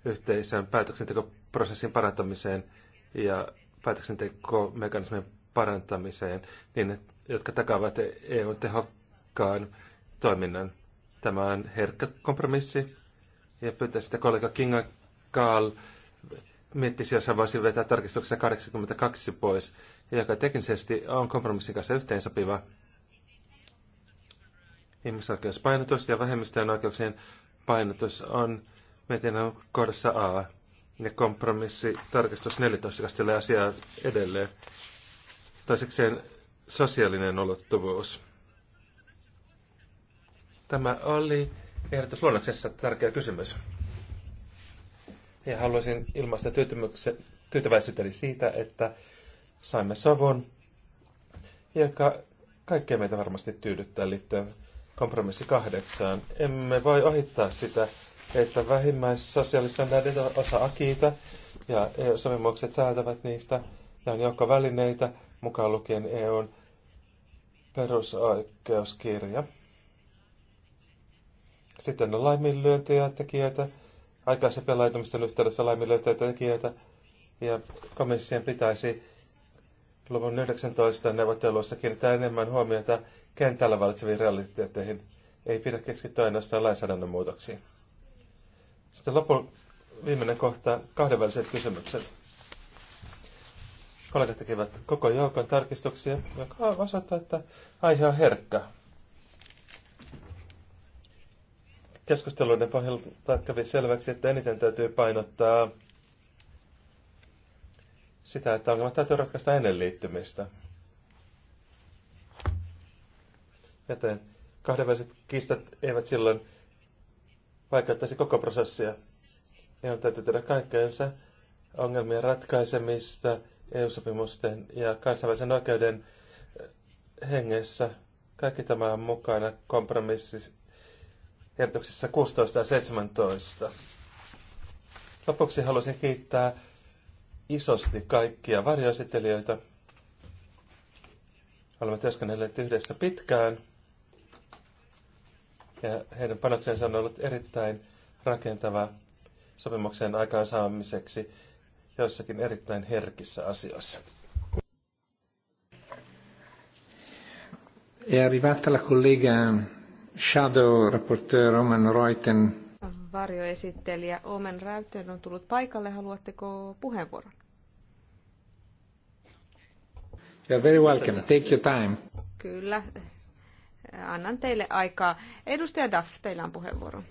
yhteisön päätöksentekoprosessin parantamiseen ja päätöksentekomekanismien parantamiseen, niin, jotka takaavat EUn tehokkaan toiminnan. Tämä on herkkä kompromissi. Ja pyytäisin, että kollega Kinga Kaal miettisi, jos hän voisi vetää tarkistuksessa 82 pois, joka teknisesti on kompromissin kanssa yhteensopiva. Ihmisoikeuspainotus ja vähemmistöjen oikeuksien painotus on mietinnön kohdassa A. Ja kompromissi tarkistus 14 tulee asiaa edelleen. Toisekseen sosiaalinen olottuvuus. Tämä oli ehdotusluonnoksessa tärkeä kysymys. Ja haluaisin ilmaista tyytyväisyyteni siitä, että saimme sovun, joka kaikkea meitä varmasti tyydyttää liittyen kompromissi kahdeksaan. Emme voi ohittaa sitä, että vähimmäissosiaalistandardit on osa akiita ja EU sopimukset säätävät niistä ja on joukko välineitä, mukaan lukien EUn perusoikeuskirja. Sitten on laiminlyöntejä tekijöitä, aikaisempien laitumisten yhteydessä laiminlyöntejä tekijöitä, ja komission pitäisi luvun 19 neuvotteluissa kiinnittää enemmän huomiota kentällä valitseviin realiteetteihin. Ei pidä keskittyä ainoastaan lainsäädännön muutoksiin. Sitten lopun viimeinen kohta, kahdenväliset kysymykset. Kollegat tekevät koko joukon tarkistuksia, joka osoittaa, että aihe on herkkä. Keskusteluiden pohjalta kävi selväksi, että eniten täytyy painottaa sitä, että ongelmat täytyy ratkaista ennen liittymistä. Joten kahdenväiset kiistat eivät silloin vaikeuttaisi koko prosessia. Ja on täytyy tehdä kaikkeensa ongelmien ratkaisemista EU-sopimusten ja kansainvälisen oikeuden eh, hengessä. Kaikki tämä on mukana kompromissiehdotuksissa 16 ja 17. Lopuksi haluaisin kiittää isosti kaikkia varjoesittelijöitä. Olemme työskennelleet yhdessä pitkään ja heidän panoksensa on ollut erittäin rakentava sopimuksen aikaansaamiseksi joissakin erittäin herkissä asioissa. È arrivata la collega Shadow Rapporteur Oman Reuten. Varjoesittelijä Omen Räyten on tullut paikalle. Haluatteko puheenvuoron? You are very welcome. Take your time. Kyllä. Annan teille aikaa. Edustaja Duff, teillä on puheenvuoro.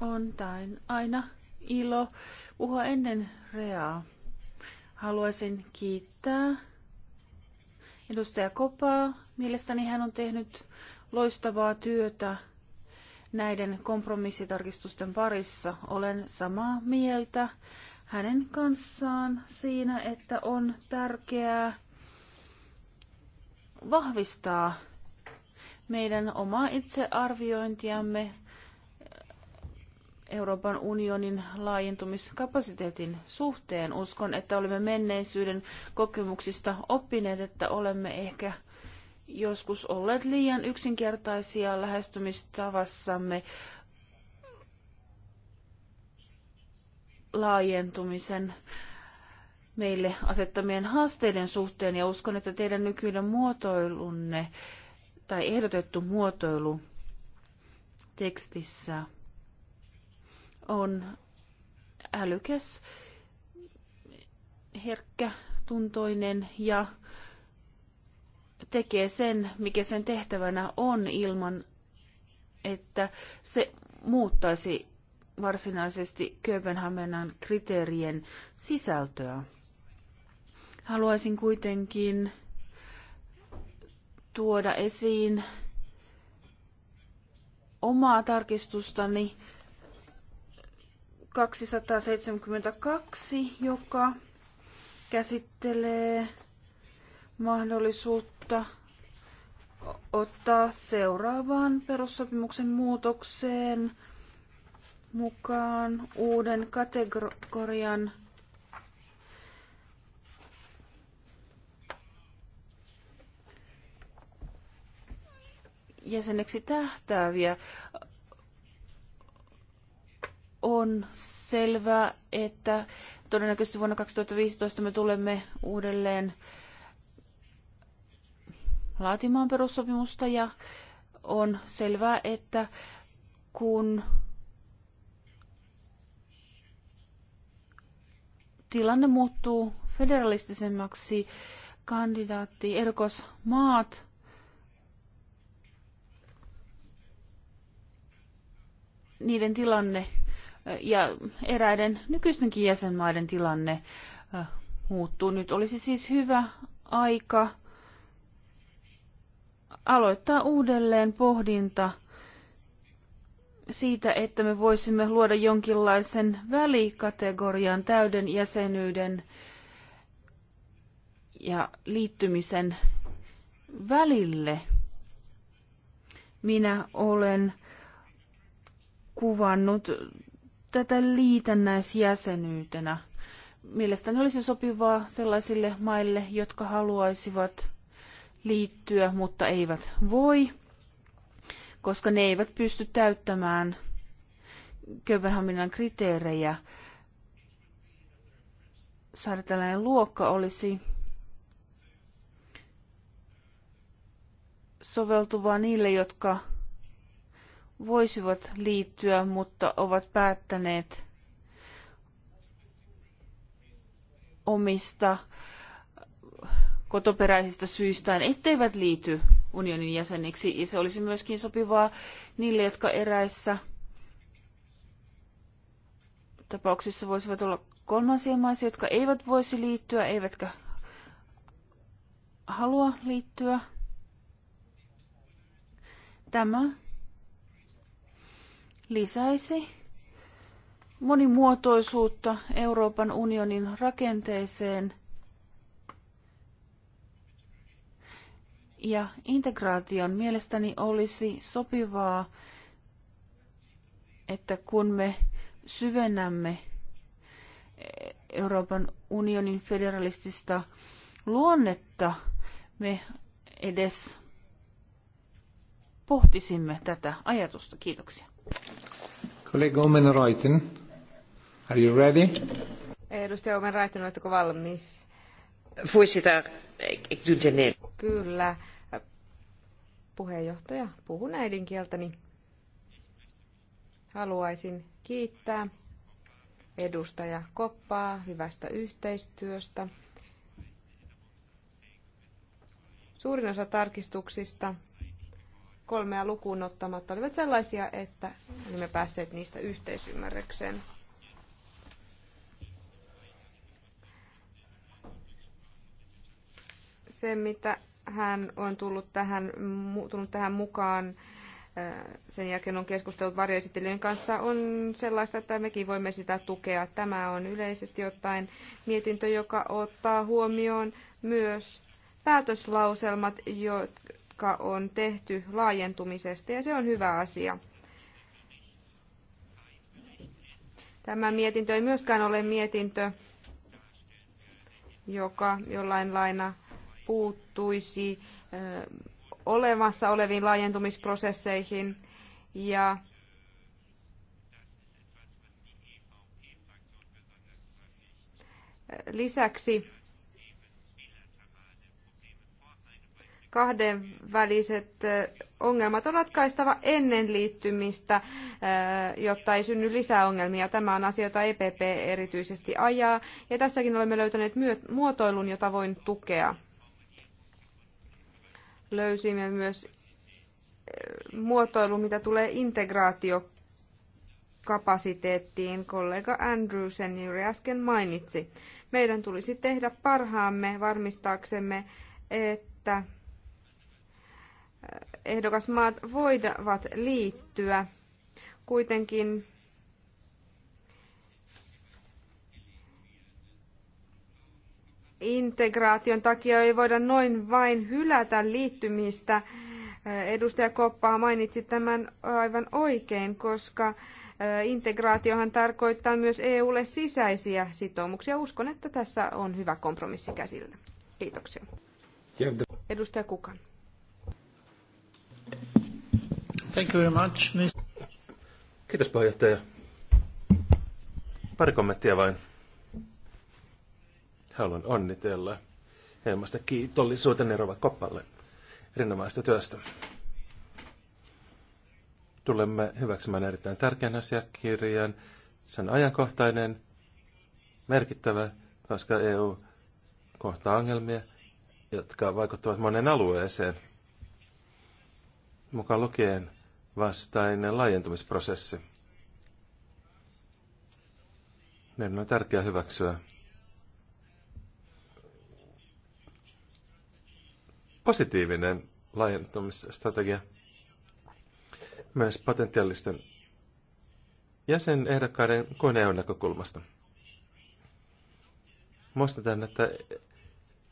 On tain aina ilo puhua ennen Reaa. Haluaisin kiittää edustaja Kopaa. Mielestäni hän on tehnyt loistavaa työtä näiden kompromissitarkistusten parissa. Olen samaa mieltä hänen kanssaan siinä, että on tärkeää vahvistaa meidän omaa itsearviointiamme Euroopan unionin laajentumiskapasiteetin suhteen. Uskon, että olemme menneisyyden kokemuksista oppineet, että olemme ehkä joskus olleet liian yksinkertaisia lähestymistavassamme laajentumisen meille asettamien haasteiden suhteen ja uskon, että teidän nykyinen muotoilunne tai ehdotettu muotoilu tekstissä on älykäs, herkkä, tuntoinen ja tekee sen, mikä sen tehtävänä on ilman, että se muuttaisi varsinaisesti Kööpenhaminan kriteerien sisältöä. Haluaisin kuitenkin tuoda esiin omaa tarkistustani 272, joka käsittelee mahdollisuutta ottaa seuraavaan perussopimuksen muutokseen mukaan uuden kategorian jäseneksi tähtääviä on selvää, että todennäköisesti vuonna 2015 me tulemme uudelleen laatimaan perussopimusta ja on selvää, että kun tilanne muuttuu federalistisemmaksi, kandidaatti erkos maat niiden tilanne ja eräiden nykyistenkin jäsenmaiden tilanne muuttuu. Nyt olisi siis hyvä aika aloittaa uudelleen pohdinta siitä, että me voisimme luoda jonkinlaisen välikategorian täyden jäsenyyden ja liittymisen välille. Minä olen kuvannut tätä liitännäisjäsenyytenä. Mielestäni olisi sopivaa sellaisille maille, jotka haluaisivat liittyä, mutta eivät voi, koska ne eivät pysty täyttämään Kööpenhaminan kriteerejä. Saada tällainen luokka olisi soveltuvaa niille, jotka voisivat liittyä, mutta ovat päättäneet omista kotoperäisistä syistään, etteivät liity unionin jäseniksi. Ja se olisi myöskin sopivaa niille, jotka eräissä tapauksissa voisivat olla kolmansia maisia, jotka eivät voisi liittyä, eivätkä halua liittyä. Tämä lisäisi monimuotoisuutta Euroopan unionin rakenteeseen ja integraation mielestäni olisi sopivaa, että kun me syvennämme Euroopan unionin federalistista luonnetta, me edes pohtisimme tätä ajatusta. Kiitoksia. Kollega Omen Reuten, are you ready? Edustaja Omen Reuten, oletteko valmis? Voorzitter, ik doe het Kyllä. Puheenjohtaja, puhun äidinkieltäni. Haluaisin kiittää edustaja Koppaa hyvästä yhteistyöstä. Suurin osa tarkistuksista kolmea lukuun ottamatta olivat sellaisia, että olimme päässeet niistä yhteisymmärrykseen. Se, mitä hän on tullut tähän, tullut tähän mukaan, sen jälkeen on keskustellut varjoesittelijän kanssa, on sellaista, että mekin voimme sitä tukea. Tämä on yleisesti ottaen mietintö, joka ottaa huomioon myös päätöslauselmat, jotka joka on tehty laajentumisesta, ja se on hyvä asia. Tämä mietintö ei myöskään ole mietintö, joka jollain laina puuttuisi olemassa oleviin laajentumisprosesseihin. Ja lisäksi kahdenväliset ongelmat on ratkaistava ennen liittymistä, jotta ei synny lisää ongelmia. Tämä on asia, jota EPP erityisesti ajaa, ja tässäkin olemme löytäneet muotoilun, jota voin tukea. Löysimme myös muotoilu, mitä tulee integraatiokapasiteettiin, kollega Andrewsen juuri äsken mainitsi. Meidän tulisi tehdä parhaamme varmistaaksemme, että ehdokasmaat voivat liittyä. Kuitenkin integraation takia ei voida noin vain hylätä liittymistä. Edustaja Koppaa mainitsi tämän aivan oikein, koska integraatiohan tarkoittaa myös EUlle sisäisiä sitoumuksia. Uskon, että tässä on hyvä kompromissi käsillä. Kiitoksia. Edustaja Kukan. Thank you very much, Miss. Kiitos puheenjohtaja. Pari kommenttia vain. Haluan onnitella heimasta kiitollisuuteni Rova Koppalle erinomaista työstä. Tulemme hyväksymään erittäin tärkeän asiakirjan. Sen ajankohtainen, merkittävä, koska EU kohtaa ongelmia, jotka vaikuttavat monen alueeseen, mukaan lukien vastainen laajentumisprosessi. Meidän on tärkeää hyväksyä positiivinen laajentumisstrategia myös potentiaalisten jäsenehdokkaiden kuin EUn näkökulmasta. Muistetaan, että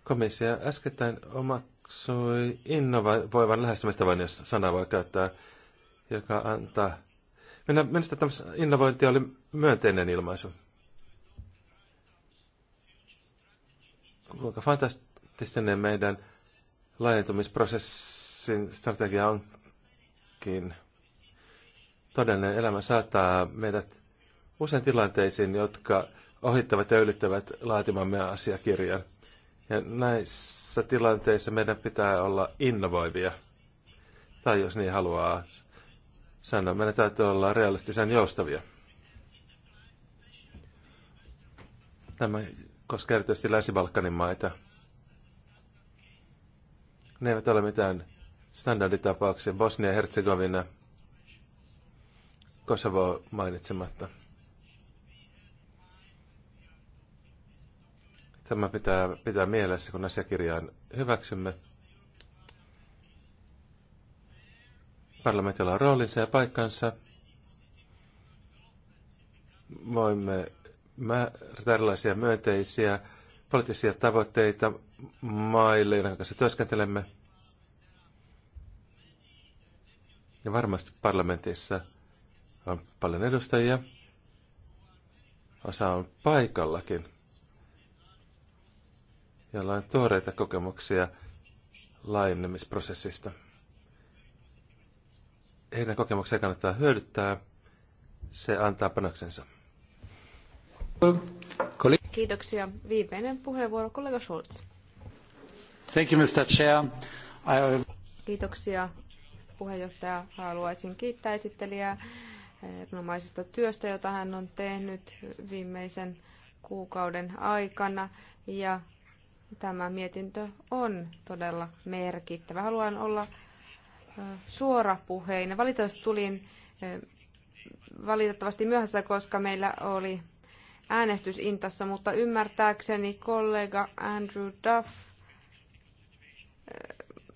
komissio äskettäin omaksui innovoivan lähestymistavan, jos sanaa voi käyttää – joka antaa... Minä, minusta tämä innovointi oli myönteinen ilmaisu. Kuinka fantastinen meidän laajentumisprosessin strategia onkin. Todellinen elämä saattaa meidät usein tilanteisiin, jotka ohittavat ja ylittävät laatimamme asiakirjan. Ja näissä tilanteissa meidän pitää olla innovoivia. Tai jos niin haluaa, sanoa. Meidän täytyy olla realistisen joustavia. Tämä koskee erityisesti Länsi-Balkanin maita. Ne eivät ole mitään standarditapauksia. Bosnia ja Herzegovina, Kosovo mainitsematta. Tämä pitää pitää mielessä, kun asiakirjaan hyväksymme. Parlamentilla on roolinsa ja paikkansa. Voimme määrätä erilaisia myönteisiä poliittisia tavoitteita maille, joiden kanssa työskentelemme. Ja varmasti parlamentissa on paljon edustajia. Osa on paikallakin, jolla on tuoreita kokemuksia laajennemisprosessista heidän kokemuksia kannattaa hyödyttää. Se antaa panoksensa. Kiitoksia. Viimeinen puheenvuoro kollega Scholz. Thank you, Mr. Chair. I... Kiitoksia puheenjohtaja. Haluaisin kiittää esittelijää eh, erinomaisesta työstä, jota hän on tehnyt viimeisen kuukauden aikana. Ja tämä mietintö on todella merkittävä. Haluan olla suorapuheinen. Valitettavasti tulin eh, valitettavasti myöhässä, koska meillä oli äänestys Intassa, mutta ymmärtääkseni kollega Andrew Duff eh,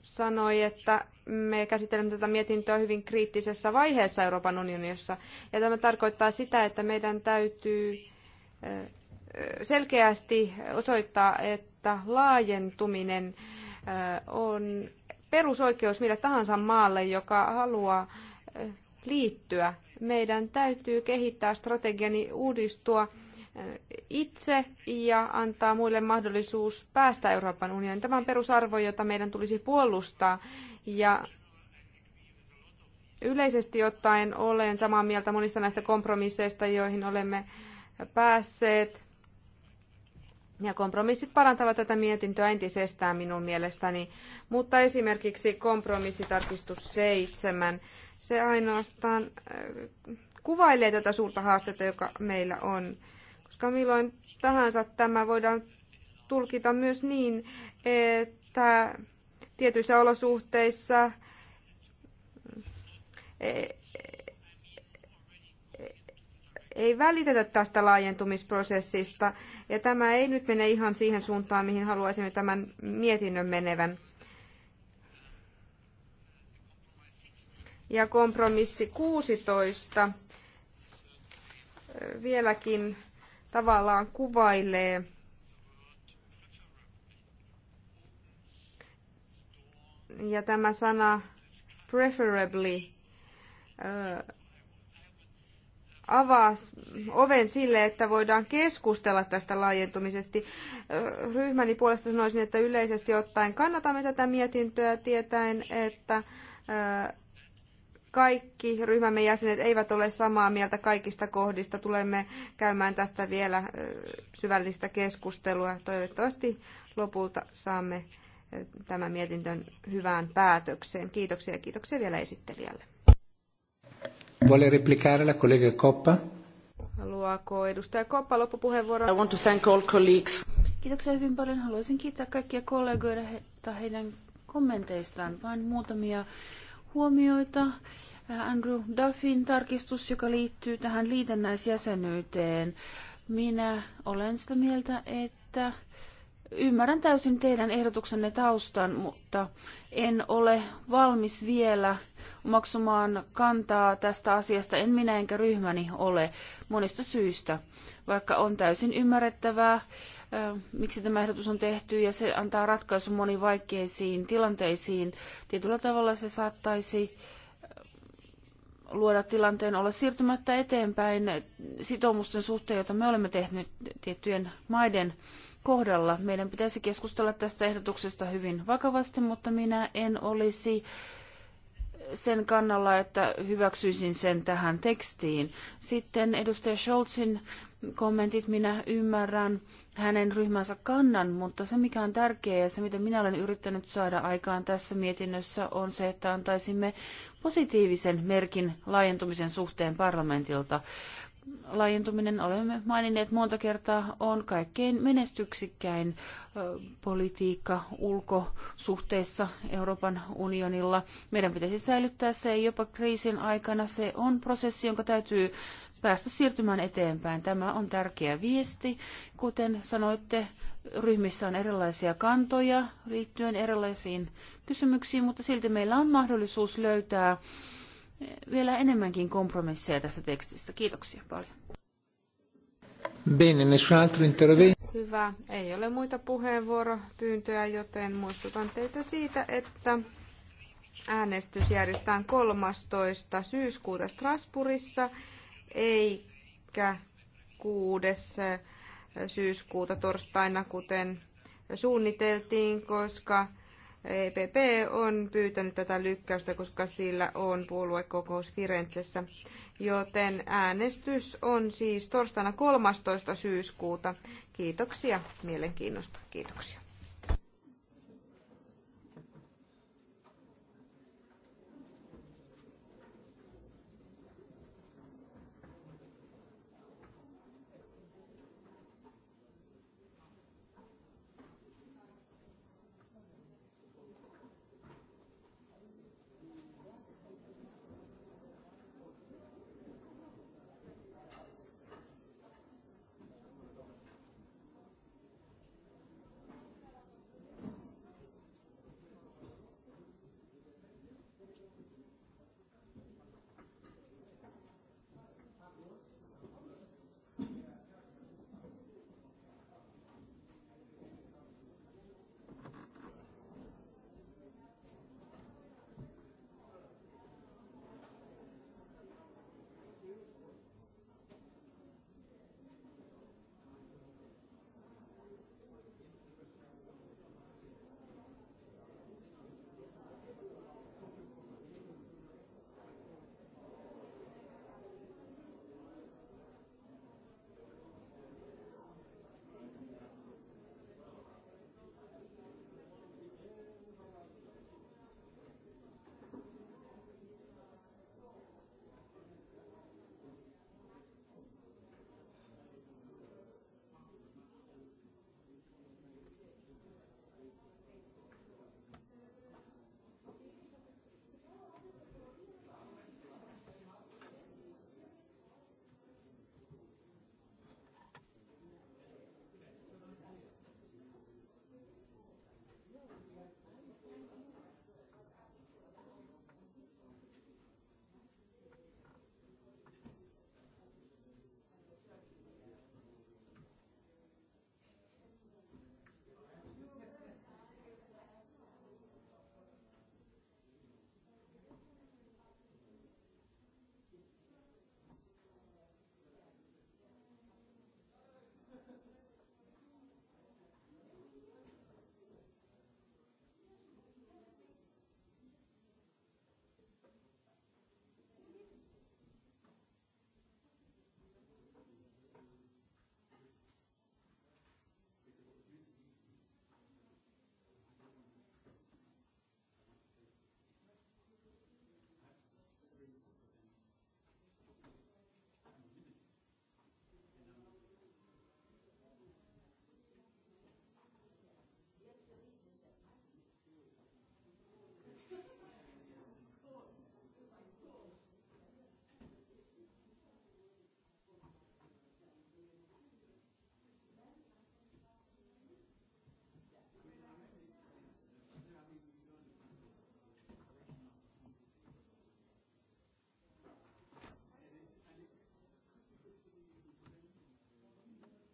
sanoi, että me käsittelemme tätä mietintöä hyvin kriittisessä vaiheessa Euroopan unionissa. Ja tämä tarkoittaa sitä, että meidän täytyy eh, selkeästi osoittaa, että laajentuminen on perusoikeus mitä tahansa maalle, joka haluaa liittyä. Meidän täytyy kehittää strategiani uudistua itse ja antaa muille mahdollisuus päästä Euroopan unioniin. Tämä on perusarvo, jota meidän tulisi puolustaa. Ja yleisesti ottaen olen samaa mieltä monista näistä kompromisseista, joihin olemme päässeet. Ja kompromissit parantavat tätä mietintöä entisestään minun mielestäni, mutta esimerkiksi kompromissitarkistus 7, se ainoastaan äh, kuvailee tätä suurta haastetta, joka meillä on, koska milloin tahansa tämä voidaan tulkita myös niin, että tietyissä olosuhteissa ei välitetä tästä laajentumisprosessista, ja tämä ei nyt mene ihan siihen suuntaan, mihin haluaisimme tämän mietinnön menevän. Ja kompromissi 16 vieläkin tavallaan kuvailee ja tämä sana preferably avaa oven sille, että voidaan keskustella tästä laajentumisesti. Ryhmäni puolesta sanoisin, että yleisesti ottaen kannatamme tätä mietintöä tietäen, että kaikki ryhmämme jäsenet eivät ole samaa mieltä kaikista kohdista. Tulemme käymään tästä vielä syvällistä keskustelua. Toivottavasti lopulta saamme tämän mietintön hyvään päätökseen. Kiitoksia ja kiitoksia vielä esittelijälle. Vuole replicare la collega Koppa? Haluaako edustaja Koppa loppupuheenvuoro? I want to thank all colleagues. Kiitoksia hyvin paljon. Haluaisin kiittää kaikkia kollegoita he, heidän kommenteistaan. Vain muutamia huomioita. Äh, Andrew Duffin tarkistus, joka liittyy tähän liitännäisjäsenyyteen. Minä olen sitä mieltä, että ymmärrän täysin teidän ehdotuksenne taustan, mutta en ole valmis vielä omaksumaan kantaa tästä asiasta en minä enkä ryhmäni ole monista syistä, vaikka on täysin ymmärrettävää, miksi tämä ehdotus on tehty ja se antaa ratkaisun moniin vaikeisiin tilanteisiin. Tietyllä tavalla se saattaisi luoda tilanteen olla siirtymättä eteenpäin sitoumusten suhteen, joita me olemme tehneet tiettyjen maiden kohdalla. Meidän pitäisi keskustella tästä ehdotuksesta hyvin vakavasti, mutta minä en olisi sen kannalla, että hyväksyisin sen tähän tekstiin. Sitten edustaja Scholzin kommentit minä ymmärrän hänen ryhmänsä kannan, mutta se mikä on tärkeää ja se mitä minä olen yrittänyt saada aikaan tässä mietinnössä on se, että antaisimme positiivisen merkin laajentumisen suhteen parlamentilta laajentuminen, olemme maininneet monta kertaa, on kaikkein menestyksikkäin politiikka ulkosuhteessa Euroopan unionilla. Meidän pitäisi säilyttää se jopa kriisin aikana. Se on prosessi, jonka täytyy päästä siirtymään eteenpäin. Tämä on tärkeä viesti. Kuten sanoitte, ryhmissä on erilaisia kantoja liittyen erilaisiin kysymyksiin, mutta silti meillä on mahdollisuus löytää vielä enemmänkin kompromisseja tästä tekstistä. Kiitoksia paljon. Bene, nessun altro intervento. Hyvä. Ei ole muita puheenvuoropyyntöjä, joten muistutan teitä siitä, että äänestys järjestetään 13. syyskuuta Strasbourgissa, eikä 6. syyskuuta torstaina, kuten suunniteltiin, koska EPP on pyytänyt tätä lykkäystä, koska sillä on puoluekokous Firenzessä. Joten äänestys on siis torstaina 13. syyskuuta. Kiitoksia mielenkiinnosta. Kiitoksia.